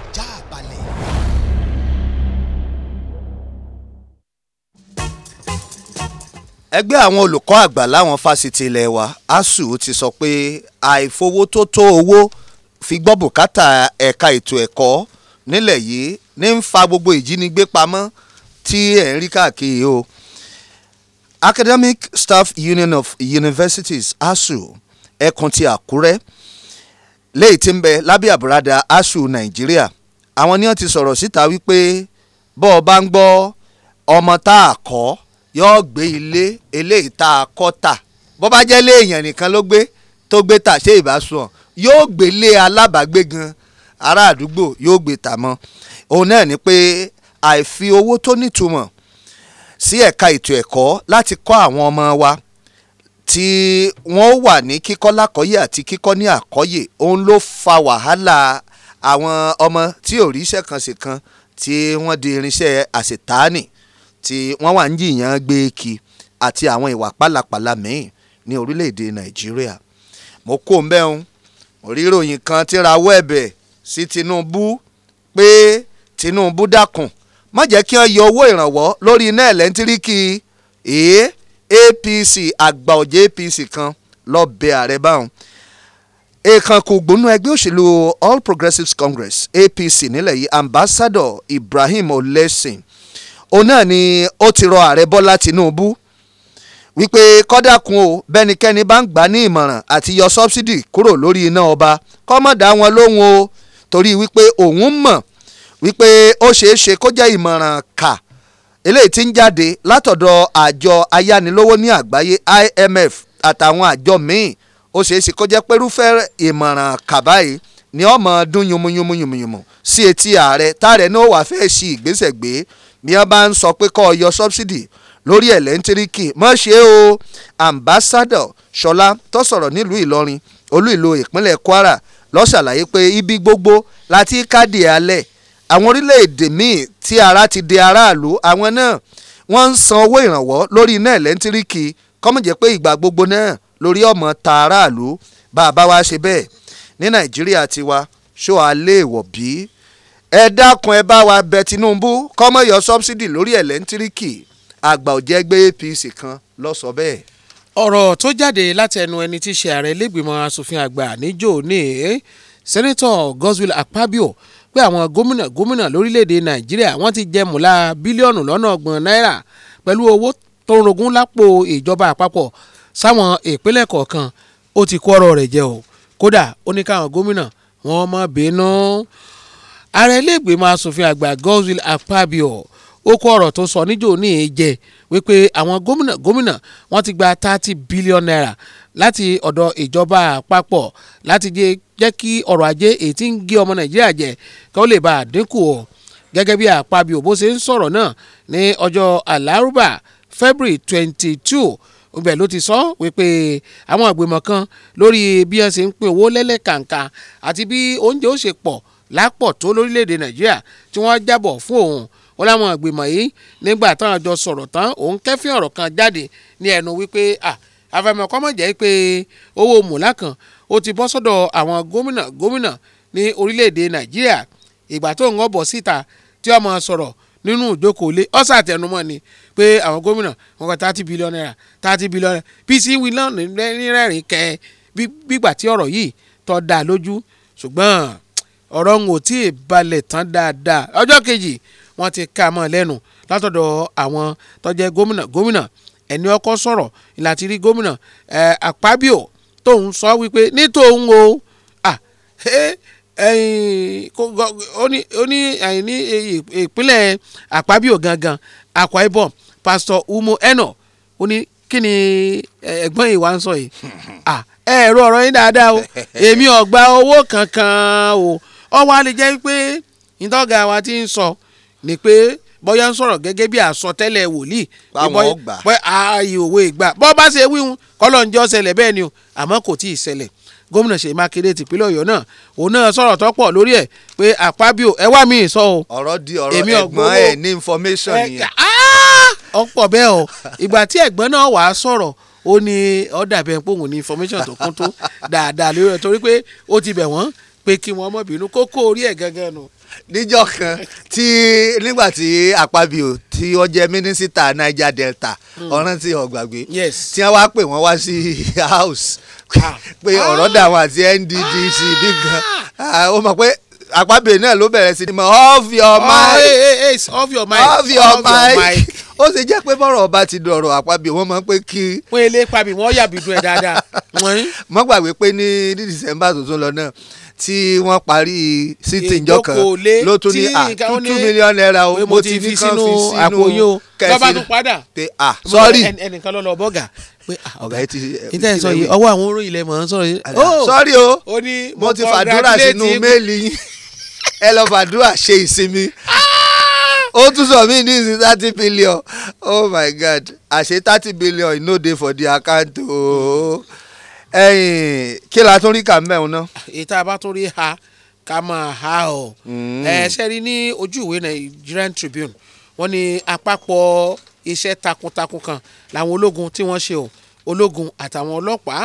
Speaker 6: ẹgbẹ́ àwọn olùkọ́ àgbà láwọn fásitì ilẹ̀ wa ASUU ti sọ pé àìfowó tó tó owó fi gbọ́ bùkátà ẹ̀ka ètò ẹ̀kọ́ nílẹ̀ yìí ní ń fa gbogbo ìjínigbé pamọ́ tí ẹ̀ ń rí káàkiri o. Academic Staff Union of Universities asu ẹkùn ti Àkúrẹ́ léyìí tí ń bẹ lábẹ́ àbúradà ASUU Nàìjíríà àwọn ni wọ́n ti sọ̀rọ̀ síta wípé bọ́ọ̀ bá ń gbọ́ ọmọ tá a kọ́ yóò gbé ilé eléyìí tá a kọ́ tà bó bá jẹ́ lé èèyàn nìkan ló gbé tó gbé tà ṣé ìbásùn yóò gbé lé alábàágbé gan ará àdúgbò yóò gbé tà mọ́ òun náà ni pé àìfi owó tó nítumọ̀ sí ẹ̀ka ètò ẹ̀kọ́ láti kọ́ àwọn ọmọ wa tí wọ́n wà ní kíkọ́ lákọ́yè àti kíkọ́ ní àkọ́yè òun ló fa wàhálà àwọn ọmọ tí ò ríṣẹ́ kan ṣe kan tí wọ́n di irinṣẹ́ àṣetáàní tí wọ́n wà ń jìyàn gbé kí àti àwọn ìwà pálapàla míì ní orílẹ̀-èdè nàìjíríà mo kó ń bẹ́hùn oríròyìn kan ti rawọ́ ẹ̀bẹ̀ sí tinubu pé tinubu dákun má jẹ́ kí wọ́n yọ owó ìrànwọ́ lórí iná ẹ̀lẹ́ńtíríkì èé apc àgbà ọ̀jẹ̀ apc kan lọ́bẹ̀ ààrẹ báwọn èèkànkò gbónú ẹgbẹ́ òṣèlú all progressives congress apc nílẹ̀ yìí ambassador ibrahim olesin òun náà ni ó ti rọ ààrẹ bọ́lá tìǹbù wípé kọ́dàkùn o bẹ́nikẹ́ni bá ń gbà ní ìmọ̀ràn àti yọ sọ́bsidì kúrò lórí iná ọba kọ́mọ̀dá wọn lóhùn o torí wípé òun mọ̀ wípé ó ṣeé ṣe kó jẹ́ ìmọ̀ràn kà eléyìí ti ń jáde látọ̀dọ̀ àjọ ayánilówó ní àgbáyé IMF àtàwọn àjọ míì ó ṣeé ṣe kó jẹ́ pérúfẹ́ ìmọ̀ràn kà báyìí ni ọmọ ọdún yumunyumunyumunyumu sí etí ààrẹ táàrẹ náà wàá fẹ́ ṣi ìgbésẹ̀ gbé bí wọ́n bá ń sọ pé kọ́ ọ yọ subsidy lórí ẹ̀lẹ́ńtíríkì mọ̀ ṣe o ambassador Ṣọlá tó sọ̀rọ̀ nílùú Ìlọrin olú ìlú ìpínlẹ̀ Kwara ló ṣàlàyé pé ibi gbogbo láti káàdì alẹ̀ àwọn orílẹ̀-èdè míì tí ara ti di aráàlú àwọn náà wọ́n ń san owó ìrànwọ́ lórí iná ẹ̀lẹ́ńtíríkì kọ́mọ̀jẹ́ pé ìgbà gbogbo náà lórí ọmọ ta aráàlú bá a bá wá ṣe bẹ́ẹ̀ ní Nàìjíríà tiwa ṣó a lè wọ̀ bíi ẹ dákun ẹ bá wa bẹ Tinubu kọ́mọ̀yọ sọ́bsidì lórí ẹ̀lẹ́ńtíríkì àgbà òjẹ́ ẹgbẹ́ APC kan ló sọ bẹ́ẹ̀.
Speaker 7: ọ̀rọ̀ tó jáde láti ẹnu ẹni tí í ṣe ààrẹ lẹ́gbìmọ̀ asòfin àgbà níjó ní eh? sẹ́nẹ́tọ̀ Godswill Akpabio pé àwọn gómìnà gómìnà lórílẹ̀‐èdè Nàìjíríà wọ́n ti jẹ mùlá bílíọ̀nù lọ́nà ọgbọ̀n náírà pẹ̀lú owó tó ń rogún lápò ìjọba àpapọ̀ sáwọn ìpínlẹ̀ kọ̀ọ̀kan ó ti kó ọ̀rọ̀ rẹ̀ jẹ o kódà ó ní káwọn gómìnà wọn má bínú ààrẹ iléègbèmọ asòfin àgbà godswill akpabio ó kó ọ̀rọ̀ tó sọ níjó ní èjẹ wípé àwọn gómìnà gómìnà wọ́n ti gba thirty billion naira láti ọ̀dọ̀ ìjọba àpapọ̀ láti jẹ́ kí ọrọ̀ ajé èyí tí ń gé ọmọ nàìjíríà jẹ kí lè bá a dínkù o gẹ́gẹ́ bí àpabio bó ṣe ń sọ̀rọ̀ náà ní ọjọ́ àlárúbà february twenty two ibẹ̀ ló ti sọ wípé àwọn ìgbìmọ̀ kan lórí bí wọ́n ṣe ń pín owó lẹ́lẹ́kàǹkà àti bí oúnjẹ ó ṣe pọ̀ lápọ̀ tó lórílẹ̀‐èdè nàìjíríà tí wọ́n jábọ̀ fún òun ó láwọn ìgbìmọ̀ yìí nígbà táwọn jọ sọ̀rọ̀ tán òun kẹ́fín ọ̀rọ̀ kan jáde ní ẹnu wípé àfẹmọ̀kọ́mọ̀ jẹ́ pé owó mùlá kan ó ti bọ́ sọ́dọ̀ àwọn gómìnà gómìnà ní orílẹ̀‐èdè nàìjíríà ìgbà tó ń bọ̀ síta tí ọmọ sọ̀rọ̀ nínú ìjókòólé ọ̀sà àtẹnumọ́ ni pé àwọn gómìnà wọn kọ thirty billion naira thirty billion naira pc william nírẹ̀rìn kẹ gbígbà tí ọ̀rọ̀ yìí tó dá lójú ṣùgbọ́n ọ̀rọ̀ ń ò tí ì balẹ̀ tán dáadáa ọjọ́ kejì wọ́n ti ká a mọ́ lẹ́nu látọ̀dọ̀ àwọn tọ́jẹ́ gómìnà gómìnà ẹni ọkọ sọ̀rọ̀ láti rí gómìnà àpábíò tóun sọ wípé ní tóun o ó ní ìpínlẹ̀ àpábíò gangan Akwa Ibom pásítọ̀ Umo Eno ó ní kí ni ẹ̀gbọ́n yìí wá ń sọ yìí ẹ ẹ̀rọ ọ̀rọ̀ yín dáadáa o èmi ò owó kankan o. Eh, ọ wá lè jẹ́ pé ìtọ́gà wa ti ń sọ ni pé bóyá ń sọ̀rọ̀ gẹ́gẹ́ bí àsọtẹ́lẹ̀ wòlíì bóyá ààyè òwe ìgbà bó bá ṣe wíhun kọ́lọ̀ ń jọ́ ṣẹlẹ̀ bẹ́ẹ̀ ni o àmọ́ kò tí ì ṣẹlẹ̀ gómìnà Ṣèyí Mákindé tìpínlẹ̀ Ọ̀yọ́ náà òun náà sọ̀rọ̀ tó pọ̀ lórí ẹ̀ pé àpábíò ẹ wá mi sọ o.
Speaker 6: ọ̀rọ̀ di ọ̀rọ̀ ẹ̀gbọ́n ẹ̀ ní information yẹn.
Speaker 7: ọ̀pọ̀ bẹ́ẹ̀ o ìgbà tí ẹ̀gbọ́n náà wàá sọ̀rọ̀ ó ní ọ̀dà pòun ní information tó kún tó dáadáa lórí ẹ̀ torí pé ó ti bẹ̀
Speaker 6: wọ́n pé kí wọ́n mọ̀ bínú kókó orí ẹ̀ gángan nù. níjọ́ kan tí nígbà àpábíò tí ó jẹ́ mínísítà niger delta ọ̀ràn tí ó tí wọ́n wá pè wọ́n wá sí house ah. pé ọ̀rọ̀ dàwọn àti NDDC ah. bí gan ah, ó mọ̀ pé àpábíò náà ló bẹ̀rẹ̀ sí ni mọ̀ off your mic
Speaker 7: off your mic off your mic
Speaker 6: ó ṣe jẹ́ pé bọ́rọ̀ ọba ti dọ̀rọ̀ àpábí wọ́n mọ̀ pé kí. wọ́n ilé pàbí wọ́n yàbí dùn ẹ̀ dáadáa. mọ́ gbàgbé pé ní ní December tuntun lọ náà tí wọ́n parí síìtì ìjọ kan ló tún ní à ah, two million naira o mo ti fi sínú àpò yín o lọ́ba tún
Speaker 7: padà ah, sọ́ọ̀rì ẹnìkan lọ́ọ́ lọ bọ́gà pé ah, ọ̀gá yìí ti. níta ẹ̀ sọ yìí ọwọ́ àwọn oró ilẹ̀ mọ̀ ń sọ̀rọ̀ yìí. Oh, sorry. o
Speaker 6: mo ti fàdúrà sínú méèlì yín ẹ lọ fàdúrà ṣe ìsinmi ó tún sọ mí ní ìsìn thirty billion oh my god àṣé thirty billion no dey for the account ooo ẹyìn kí la tún rí kà mẹ́rin náà. ìta
Speaker 7: bá tún rí ha ká máa ha ọ
Speaker 5: mm. ẹ ṣe
Speaker 7: rí ní ojú ìwé Nigerian Tribune wọ́n ní àpapọ̀ iṣẹ́ takuntakun kan làwọn ológun tí wọ́n ṣe o ológun àtàwọn ọlọ́pàá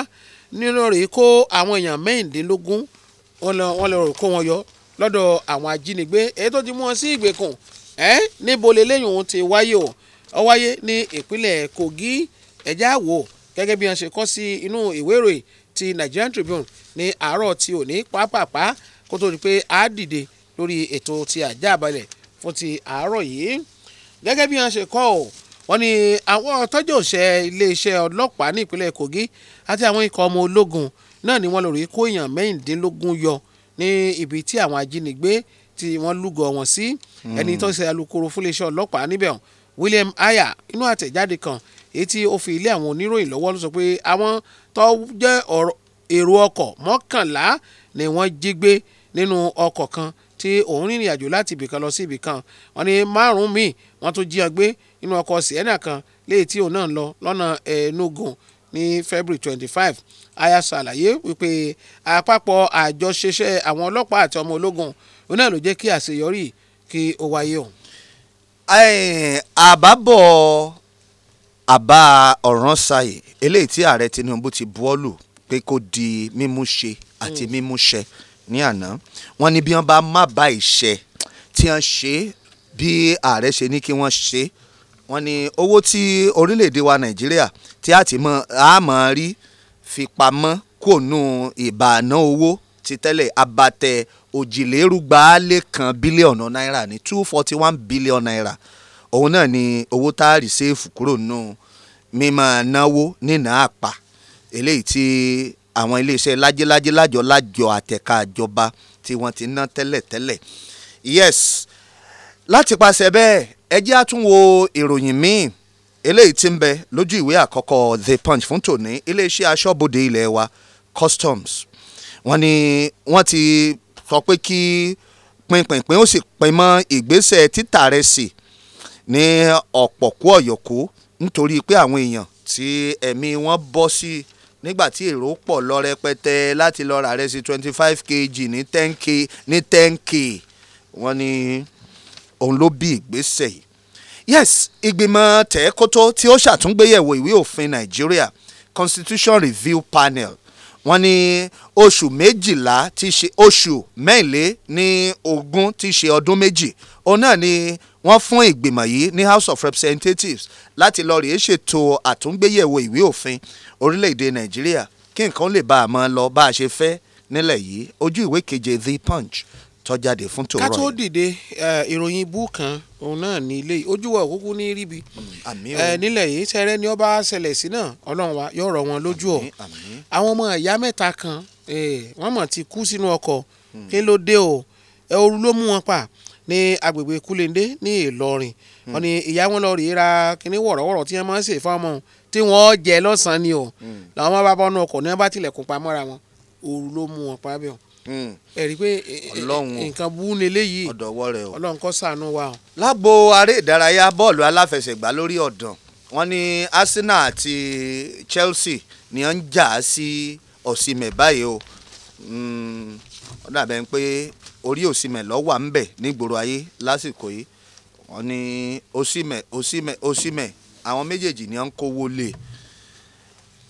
Speaker 7: nínú rẹ̀ kó àwọn èèyàn mẹ́rìndínlógún wọ́n lọ rò kó wọn yọ lọ́dọ̀ àwọn ajínigbé èyí tó ti mú wọn sí ìgbèkùn ẹ́ níbo leléyìn òun ti wáyé o ọ wáyé ní ìpínlẹ̀ Kogi ẹ̀já wò gẹ́gẹ́ bí wọ́n ṣe kọ sí inú ìwé ìròyìn ti Nigerian Tribune ní àárọ̀ ti òní pápápá kó tó di pé a dìde lórí ètò ti àjàbalẹ̀ fún ti àárọ̀ yìí gẹ́gẹ́ bí wọ́n ṣe kọ o wọ́n ní àwọn tọ́jú òṣẹ́ iléeṣẹ́ ọlọ́pàá ní ìpínlẹ̀ Kogi àti àwọn ikọ̀ ọmọ ológun náà ni wọ́n lórí kó èèyàn mẹ́rìndínlógún yọ ní ibi tí àwọn ajínigbé tí wọ́n lúgọ wọn sí hmm. ẹni tó ṣe alukoro fún iléeṣẹ́ ọlọ́pàá níbẹ̀ hàn William Aya inú àtẹ̀jáde kan èyí tí ó fi ilé àwọn oníròyìn lọ́wọ́ ló sọ pé àwọn tó jẹ́ èrò ọkọ̀ mọ́kànlá ni wọ́n jí gbé nínú ọkọ̀ kan tí òun rìnrìn àjò láti ibìkan lọ sí ibìkan wọ́n ní márùn-ún míì wọ́n tún jí ọ gbé nínú ọkọ̀ sienna kan léyìí tí òun náà ń lọ lọ́nà Enugu ní February twenty five Aya ṣàlàyé wípé àpapọ̀ àjọṣeṣẹ́ àwọn ọlọ́pàá àti ọmọ ológun òun náà ló jẹ́ kí àṣeyọrí kí ó wáyé ọ̀hún.
Speaker 6: àbábọ̀ àbá ọ̀ràn ṣayè eléyìí tí ààrẹ Tinubu ti buwọ́lù pé kó di mímú ṣe àti hmm. mímú ṣẹ ní àná wọ́n ní bí wọ́n bá má bá ìṣe tí wọ́n ṣe bí ààrẹ ṣe ní kí wọ́n ṣe wọ́n ní owó tí orílẹ̀-èdè wa Nàìjíríà tí a ti mọ àmọ́ rí fi pamọ́ kò nù ìbàná owó ti tẹ́lẹ̀ abatẹ òjìlérúgbaálé kan bílíọ̀nù náírà ní two forty one billion naira òun náà ni owó tá a rìsèfù kúrò nù mímọ́ náwó nínà àpà eléyìí tí àwọn iléeṣẹ́ lájẹ́lájẹ́ lájọ lájọ àtẹ̀ka àjọba tí wọ́n ti ná tẹ́lẹ̀tẹ́lẹ̀ yes láti paṣẹ bẹ́ẹ̀ ẹ jẹ́ àtúnwò ìròyìn míì eléyìí tí ń bẹ lójú ìwé àkọ́kọ́ the punch fún tòní iléeṣẹ́ aṣọ́bodè ilé wa customs wọ́n ní wọ́n ti sọ pé kí pinpinpin ó sì pin mọ́ ìgbésẹ̀ títà rẹ̀ sí ní ọ̀pọ̀ kú ọ̀yọ̀kú nítorí pé àwọn èèyàn tí ẹ̀mí wọn bọ́ sí nígbà tí èrò pọ̀ lọ rẹpẹtẹ láti lọ rà rẹ̀ sí twenty five kg ní ten k ní ten k wọ́n ní òun ló bí ìgbésẹ̀ yìí yes ìgbìmọ̀ tẹ̀ẹ́kótó tí ó ṣàtúngbéyẹ̀wò ìwé òfin Nàìjíríà Constitution Review Panel wọ́n ní oṣù méjìlá ti ṣe oṣù mẹ́ìnlé ní ogún ti ṣe ọdún méjì òun náà ni wọ́n fún ìgbìmọ̀ yìí ní House of Representatives láti lọ rèé ṣètò àtúngbéyẹ̀wò ìwé òfin orílẹ̀-èdè Nàìjíríà kí nǹkan lè bá a mọ́ lọ bá a ṣe fẹ́ nílẹ̀ yìí ojú ìwé keje The Punch tọ́jáde fún tòórọ́ yìí. ká tó
Speaker 7: dìde ìròyìn ibú kan òun náà ní ilé yìí ojúwọ̀ òkúkú ní ríbi mm, nílẹ̀ yìí tẹ́rẹ́ ni ọba ṣẹlẹ̀ sí náà ọlọ́run wa yóò rọ̀ wọn lójú ọ̀ àwọn ọmọ ìyá mẹ́ta kan wọ́n mọ̀ ti kú sínú ọkọ̀ mm. kí ló dé o ooru ló mú wọn pa ní agbègbè kúlẹ̀ndé ní ìlọrin mm. wọn ni ìyá wọn lọ rèé ra kíní wọ̀rọ̀wọ̀rọ̀ tí wọ́n máa ń ṣe fọ́ọ̀mù tí wọ́n jẹ lọ́sàn-án ni o làwọn bá bọ́ ọkọ̀ ní wọ́n bá tilẹ̀kùn pamọ́ra wọn ooru ló mú wọn pa bẹ́ẹ̀
Speaker 6: ẹ rí i pé nǹkan bú ni eléyìí ọlọ́run kó ṣàánú wa lágbo aré ìdárayá bọ́ọ̀lù aláfẹsẹ̀gbá lórí ọ̀dàn wọ́n ní Arsenal àti Chelsea ni wọ́n ń jà sí Osimhen báyìí o hmm, ó dàbẹ̀ pé orí Osimhen ló wà ń bẹ̀ nígboro ayé lásìkò yìí wọ́n ní Osimhen Osimhen Osimhen àwọn méjèèjì ni wọ́n ń kówó lé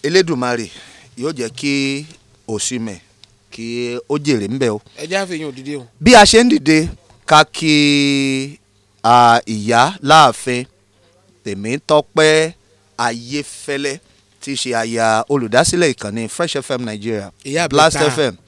Speaker 6: Elédùmarè yóò jẹ́ kí Osimhen kí ó jèrè ńbẹ o.
Speaker 7: ẹ jẹ́ àfihàn òdìdí o.
Speaker 6: bí a ṣe ń dìde ká kí ìyá láàfin Tèmítọ́pẹ́ Ayéfẹ́lẹ́ tí í ṣe aya olùdásílẹ̀ ìkànnì Fresh FM Nigeria Blast FM